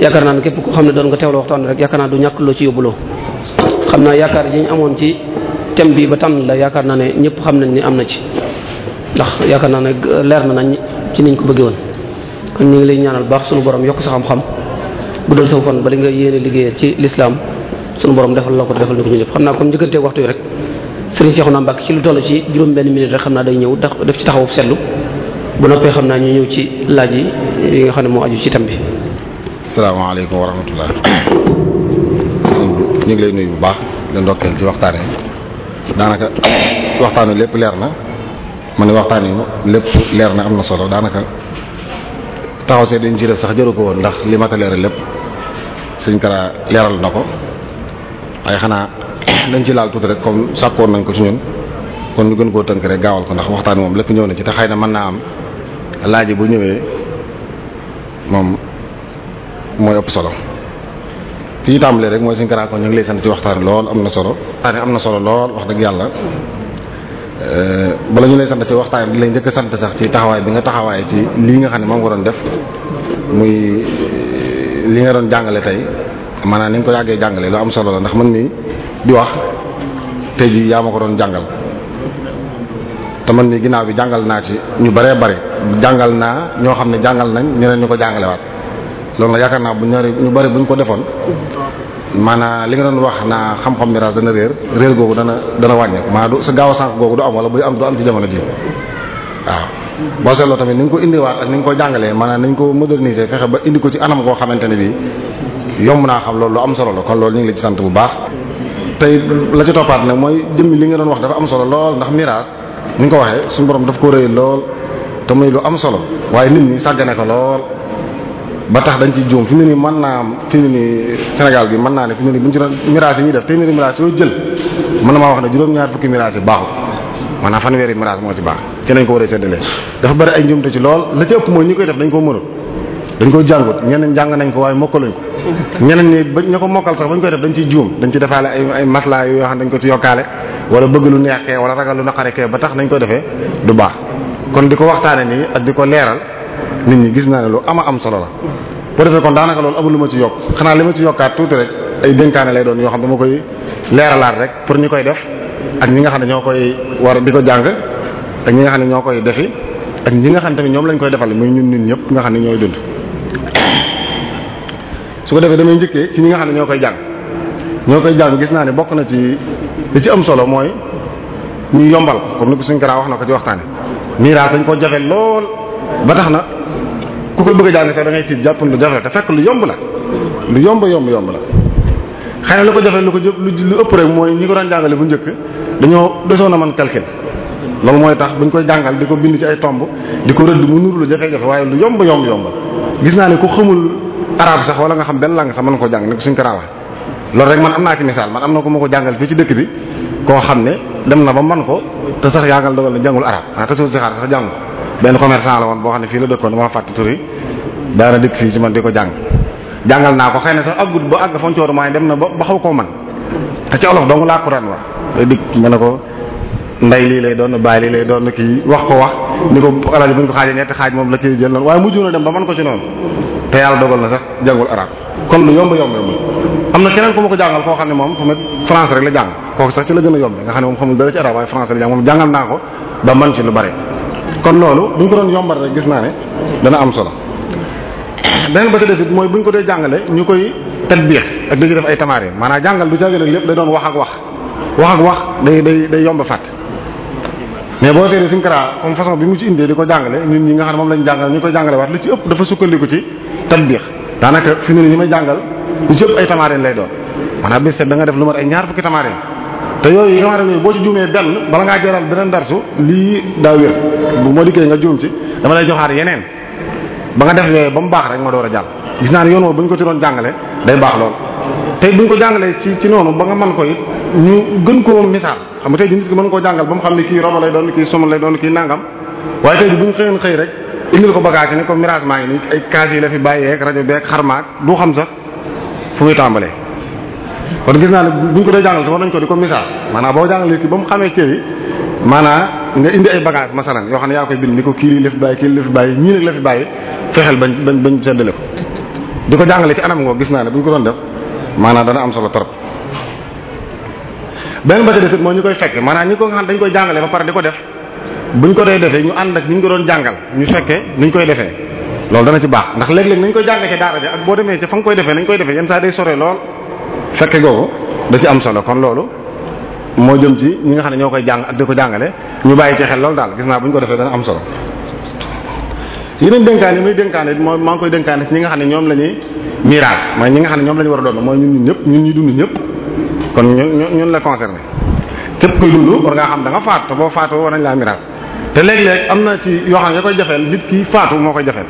yaakaar naa ne képp koo xam ne doon nga teewlu waxtaan rek yaakaar naa du ñàkk loo ci yóbbuloo xam naa yaakaar ci thème bi ba tànn la yaakaar naa ne ñëpp xam nañ ni am na ci ndax yaakaar naa ne leer na nañ ci niñ ko bëggee woon kon ñu ngi lay ñaanal baax sunu borom yokk sa xam-xam guddal sa fan ba li nga yéene liggéey ci lislaam sunu borom defal loo ko defal ñu ko xam naa kon njëkkanteeg waxtu yi rek sëriñ Cheikhouna Mbacké ci lu toll ci juróom-benn minute xam naa day ñëw def ci taxawu seetlu bu noppee xam naa ñu ñëw ci laaj yi yi nga xam ne moo aju ci tam bi. salaamaaleykum wa rahmatullah ñu ngi lay nuyu bu baax di ndokkeel ci waxtaan daanaka waxtaan wi lépp leer na ma ne waxtaan wi lépp leer na am na solo daanaka taxaw see dañ ci def sax jëru ko woon ndax li mata leeral lépp sëñ Kara leeral na ko waaye xanaa dañ ci laal tuuti rek comme sàkkoon nañ ko ci ñun kon ñu gën koo tënk rek gaawal ko ndax waxtaan moom lépp ñëw na ci te xay na man naa am laaj bu ñëwee moom mooy ëpp solo. fi ñu tàmbalee rek mooy suñu grand ko ñu lay sant ci waxtaan lool am na solo waxtaan am na lool wax dëgg yàlla bala ñu lay sant ci waxtaan bi lañ njëkk sant sax ci taxawaay bi nga taxawaay ci lii nga xam ne moom nga doon def muy eh, li nga doon jàngale tey maanaam ni nga ko yàggee jàngale lu am solo la ndax man mi di wax tey jii yaa ma ko doon jàngal te man mi ginnaaw bi jàngal naa ci ñu bëree bëri jàngal naa ñoo xam ne jàngal nañ ñeneen ñu ko jàngalewaat loolu na yaakaar naa bu ñaari ñu bari bu ñu ko defoon maanaam li nga doon wax naa xam-xam miraas dana réer réer googu dana dana wàññeeku maanaam du sa gaaw a sànq googu du am buy am du am jamono ji waaw boo seetloo tamit ni nga ko indiwaat ak ni nga ko jàngalee maanaam nañ ko moderniser fexe ba indi ci anam goo xamante ne yomb naa xam loolu am solo la kon loolu ñu ngi la ci sant bu baax tey la ci toppaat nag mooy li nga doon wax dafa am solo lool ndax miraas ni nga ko waxee suñu borom daf ko rëy lool te muy lu am solo waaye nit ñi sàggane ko lool ba tax dañ ci juum fi mu nii mën naa am fi mu nii Sénégal gi mën naa ne fi mu ne nii bu ñu ci doon miraas yi ñuy def téeméeri miraas yoo jël mën na maa wax ne juróom-ñaar fukki miraas yi baaxul maanaam fanweeri miraas moo ci baax ci nañ ko war a séddalee dafa bari ay njuumte ci lool la ci ëpp mooy ñi koy def dañ koo mënul dañ ko jàngut ñeneen jàng nañ ko waaye mokkaluñ ko ñeneen ñi ba ña ko mokkal sax bañ koy def dañ ciy juum dañ ci defaale ay ay maslaa yoo xam dañ ko ci yokkaale wala bëgg lu neexee wala ragal lu naqaree ba tax nañ ko defee du baax kon di ko waxtaane nii ak di ko leeral nit ñi gis naa ne lu ama am solo la. bu defee kon daanaka loolu amul lu ma ci yokk xanaa li ma ci yokkaat tuuti rek ay dénkaane lay doon yoo xam dama koy leeralaat rek pour ñi koy def ak ñi nga xam ne ñoo koy war di ko jàng ak ñi nga xam ne ñoo koy defi ak ñi nga xam tamit ñoom lañ koy defal muy ñun ñun ñëpp nga xam ne ñooy dund. su ko defee damay njëkkee ci ñi nga xam ne ñoo koy jàng ñoo koy jàng gis naa ne bokk na ci li ci am solo mooy ñu yombal comme ni ko suñ karaa wax na ko ci waxtaan miiraas dañ ko jafe lool ba tax na ku ko bëgg a jàng sax da ngay tiit jàpp lu jafe te fekk lu yomb la lu yomb yomb yomb la xëy na lu ko jafe lu ko lu ëpp rek mooy ñi ko doon jàngale bu njëkk dañoo desoon a man calcul loolu mooy tax buñ koy jàngal di ko bind ci ay tomb di ko rëdd mu nuru lu jafe-jafe waaye lu yomb yomb yomb gis naa ne ku xamul arab sax wala nga xam benn langue sax mën nga ko jàng ni ko suñ ko loolu rek man am naa ci misaal man am na ko ma ko jàngal fii ci dëkk bi koo xam ne dem na ba man ko sax yaagal dogal na jàngul arab ah te suñu si xaar benn commercant la woon boo xam ne fii la dëkkoon dama fàtte turi daana dikk fii ci man di ko jàng jàngal naa ko xëy na sax aggut ba àgg fancooru maa dem na ba ba xaw koo man te ci olof dong laa Quran wax day dikk ma ne ko nday lii lay doon bàyyi lii lay doon kii wax ko wax ni ko alal bu ñu xaaj moom la ciy jël noonu waaye mujj na dem ba man ko ci noonu te yàlla dogal na sax lu yomb yomb yomb am na keneen ku ma ko xam ne moom tamit France rek la jàng kooku sax ci la gën a ne moom xamul naa ko ba man ci lu bare kon loolu bu ñu ko doon yombal rek gis naa ne dana am solo beneen ba ca des it mooy bu ñu ko dee jàngale ñu koy tatbiix ak di ci def ay tamarin maanaam jàngal du caagin lépp day doon wax ak wax wax ak wax day day day yomb fàtt mais boo seetee suñ karaa comme façon bi mu ci indee di ko jàngale ñun moom lañ jàngale ñu koy jàngale waat li ci dafa sukkandiku ci tatbiix daanaka fi mu ne ni jàngal lu ci ëpp ay tamarin lay doon maanaam bis nga def lu mat ay ñaar fukki tamarin te yooyu nga xam ne boo ci juumee benn bala ngaa jaral beneen darsu lii daa wér bu ma dikkee nga juum ci dama lay joxaat yeneen ba nga def yooyu ba mu baax rek ma door a jàll gis naa ne yoon woowu bu ñu ko ci doon jàngale day baax lool tey bu ñu ko jàngalee ci ci noonu ba nga mën koy ñu gën koo misaal xam nga tey ji nit ki koo jàngal ba mu xam ne kii roba lay doon kii soma lay doon kii nangam waaye tey ji bu ñu xëyoon xëy rek indil ko bagage yi ne ko mirage maa ngi nii ay kaas yi la fi bàyyeeg rajo beeg xarmaak du xam sax fu muy tàmbalee kon gis naa ne bu ñu ko dee jàngal te nañ ko di ko misaal maanaam boo jàngalee kii ba mu xamee cër yi maanaam nga indi ay bagage masalan yoo xam ne yaa koy bind ni ko kii lii la fi bàyyi kii la fi bàyyi ñii nag la fi bàyyi fexeel bañ bañ bañ seddale ko di ko jàngale ci anam gis naa ne bu ñu ko doon def maanaam dana am solo trop ba ñu koy fekke maanaam ko nga xam dañ koy jàngalee ba ko def bu ñu ko dee defee ñu ànd ak ñi ñu ko doon jàngal ñu fekkee ni ñu koy defee loolu dana ci baax ndax léeg-léeg nañ koy jàngalee ci daara ja ak boo demee ci fa nga koy defee nañ koy defee yenn saa day sore lool fekke googu da ci am solo kon loolu moo jëm ci ñi nga xam ne ñoo koy jàng ak di ko jàngale ñu bàyyi ci xel loolu daal gis naa bu ñu ko defee dana am solo yeneen dénkaane yi muy dénkaane moo maa ngi koy dénkaane ci ñi nga xam ne ñoom la ñuy miraas mooy ñi nga xam ne ñoom ñu war a mooy ñun ñëpp ñun ñu ñëpp kon ñun ñun la concerné képp kuy dund war ngaa xam da nga te boo faatu war nañ laa miraas te léeg-léeg am na ci yoo xam ne koy jafeel lit ki faatu moo koy jafeel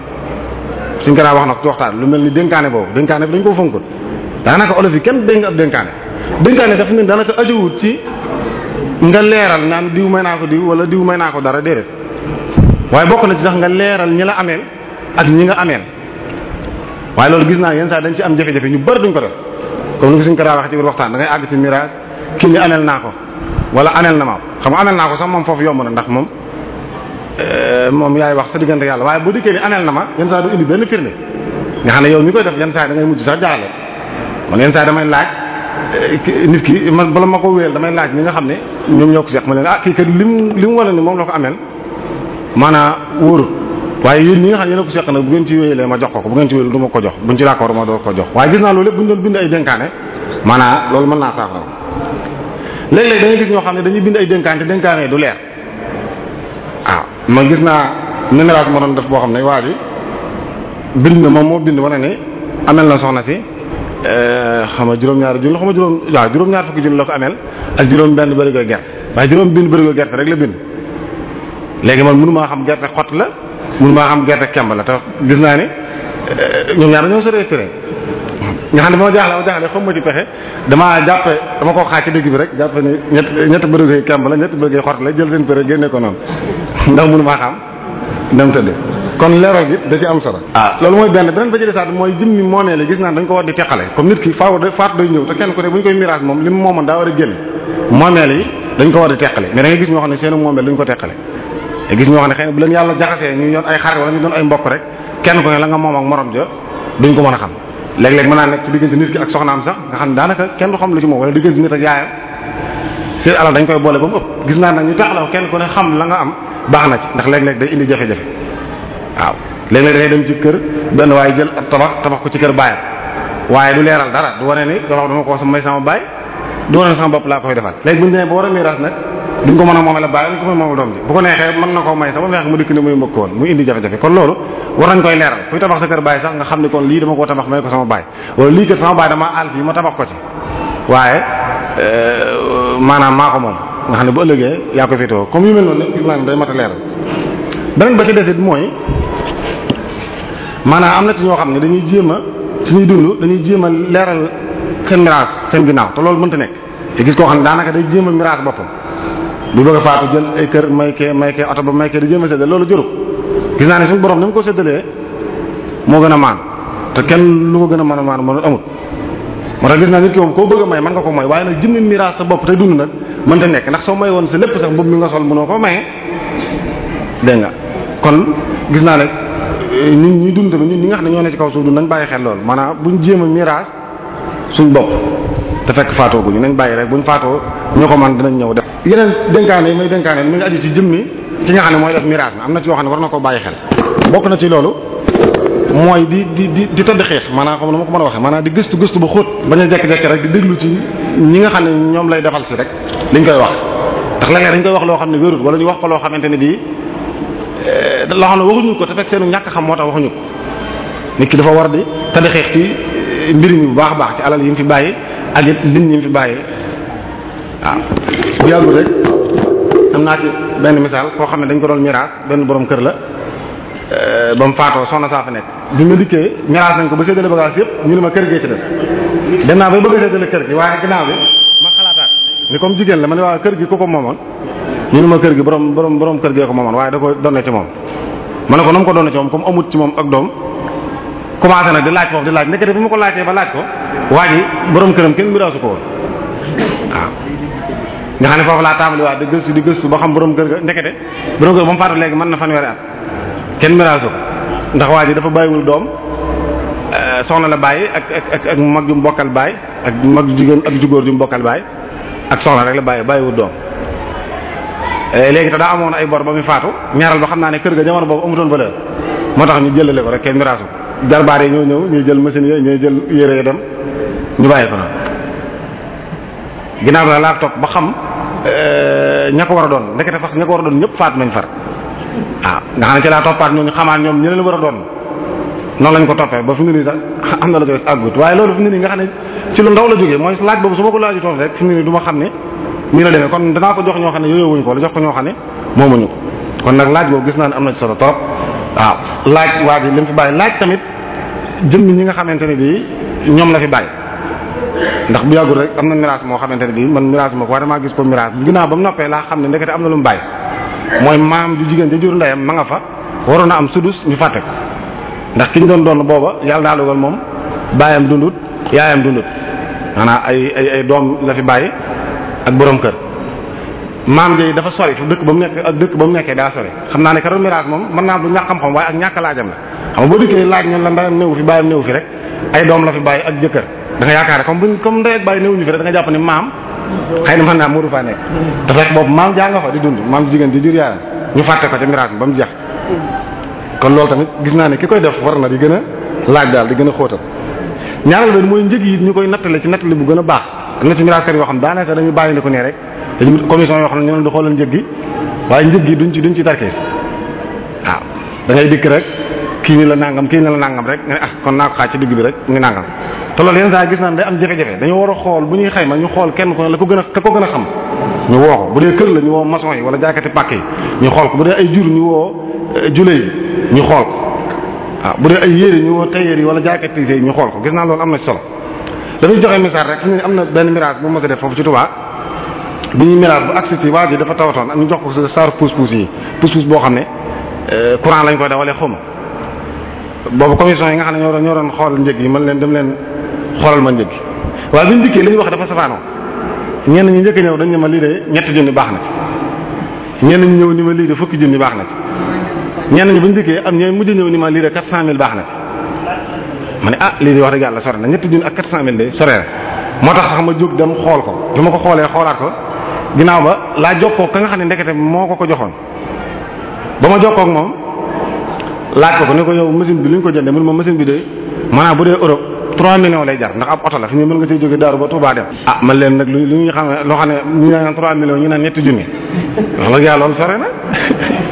suñ gannaaw wax na ko lu mel ni dénkaane boobu dénkaane bi dañ ko fonkul daanaka olof yi kenn dégg nga ab dénkaane dénkaane daf ne daanaka ajuwut ci nga leeral naan diw may naa ko diw wala diw may naa ko dara déedéet waaye bokk na ci sax nga leeral ñi la ameel ak ñi nga ameel waaye loolu gis naa yenn saa dañ ci am jafe-jafe ñu bari duñ ko def comme ni ko suñ ko daa wax ci biir waxtaan da àgg ci mirage kii ni ameel naa ko wala ameel na ma xam nga ameel naa ko sax moom foofu yomb na ndax moom euh, moom yaay wax sa diggante yàlla waaye bu dikkee ni na ma yenn saa du indi benn yow mi koy def yenn saa da ngay mujj sax jaarale man yenn saa damay laaj eh, nit ki man bala ma ko wéyal damay laaj ñi nga xam ne ñoom ñoo ko seq ma leen ah kii kat lim li mu wane ni moom la ko ameel maanaa wóorut waaye yéen ñi nga xam ne yéen a seq na bu ngeen ci wéyalee ma jox ko ko bu ngeen ci wéyalee du ma ko jox buñ ci d'accord ma doo ko jox waaye gis naa loolu lépp bu ñu doon bind ay dénkaane maanaa loolu mën naa saafara léeg-léeg da nga gis ñoo xam ne dañuy bind ay dénkaane te dénkaane du leer waaw ah, gis naa numération ma doon def boo xam ne waa ji bind moom moo bind wane ne amel na si Eh, xam nga juróom ñaar junni xam nga juróom waaw juróom-ñaar la ko ameel ak juróom-benn bërigo gerte waaye juróom-benn bërigo gerte rek la bind. léegi man munu maa xam gerte xott la munu maa xam gerte kemb la te gis naa ni eh, ñoom ñaar dañoo sori péré nga xam ne ba ma jaaxle ma ma ci pexe damaa jàppe dama ko xaaj ci dëgg bi rek jàpp ni ñett ñett bërigo kemb la ñett bërigo xott la jël seen péré génne ko noonu ndax mënu maa xam dem tëdd kon leeral gi da ci am solo ah loolu mooy benn beneen ba ci desaat mooy jëmmi moomee la gis naa dañ ko war di teqale comme nit ki faaw da faatu day ñëw war a génne moomeel yi dañ da ko teqale te ne xëy na bu leen yàlla jaxasee ñu ñoon ay xarit wala ñu doon ay ko mën a xam léeg-léeg mën naa nekk ci diggante nit ki ak soxnaam ne daanaka kenn du xam lu ci moom wala dañ koy boole ba mu ëpp gis naa nag ñu teqale ko kenn ku ne xam la nga am baax na ci ndax léeg-léeg day indi jafe-jafe waaw léeg-léeg dangay dem ci kër benn waaye jël ab tabax tabax ko ci kër baayam waaye du leeral dara du wane ni tabax dama ko sama may sama baay du wane sama bopp laa koy defal léegi bu ñu nee ba war a miiras nag a moomale baay duñ ko a moomale doom ji bu ko neexee mën na koo may sax ne muy mbokk woon muy indi jafe-jafe loolu war nañ koy leeral kuy tabax sa baay sax nga xam ne kon lii dama ko tabax may ko sama baay wala lii kër sama baay damaa àll ma tabax ko ci waaye euh, maanaam maa ko moom nga xam ne bu ëllëgee yaa ko féetewoo comme yu mel noonu nag gis day mat a leeral beneen ba ci desit mooy maanaam am na ci ñoo xam ne dañuy jéem a ñuy dund dañuy jéem a leeral seen miraas seen ginnaaw te loolu mënta nekk te gis koo xam ne daanaka day jéem a miraas boppam bu bëgg a faatu jël ay kër may kee may kee oto ba may kee di jéem a séddale loolu jëru gis naa ne suñu borom ni mu ko seddalee moo gën a maan te kenn lu ko gën a mën a maan mënul amul moo tax gis naa nit ki moom koo bëgg a may mën nga ko may waaye nag jëmmi miraas sa bopp te dund nag mënta nekk ndax soo may woon sa lépp sax mbubb mi nga sol mënoo ko dégg nga naa ne ñun euh, ñuy dund tamit ñi nga xam ne ñoo ne ci kaw suuf nañ bàyyi xel loolu maanaam buñ jéem a faatoo ñoo ko man dinañ ñëw def yeneen dénkaane yi may dénkaane mi ngi aju ci jëmmi ki xam ne mooy def mirage am na ci yoo xam ne war na ko bàyyi xel bokk na ci loolu mooy di di di di tëdd xeex maanaam comme ni ma ko mën a waxee maanaam di gëstu gëstu ba xóot bañ a jekk-jekk rek di déglu ci ñi nga ne ñoom lay defal si rek liñ koy wax ndax léeg-léeg dañ koy wax loo xam ne wérut wala ñu wax ko loo xamante ne bii Eh, loo xam ne waxuñu ko te fekk seenu ñàkk xam moo tax waxuñu ko nit ki dafa war di xeex ci eh, mbir mi bu baax a baax ci alal yi mu fi bàyyi ak it nit ñi mu fi bàyyi waaw. bu yàggul rek am naa ci benn misaal koo xam ne dañ ko doon miraas benn borom kër la eh, ba mu faatoo soxna saa fa nekk. bi ma dikkee miraas nañ ko ba séddale bagage yëpp ñu ne ma kër gee ci des dem naa ba bëgg a kër gi waaye ginnaaw bi ma xalaataat ni comme jigéen la ma ne waa kër gi ku ko moomoon. ñu ne ma kër gi borom borom borom kër gee ko moomoon waaye da ko doon ci moom ma ne ko na mu ko doon ci moom comme amut ci moom ak doom commencé nag di laaj foofu di laaj nekk bi ma ko laajtee ba laaj ko waa ji borom këram kenn miraasu ko woon waaw nga xam ne foofu laa tàmbali waa di gëstu di gëstu ba xam borom kër ga ndekete borom kër ba mu faatu léegi mën na fanweeri at kenn miraasu ko ndax waa ji dafa bàyyiwul doom eh, soxna la bàyyi ak ak ak mag ju mbokkal bàyyi ak mag jigéen ak jugóor ju mbokkal bàyyi ak soxna rek la bàyyi bàyyiwul doom Eh, léegi te daa amoon ay bor ba muy faatu ñaaral ba xam naa ne kër ga jamono boobu amutoon valeur moo tax ñu jëlale ko rek kenn miraasu jarbaar yi ñoo ñëw ñu jël machine yi ñuy jël yére yi dem ñu bàyyi ko noonu ginnaaw la laa topp ba xam eh, ña ko war a doon ndekete fax ña ko war a doon ñëpp faatu nañ far waaw nga xam ne ci laa toppaat ñooñu xamaat ñoom ñeneen war a doon noonu lañ ko toppee ba fi nii sax am na la jox àggut waaye loolu fi mu ne nii nga xam ne ci lu ndaw la jógee mooy laaj boobu su ma ko laajutoon rek fi xam ne nii la demee kon danaa ko jox ñoo xam ne yooyu wuñ ko wala jox ko ñoo xam ne moomuñu ko kon nag laaj boobu gis naa ne am na ci solo trop waaw laaj waa ji li mu fi bàyyi laaj tamit jëmmi ñi nga xamante ne bii ñoom la fi bàyyi ndax bu yàggul rek am na miraas moo xamante ne bii man miraas moo ko war damaa gis ko miraas ginnaaw ba mu noppee laa xam ne ndekete am na lu mu bàyyi mooy maam ju jigéen ja jur ndeyam ma nga fa waroon a am sudus ñu fàtte ko ndax ki ñu doon doon booba yàlla daa dogal moom baayam dundut yaayam dundut maanaam ay ay ay doom la fi bàyyi ak borom kër maam jey dafa sori dëkk ba mu nekk dëkk ba mu nekkee daa sori xam naa ne karoon mirage moom mën naa am du ñàkk xam-xam waaye ak ñàkk laajam la xam nga boo dikkee laaj ñun la ndayam néew fi bàyyam néew fi rek doom la fi ak jëkkër da nga yaakaar comme buñ comme ndey ak bàyyi néewuñu fi rek da nga jàpp ni maam xëy na mën naa mënu faa nekk te fekk boobu maam jaa nga fa di dund maam jigéen di jur yaaram ñu fàtte ko ca mirage ba mu jeex kon loolu tamit gis naa ne ki koy def war na di gën a laaj daal di gën a xóotal ñaareel bi mooy njëg yi ñu koy nattale ci nattale bu gën a baax am na ci yoo xam ne rek dañu commission yoo xam ne ñoo leen di xoolal njëg gi waaye njëg gi duñ ci duñ ci tarkees waaw da dikk rek kii ni la nangam kii ni la nangam rek nga ne ah, kon naa ci digg bi rek mu te loolu yenn saa gis naan day am jafe-jafe dañoo war a xool bu ñuy ma ñu xool kenn ku ne la ko gën a ka ko a xam ñu woo ko bu dee kër la ñu woo maçon yi wala jaaykati pàkk yi ñu xool ko bu dee ay jur ñu woo eh, jule yi ñu xool ko waaw bu dee ay yére ñu woo tailleur yi wala jaaykati yi ñu xool ko gis naa loolu am na solo dafay joxe misaal rek ñu ne am na benn mirage bu mos a def foofu ci Touba bi ñuy mirage bu agsi ci waa ji dafa tawatoon ñu jox ko sa saaru pousse-pousse yi pousse-pousse boo xam ne euh, courant lañ koy dawalee xaw ma boobu commission yi nga xam ne ñoo doon ñoo doon xool njëg yi man leen dem leen xoolal ma njëg waaye bi ñu dikkee li ñu wax dafa safaanoo ñenn ñi njëkk ñëw dañ ma lii de ñetti junni baax na ci ñenn ñi ñëw ni ma lii de fukki junni baax na ci ñenn ñi baax na ci ma ne ah lii di wax dëgg yàlla sore na ñetti junni ak quatre cent mille de sore na moo tax sax ma jóg dem xool ko bi ma ko xoolee xoolaat ko ginnaaw ba laa jokkoo ka nga xam ne ndekete moo ko ko joxoon ba ma jokkoo kook moom laaj ko ko ne ko yow machine bi lu ñu ko jëndee mun ma machine bi de maanaam bu dee Europe 3 millions lay jar ndax ab oto la fi ñu mën nga cee jóge daaru ba Touba dem. ah man leen nag lu ñu xam ne loo xam ne ñu naan 3 millions ñu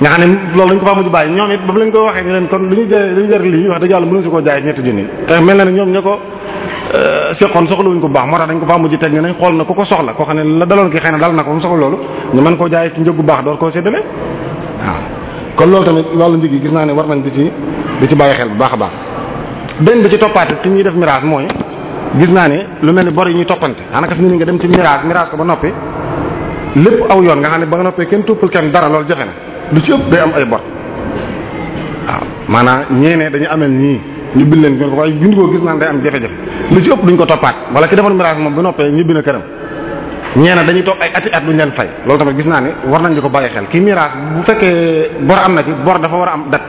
nga xam ne loolu dañ ko faa mujj bàyyi ñoom it ba lañ ko waxee ñu leen kon lu ñu jë lu ñu jar lii wax dëgg yàlla mënu si koo jaay ñetti junni te mel na ne ñoom ña ko euh, seqoon soxla xool na koo xam ne la daloon ki xëy na dal na ko mu soxla loolu kon loolu tamit wàllu njëg yi gis naa ne war nañ di ci di ci bàyyi xel bu baax a baax benn bi ci toppaate ñuy def mirage mooy gis naa ne lu mel ni bor yi ñuy toppante xanaa fi ni nga dem ci mirage mirage ko ba noppi lépp aw yoon nga xam ne ba nga noppee kenn tuppul kenn dara loolu jafe na lu ci ëpp day am ay bor waaw maanaam ñee ne dañu ameel nii ñu bind leen ñu ko waaye bind ko gis naan day am jafe-jafe lu ci ëpp duñ ko toppaat wala ki defoon mirage moom bu noppee bi na këram ñee na dañuy toog ay ati at duñ leen fay loolu tamit gis naa ne war nañ di ko bàyyi xel kii mirage bu fekkee bor am na ci bor dafa war a am dat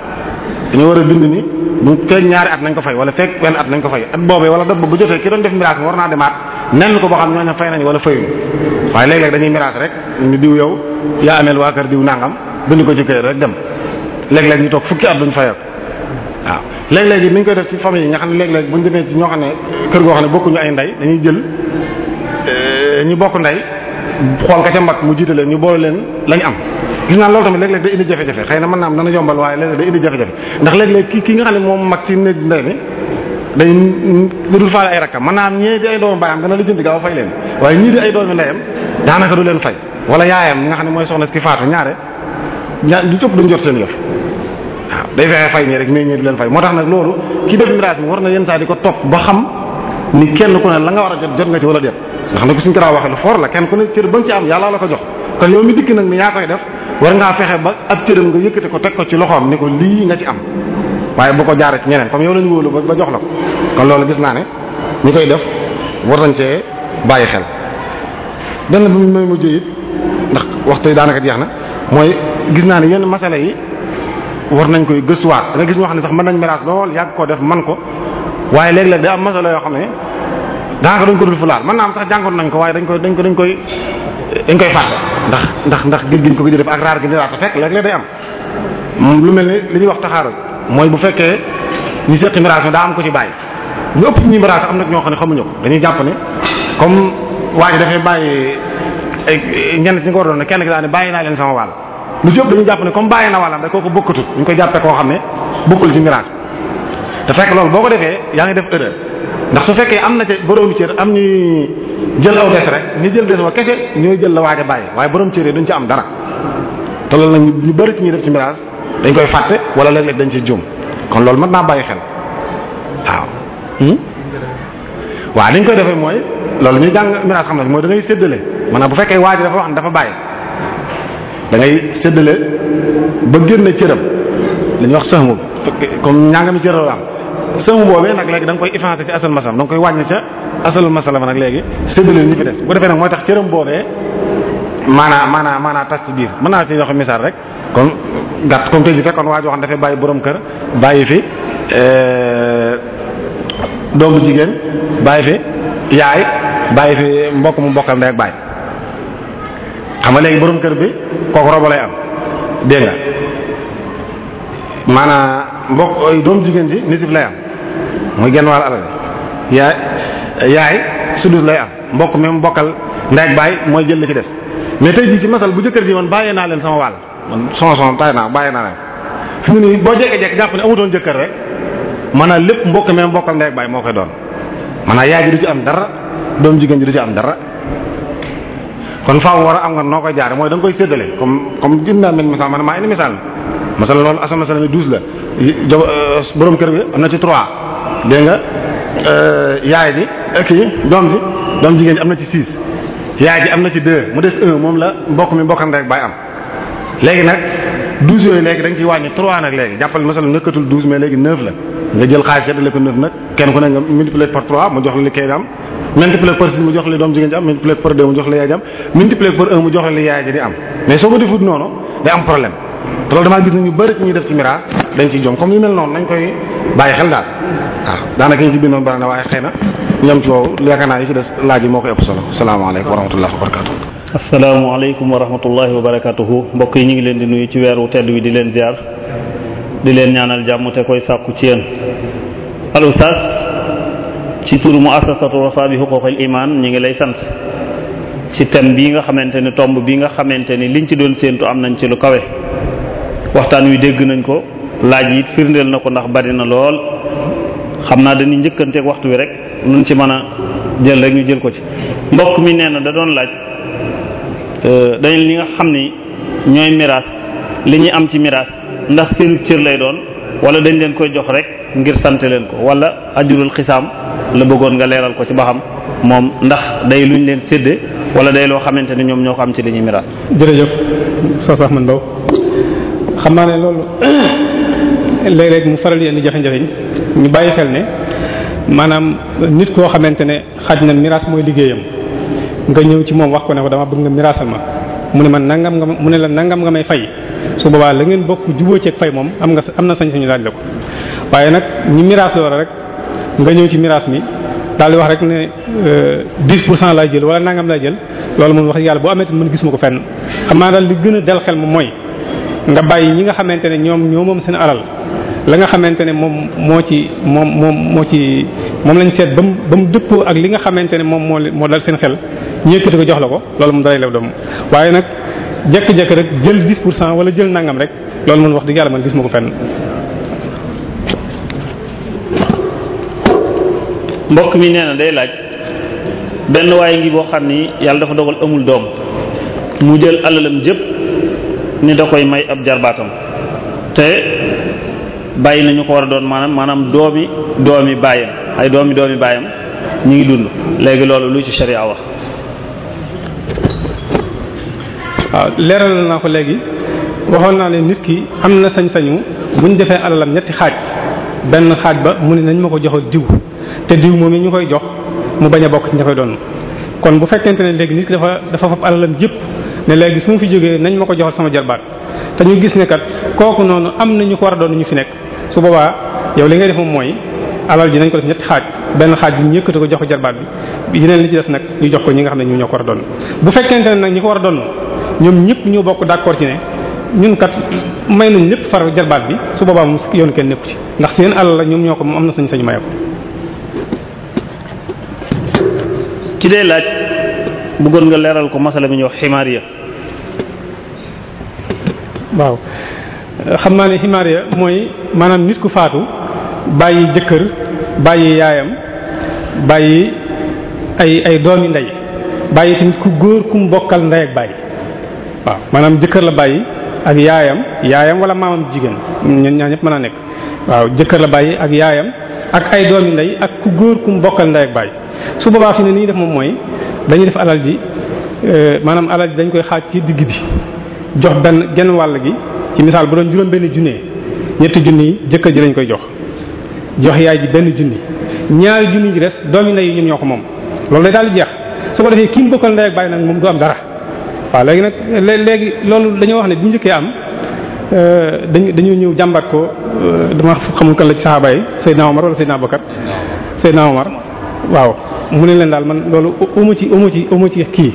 dañu war a bind ni bu fekk ñaari at nañ ko fay wala fekk benn at nañ ko fay at boobee wala dat bu jotee ki def mirage war naa demaat nenn ko boo xam ñooñu fay nañ wala fayuñ waaye léeg-léeg dañuy mirage rek ñu diw yow yaa ameel waa kër diw nangam bind ko ci kayit rek dem léeg-léeg ñu toog fukki at duñ fayal waaw léeg-léeg yi mi koy def ci famille yi nga xam ne léeg-léeg buñ demee ci ñoo xam ne kër goo xam ne bokkuñu ay ndey dañuy jël eh, ñu bokk ndey xool ka ca mag mu jiite leen ñu boole leen lañ am gis naa loolu tamit léeg-léeg day indi jafe-jafe xëy na mën naa am dana yombal waaye léeg-léeg day indi jafe-jafe ndax léeg-léeg ki ki nga xam ne moom mag ci néeg ndey mi day dul faale ay rakkam mën naa am ñii di ay doomu baayam dana la jënd gaaw fay leen waaye ñii di ay doomi ndeyam daanaka du leen fay wala yaayam nga xam ne mooy soxna si ki faatu ñaare ña li ëpp dañu jot seen yor day fexe fay ñi rek mais ñi leen fay moo tax nag loolu ki def war na yenn saa di ko topp ba xam ni kenn ku ne la nga war a jot jot nga ci wala déet ndax nag ko suñu waxee lu la kenn ku ne cër ba jox kon yow mi dikk nag ni yaa koy def war nga yëkkate ko teg ko ci loxoom ni ko lii nga ci am waaye bu ko jaaree ci ñeneen yow la ñu wóolu ba la ko kon loolu gis naa ne ñu koy def war nañ cee bàyyi xel benn bi mooy mujjee it ndax waxtu daanaka jeex na mooy gis naa ne yenn masala yi war nañ koy gëstuwaat da nga gis ñoo xam ne sax mën nañ miraas lool yàgg koo def man ko waaye léeg-léeg day am masala yoo xam ne daanaka dañ ko fu laal mën naa am sax jàngoon nañ ko waaye dañ koy dañ ko dañ koy dañ koy fàtte ndax ndax ndax gëj giñ ko gëj def ak gi di raar te fekk léeg-léeg am lu mel ni li ñuy wax taxaaru mooy bu fekkee ñu seqi daa am ko ci bàyyi ñu ëpp ñi miraas am nag ñoo xam ne xamuñu ko dañuy jàpp ne comme waa dafay bàyyi ñenn ci nga war doon ne kenn ki ne bàyyi naa leen sama wàll lu ci ëpp dañu jàpp ne comme bàyyi na wàllam rek kooku bokkatut ñu koy jàppee koo xam ne bokkul ci mirage bi te fekk lool boo ko defee yaa ngi def erreur ndax su fekkee am na ca borom cër am ñuy jël aw des ñu jël des wa kese ñooy jël la waaj bàyyi waaye borom cër yi duñ ci am dara te loolu nag ñu bëri ci ñuy def ci mirage dañ koy fàtte wala léeg-léeg dañ ci juum kon loolu mën naa bàyyi xel waaw. Hmm? waaw li koy defee mooy loolu ñuy jàng mirage xam na mooy da ngay séddale na bu fekkee waaj dafa wax ne dafa bàyyi. da ngay séddale ba génne cëram li ñuy wax sëxmu comme ñaangami cër la am sëxmu boobee nag léegi da nga koy effacé ci asal masam da nga koy wàññi ca asalul masala ma nag léegi séddale ñu fi des bu defee nag mooy tax cëram boobee maanaam maanaam maanaam tas ci biir mën naa ci joxe misaal rek kon gàtt comme tey ji fekkoon waa joo xam dafay bàyyi borom kër bàyyi fi euh, doomu jigéen bàyyi fi yaay bàyyi fi mbokk mu mbokkal ndey ak bàyyi xam nga léegi borom kër bi kooku roba lay am dégg nga maanaam mbokk doom jigéen ji nisib lay am muy genn wàll alal yaay yaay sudus lay am mbokk même mbokkal ndaaj baay mooy jël la ci def mais tey jii ci masal bu jëkkër ji man bàyyee naa leen sama wàll man son son tay naa bàyyee naa leen fi mu ne boo jékkee-jékk jàpp ne amutoon jëkkër rek maanaam lépp mbokk même bokkal ndaaj baay moo koy doon maanaam yaay ji du ci am dara doom jigéen ji du ci am dara kon faaw war a am nga noo koy jaare mooy da nga koy séddale comme comme gën naa mel misaal man maa indi misaal mi masala loolu asama sala mi douze la euh, borom kër bi am na ci trois dégg nga euh, yaay ji kii doom ji doom jigéen ji am na ci six yaay ji am na ci deux mu des un moom la mbokk mi mbokkam rek bàyyi am léegi nag douze yooyu léegi da nga ciy wàññi trois nag léegi jàppal masala nekkatul douze mais léegi neuf la nga jël xaalis séddale ko neuf kenn ku ne nga multiplier par jox la li am multiplier par 6 mu jox la doom jigéen ji am multiplier par 2 mu jox la yaay ji am multiplier par 1 mu jox la yaay ji di am mais soo ko defut noonu day am problème te loolu damaa gis ne ñu bëri ñuy def ci miraas dañ ciy jom comme yu mel noonu nañ koy bàyyi xel daal waaw daanaka ñu ci bindoon bari na waaye xëy na ñoom ci wow yaakaar naa yi ci des laaj yi moo koy ëpp solo salaamaaleykum wa rahmatullahi wa barakatuh asalaamaaleykum wa rahmatullahi wa barakatuhu mbokk yi ñu ngi leen di nuyu ci weeru tedd wi di leen ziar di leen ñaanal jàmm te koy sàkku ci yéen al ci turu muassasatu Wafa bi xuquqil iman ñu ngi lay sant ci thème bii nga xamante ni tomb bi nga xamante ni liñ ci doon séentu am nañ ci lu kawe waxtaan wi dégg nañ ko laaj yi firndeel na ko ndax bari na lool xam naa dañuy njëkkanteeg waxtu wi rek luñ ci mën a jël rek ñu jël ko ci mbokk mi nee na da doon laaj euh, dañ li nga xam ni ñooy miraas li ñuy am ci miraas ndax seenu cër lay doon wala dañ leen koy jox rek ngir sant leen ko wala ajurul xisaam la bëggoon nga leeral ko ci ba xam moom ndax day luñ leen séddee wala day loo xamante ne ñoom ñoo xam am ci li ñuy miraas. jërëjëf Oustaz Ahmad Mbaw xam naa ne loolu léeg mu faral yenn jafe-jafe ñu bàyyi xel ne maanaam nit koo xamante ne xaj na miraas mooy liggéeyam nga ñëw ci moom wax ko ne ko dama bëgg nga miraasal ma mu ne man nangam nga mu ne la nangam nga may fay su boobaa la ngeen bokk jubóo ceeg fay moom am nga am na sañ-sañu laaj la waaye nag ñi miraas loola rek. nga ñëw ci miraas mi daal di wax rek ne 10 euh, pour cent laa jël wala nangam laay jël loolu moom wax yàlla boo amee man gis ma ko fenn xam naa daal di gën a dal xel moom mooy nga bàyyi ñi nga xamante ne ñoom ñoo moom seen alal la nga xamante ne moom moo ci moom moom moo ci moom lañ seet ba mu ba mu dëppoo ak li nga xamante ne moom moo moo dal seen xel ñu yëkkati ko jox la ko loolu moom dalay lew doom waaye nag jekk-jekk rek jël 10 pour cent wala jël nangam rek loolu moom wax dëgg yàlla gis ma ko fenn mbokk mi nee na day laaj benn waaye ngi boo xam ni yàlla dafa dogal amul doom mu jël alalam jëpp ni da koy may ab jarbaatam te bàyyi nañu ko war a doon maanaam maanaam doomi doomi baayam ay doomi doomi baayam ñu ngi dund léegi loolu lu ci sharia wax waaw leeral naa ko léegi waxoon naa ne nit ki am na sañ-sañu buñ defee alalam ñetti xaaj benn xaaj ba mu ne nañ ma ko joxal diw te diw moom yi ñu koy jox mu bañ a bokk ci ña koy doon kon bu fekkente ne léegi nit ki dafa dafa fab alalam jëpp ne léegi su mu fi jógee nañ ma ko joxal sama jarbaat te gis ne kat kooku noonu am na ñu ko war a doon ñu fi nekk su boobaa yow li ngay def mooy alal ji nañ ko xaaj benn xaaj bi ñu yëkkati ko jox ko bi yeneen li ci des nag ñu jox ko ñi nga xam ne ñu ñoo ko war a doon bu fekkente ne nag ñi ko war a doon ñoom ñëpp ñu bokk d'accord ci ne ñun may nañ lépp far jarbaat bi su boobaa moom yoon kenn nekku ci ndax seen alal la ñoom ñoo ko moom am na sañ sañ maye ko ci dee laaj bëggoon nga leeral ko masala bi ñuy wax ximaariya waaw xam naa ne ximaariya mooy maanaam nit ku faatu bàyyi jëkkër bàyyi yaayam bàyyi ay ay doomi ndey bàyyi tamit ku góor ku mu bokkal ndey ak bàyyi waaw maanaam jëkkër la bàyyi ak yaayam yaayam wala maamam jigéen ñun ñaa ñëpp mën a nekk waaw jëkkër la bàyyi ak yaayam ak ay doomi ndey ak ku góor ku mu bokkal ndey ak bàyyi su boobaa fi ne ni ñuy def moom mooy dañuy def alal ji euh, maanaam alal ji dañ koy xaaj ci digg bi jox benn genn wàll gi ci misaal bu doon juróom benn junne ñetti junni yi jëkkër ji lañ koy jox jox yaay ji benn junni ñaari junni ji des doomi ndey yi ñoom ñoo ko moom loolu day daal di jeex su ko defee ki mu bokkal ndey ak bàyyi nag dara waa léegi nag léegi loolu dañoo wax ne bu njëkkee am euh, dañu dañoo ñëw jàmbat ko euh, dama xamul kan la ci saxaaba yi Seydina Omar wala Seydina Abubakar Seydina Omar waaw mu ne leen daal man loolu umu ci umu ci umu ci kii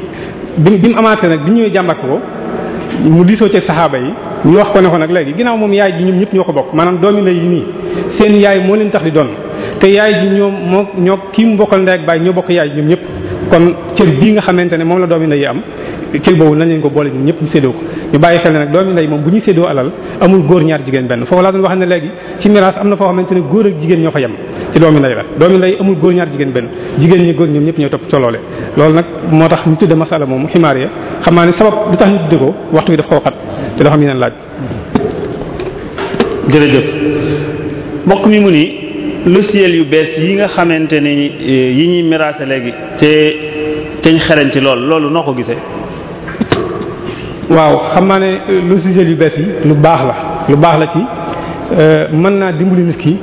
bi bi mu amaatee bi ñëwee jàmbat ko mu diisoo ci saxaaba yi ñu wax ko ne ko nag léegi ginnaaw moom yaay ji ñoom ñëpp ñoo ko bokk maanaam doomi ndey yi nii seen yaay moo leen tax di doon te yaay ji ñoom moo ñoo kii mu bokkal ndey ak baay ñoo bokk yaay ji ñoom ñëpp kon cër bii nga xamante ne moom la doomi ndey am cër boobu lañ leen ko boole ñun ñëpp ñu séddoo ko ñu bàyyi xel ne nag doomi ndey moom bu ñuy séddoo alal amul góor ñaar jigéen benn foofu laa doon wax ne léegi ci miraas am na foo xamante ne góor ak jigéen ñoo fa yem ci doomi ndey la doomi ndey amul góor ñaar jigéen benn jigéen ñi góor ñoom ñëpp ñoo topp coloole loolu nag moo tax ñu tudde masala moom ximaar ya xam naa ne sabab lu tax ñu tudde ko waxtu bi daf koo xat te dafa am yeneen laaj mbokk mi mu ni logiciel yu bees yi nga xamante ni eh, yi ñuy miraase léegi te xereñ ci lool loolu noo ko gisee waaw xam naa ne euh, logiciel yu bees yi lu baax la lu baax la ci euh, mën naa dimbali nit ki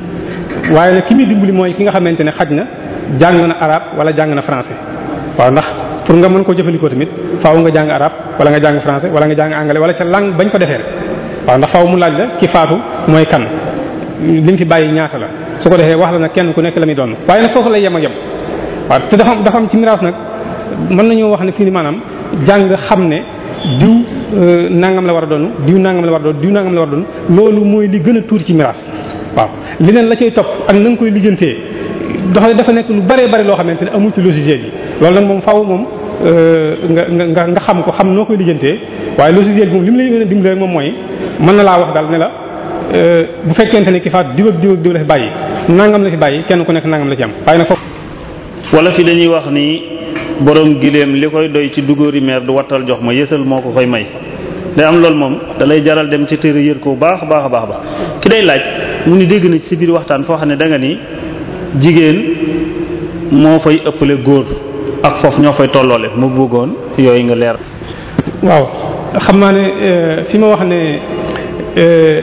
waaye nag ki muy dimbali mooy ki nga xamante ne xaj na jàng na arab wala jàng na français waaw ndax pour nga mën ko jëfandikoo tamit faaw nga jàng arab wala nga jàng français wala nga jàng anglais wala ca langue bañ ko defee rek waaw ndax faaw mu laaj la ki faatu mooy kan lim fi bàyyi ñaata la su ko defee wax la na kenn ku nekk la muy doon waaye nag foofu lay yem ak yem mën nañoo wax ne fi ni maanaam jàng xam ne diw euh, nangam la war a doon diw nangam la war a doon diw nangam la doon loolu mooy li gën a tuuti ci miraas waaw li leneen la cay topp ak na nga koy lijjantee dafa dafa nekk lu bëree bëri loo xamante ne amul ci logiciel bi loolu nag moom faw moom euh, nga nga nga xam ko xam noo koy lijjantee waaay logiciel bi moom li mu lay gën a dimbali moom mooy mën na laa wax daal ne la euh, bu fekkente ne ki faat diw ak diw ak diw la fi bàyyi nangam la fi bàyyi kenn ku nekk nangam la ci am borom giléem li koy doy ci dugóori meer du wattal jox ma yësal moo ko koy may day am lool moom dalay jaral dem ci téere yër ko baax baax baax ba ki day laaj mu ni dégg na ci biir waxtaan foo xam ne da ni jigéen moo fay ëppale góor foofu ñoo fay tolloole mu bëggoon yooyu nga leer. waaw xam naa ne euh, fi ma wax ne euh,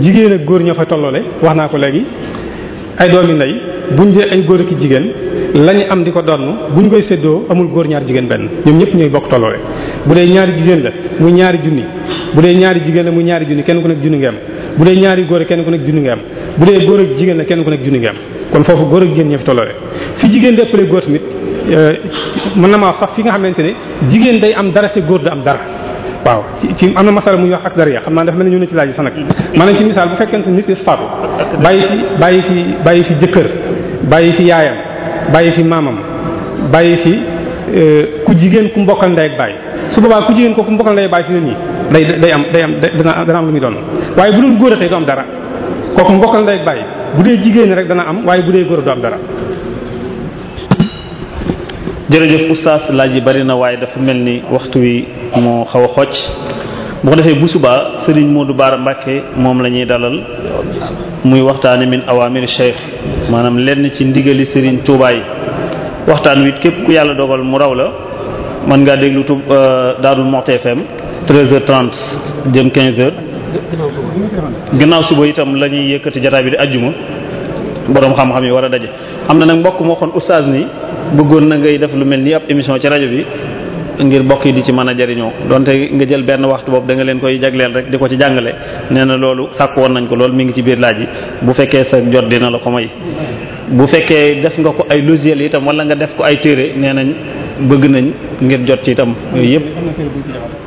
jigéen góor ñoo fay tolloole wax naa ko léegi ay doomi ndey buñ dee ay góor ak jigéen. lañu am di ko donn bu ñu koy séddoo amul góor ñaari jigéen benn ñoom ñëpp ñooy bokk tolloole bu dee ñaari jigéen la mu ñaari junni bu dee ñaari jigéen la mu ñaari junni kenn ku nekk junni nga am bu dee ñaari góor kenn ku nekk junni nga am bu dee góor ak jigéen la kenn ku nekk junni nga am kon foofu góor ak jigéen ñoo fi tolloole fi jigéen dëppale góor tamit euh, mën na maa sax fi nga xamante ne jigéen day am dara te góor da am dara waaw ci ci am na masala muy wax ak dara ya xam naa dafa mel n ñëw na ci laaj sax nag maanaam bu fekkente nit ki faatu bàyyi fi bàyyi fi bàyyi fi jëkkër bàyyi fi yaayam bàyyi fi maamam bàyyi fi euh, ku jigéen ku mbokkal ndey ak bàyyi su boobaa ku jigéen ko ku mbokkal ndey bàyyi fi ne nii day day am dana dana am lu muy doon waaye bu doon góor a xëy du am dara kooku mbokkal ndey ak bàyyi bu dee jigéen rek dana am waaye bu dee góor du am dara. jërëjëf oustaz laaj yi bari na waaye dafa mel ni waxtu wi moo xaw a xocc boo ko defee bu subaa Serigne Modou Bara Mbacké moom la ñuy dalal muy waxtaane min awaamir Cheikh. maanaam lenn ci ndigali Serigne Touba waxtaan wi képp ku yàlla dogal mu raw la mën ngaa déglu tu euh, Darou Moukhty FM 13h30 jëm 15h. ginnaaw suba itam la ñuy yëkkati jotaay bi di ajjuma borom xam-xam yi war a daje. am na nag mbokk moo xoon oustaz ni bëggoon na ngay def lu mel ni ab émission ci rajo bi. ngir bokk yi di ci mën a jariñoo donte nga jël benn waxtu boobu da nga leen koy jagleel rek di ko ci jàngale nee na loolu sàkk woon nañ ko loolu mu ngi ci biir laaj yi bu fekkee sa jot dina la ko moy bu fekkee def nga ko ay logiciel itam wala nga def ko ay téere nee nañ bëgg nañ ngir jot ci itam yooyu yëpp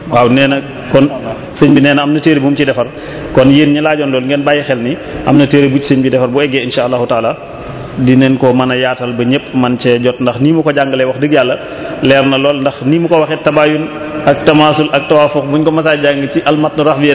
waaw nee na kon sëñ bi nee na am na téere bu mu ci defar kon yéen ñi laajoon loolu ngeen bàyyi xel ni am na téere bu ci sëñ bi defar bu eggee incha allahu taala dinañ ko mën a yaatal ba ñëpp man cee jot ndax nii mu ko jàngalee wax dëgg yàlla leer na lool ndax nii mu ko waxee tabayun ak tamaasul ak tawaafuq buñ ko masaa jàng ci almatn rahwiya